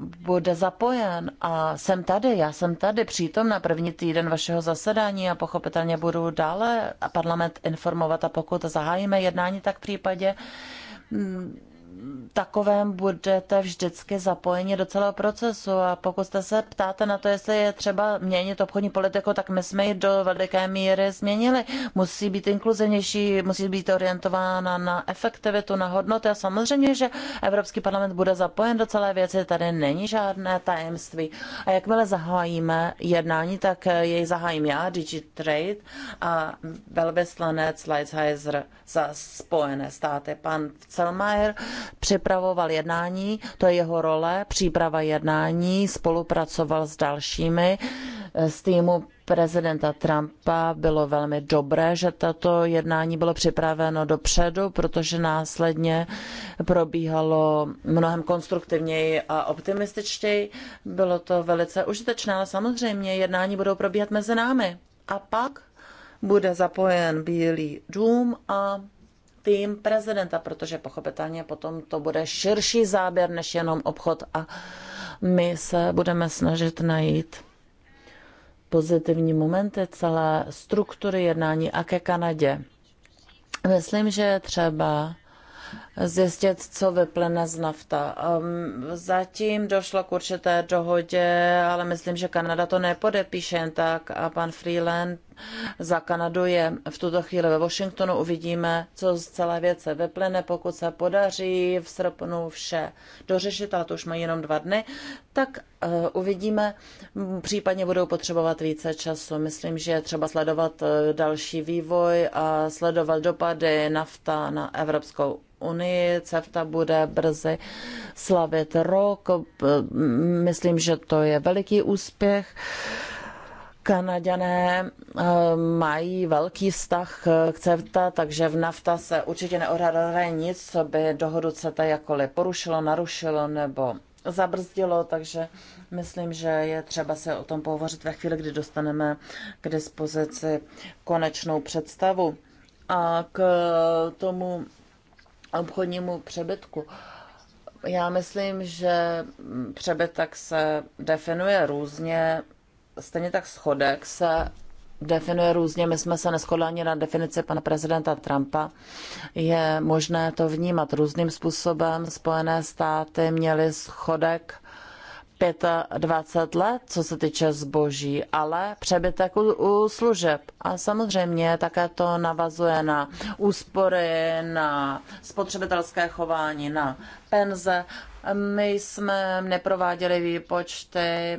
bude zapojen a jsem tady, já jsem tady přítom na první týden vašeho zasedání a pochopitelně budu dále parlament informovat a pokud zahájíme jednání, tak v případě mm, takovém budete vždycky zapojeni do celého procesu a pokud jste se ptáte na to, jestli je třeba měnit obchodní politiku, tak my jsme ji do veliké míry změnili. Musí být inkluzivnější, musí být orientována na efektivitu, na hodnoty a samozřejmě, že Evropský parlament bude zapojen do celé věci, tady není žádné tajemství. A jakmile zahájíme jednání, tak jej zahájím já, DigiTrade a velvyslanec Leitzheiser za Spojené státy, pan Celmajer připravoval jednání, to je jeho role, příprava jednání, spolupracoval s dalšími z týmu prezidenta Trumpa bylo velmi dobré, že tato jednání bylo připraveno dopředu, protože následně probíhalo mnohem konstruktivněji a optimističtěji. Bylo to velice užitečné, ale samozřejmě jednání budou probíhat mezi námi. A pak bude zapojen Bílý dům a tým prezidenta, protože pochopitelně potom to bude širší záběr než jenom obchod a my se budeme snažit najít pozitivní momenty celé struktury jednání a ke Kanadě. Myslím, že je třeba zjistit, co vyplyne z nafta. Zatím došlo k určité dohodě, ale myslím, že Kanada to nepodepíše jen tak a pan Freeland za Kanadu je v tuto chvíli ve Washingtonu. Uvidíme, co z celé věce vyplyne. Pokud se podaří v srpnu vše dořešit, ale to už mají jenom dva dny, tak eh, uvidíme. Případně budou potřebovat více času. Myslím, že je třeba sledovat eh, další vývoj a sledovat dopady nafta na Evropskou unii unii, CEFTA bude brzy slavit rok. Myslím, že to je veliký úspěch. Kanaděné eh, mají velký vztah k CEFTA, takže v NAFTA se určitě neodhaduje nic, co by dohodu CETA jakkoliv porušilo, narušilo nebo zabrzdilo, takže myslím, že je třeba se o tom pohovořit ve chvíli, kdy dostaneme k dispozici konečnou představu. A k tomu obchodnímu přebytku. Já myslím, že přebytek se definuje různě, stejně tak schodek se definuje různě. My jsme se neschodli ani na definici pana prezidenta Trumpa. Je možné to vnímat různým způsobem. Spojené státy měly schodek 25 let, co se týče zboží, ale přebytek u, u služeb. A samozřejmě také to navazuje na úspory, na spotřebitelské chování, na penze. My jsme neprováděli výpočty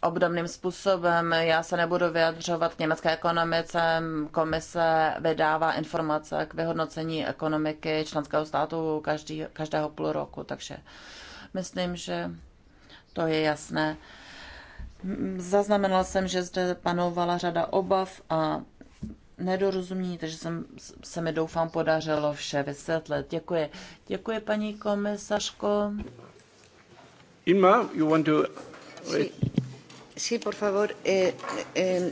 obdobným způsobem. Já se nebudu vyjadřovat k německé ekonomice. Komise vydává informace k vyhodnocení ekonomiky členského státu každý, každého půl roku, takže myslím, že to je jasné. Zaznamenala jsem, že zde panovala řada obav a nedorozumění, takže jsem, se mi doufám podařilo vše vysvětlit. Děkuji. Děkuji, paní komisařko. Inma, you want to... Sí. sí, por favor. Eh, eh,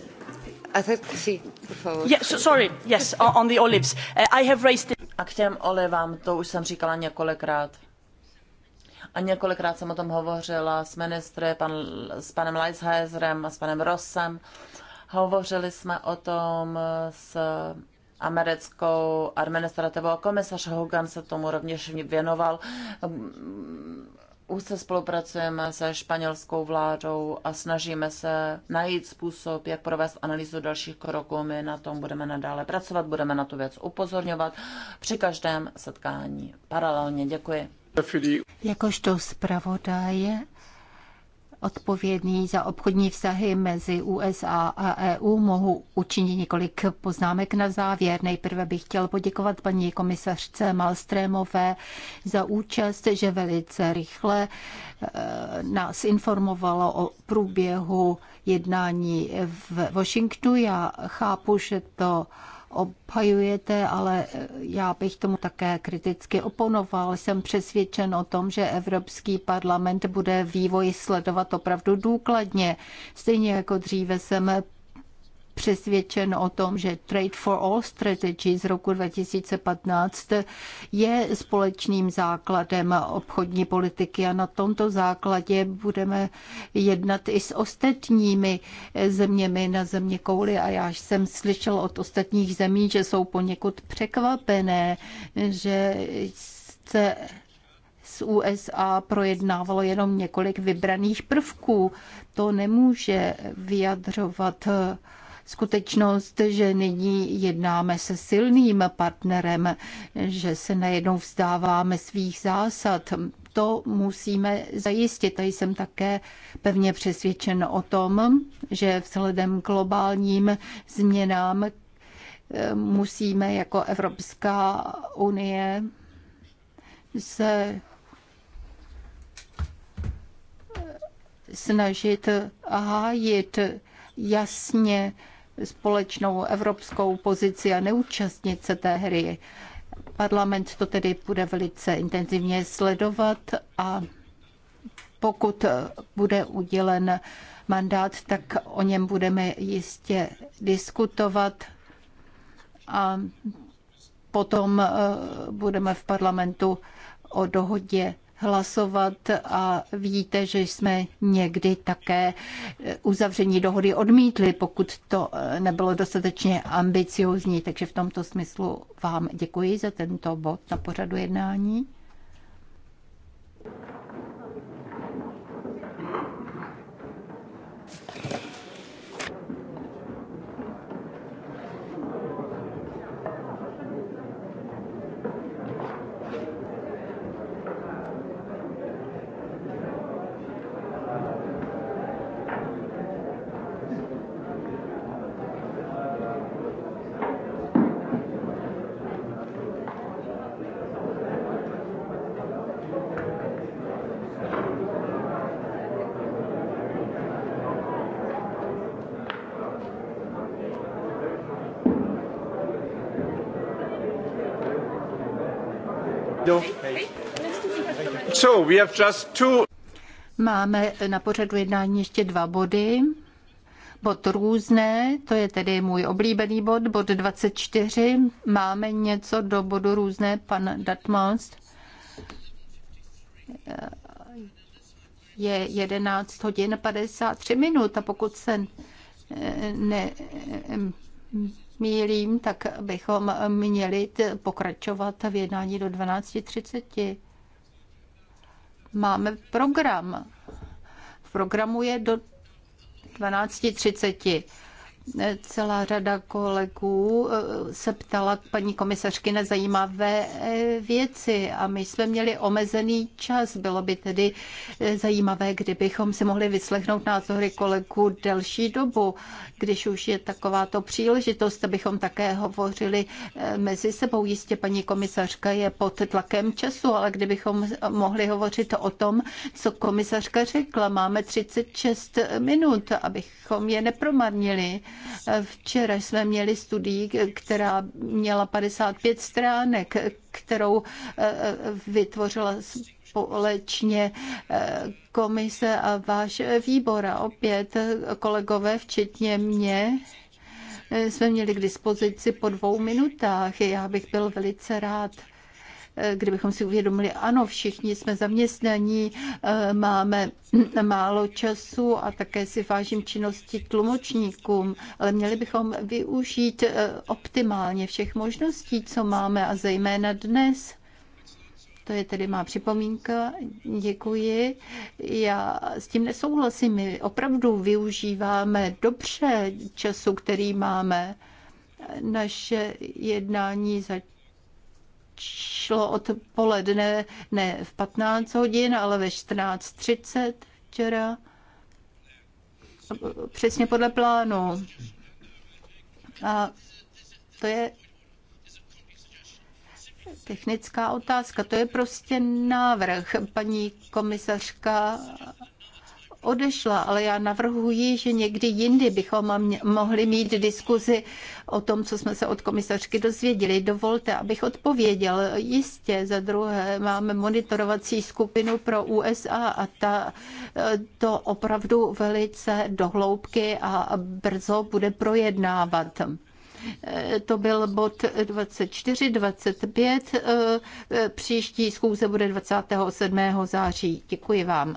hacer... Sí, por favor. Yes, sorry, yes, on the olives. Eh, I have raised... It. A k těm olivám, to už jsem říkala několikrát a několikrát jsem o tom hovořila s ministry, pan, s panem Leisheiserem a s panem Rossem. Hovořili jsme o tom s americkou administrativou a komisař Hogan se tomu rovněž věnoval. Už se spolupracujeme se španělskou vládou a snažíme se najít způsob, jak provést analýzu dalších kroků. My na tom budeme nadále pracovat, budeme na tu věc upozorňovat při každém setkání. Paralelně děkuji. Jakožto zpravodaj odpovědný za obchodní vztahy mezi USA a EU, mohu učinit několik poznámek na závěr. Nejprve bych chtěl poděkovat paní komisařce Malstrémové za účast, že velice rychle eh, nás informovalo o průběhu jednání v Washingtonu. Já chápu, že to obhajujete, ale já bych tomu také kriticky oponoval. Jsem přesvědčen o tom, že Evropský parlament bude vývoj sledovat opravdu důkladně. Stejně jako dříve jsem přesvědčen o tom, že Trade for All Strategy z roku 2015 je společným základem obchodní politiky a na tomto základě budeme jednat i s ostatními zeměmi na země kouly a já jsem slyšel od ostatních zemí, že jsou poněkud překvapené, že se z USA projednávalo jenom několik vybraných prvků. To nemůže vyjadřovat skutečnost, že nyní jednáme se silným partnerem, že se najednou vzdáváme svých zásad. To musíme zajistit a jsem také pevně přesvědčen o tom, že vzhledem globálním změnám eh, musíme jako Evropská unie se snažit hájit jasně společnou evropskou pozici a neúčastnit se té hry. Parlament to tedy bude velice intenzivně sledovat a pokud bude udělen mandát, tak o něm budeme jistě diskutovat a potom eh, budeme v parlamentu o dohodě hlasovat a vidíte, že jsme někdy také eh, uzavření dohody odmítli, pokud to eh, nebylo dostatečně ambiciozní. Takže v tomto smyslu vám děkuji za tento bod na pořadu jednání. Máme na pořadu jednání ještě dva body. Bod různé, to je tedy můj oblíbený bod, bod 24. Máme něco do bodu různé, pan Datmost. Je 11 hodin 53 minut a pokud se eh, ne, eh, mílím, tak bychom měli pokračovat v jednání do 12.30. Máme program. V programu je do 12.30. Celá řada kolegů eh, se ptala paní komisařky na zajímavé eh, věci a my jsme měli omezený čas. Bylo by tedy eh, zajímavé, kdybychom si mohli vyslechnout názory kolegů delší dobu, když už je takováto příležitost, abychom také hovořili mezi sebou. Jistě paní komisařka je pod tlakem času, ale kdybychom mohli hovořit o tom, co komisařka řekla. Máme 36 minut, abychom je nepromarnili. Včera jsme měli studii, která měla 55 stránek, kterou eh, eh, vytvořila společně eh, komise a váš výbor a opět kolegové, včetně mě, jsme měli k dispozici po dvou minutách. Já bych byl velice rád, kdybychom si uvědomili, ano, všichni jsme zaměstnaní, eh, máme *clears throat* málo času a také si vážím činnosti tlumočníkům, ale měli bychom využít eh, optimálně všech možností, co máme a zejména dnes. To je tedy má připomínka. Děkuji. Já s tím nesouhlasím. My opravdu využíváme dobře času, který máme. Naše jednání začíná šlo odpoledne ne v 15 hodin, ale ve 14.30 včera. Přesně podle plánu. A to je technická otázka. To je prostě návrh. Paní komisařka odešla, ale já navrhuji, že někdy jindy bychom mohli mít diskuzi o tom, co jsme se od komisařky dozvěděli. Dovolte, abych odpověděl. Jistě, za druhé máme monitorovací skupinu pro USA a ta e, to opravdu velice dohloubky a brzo bude projednávat. E, to byl bod 24-25. E, příští schůze bude 27. září. Děkuji vám.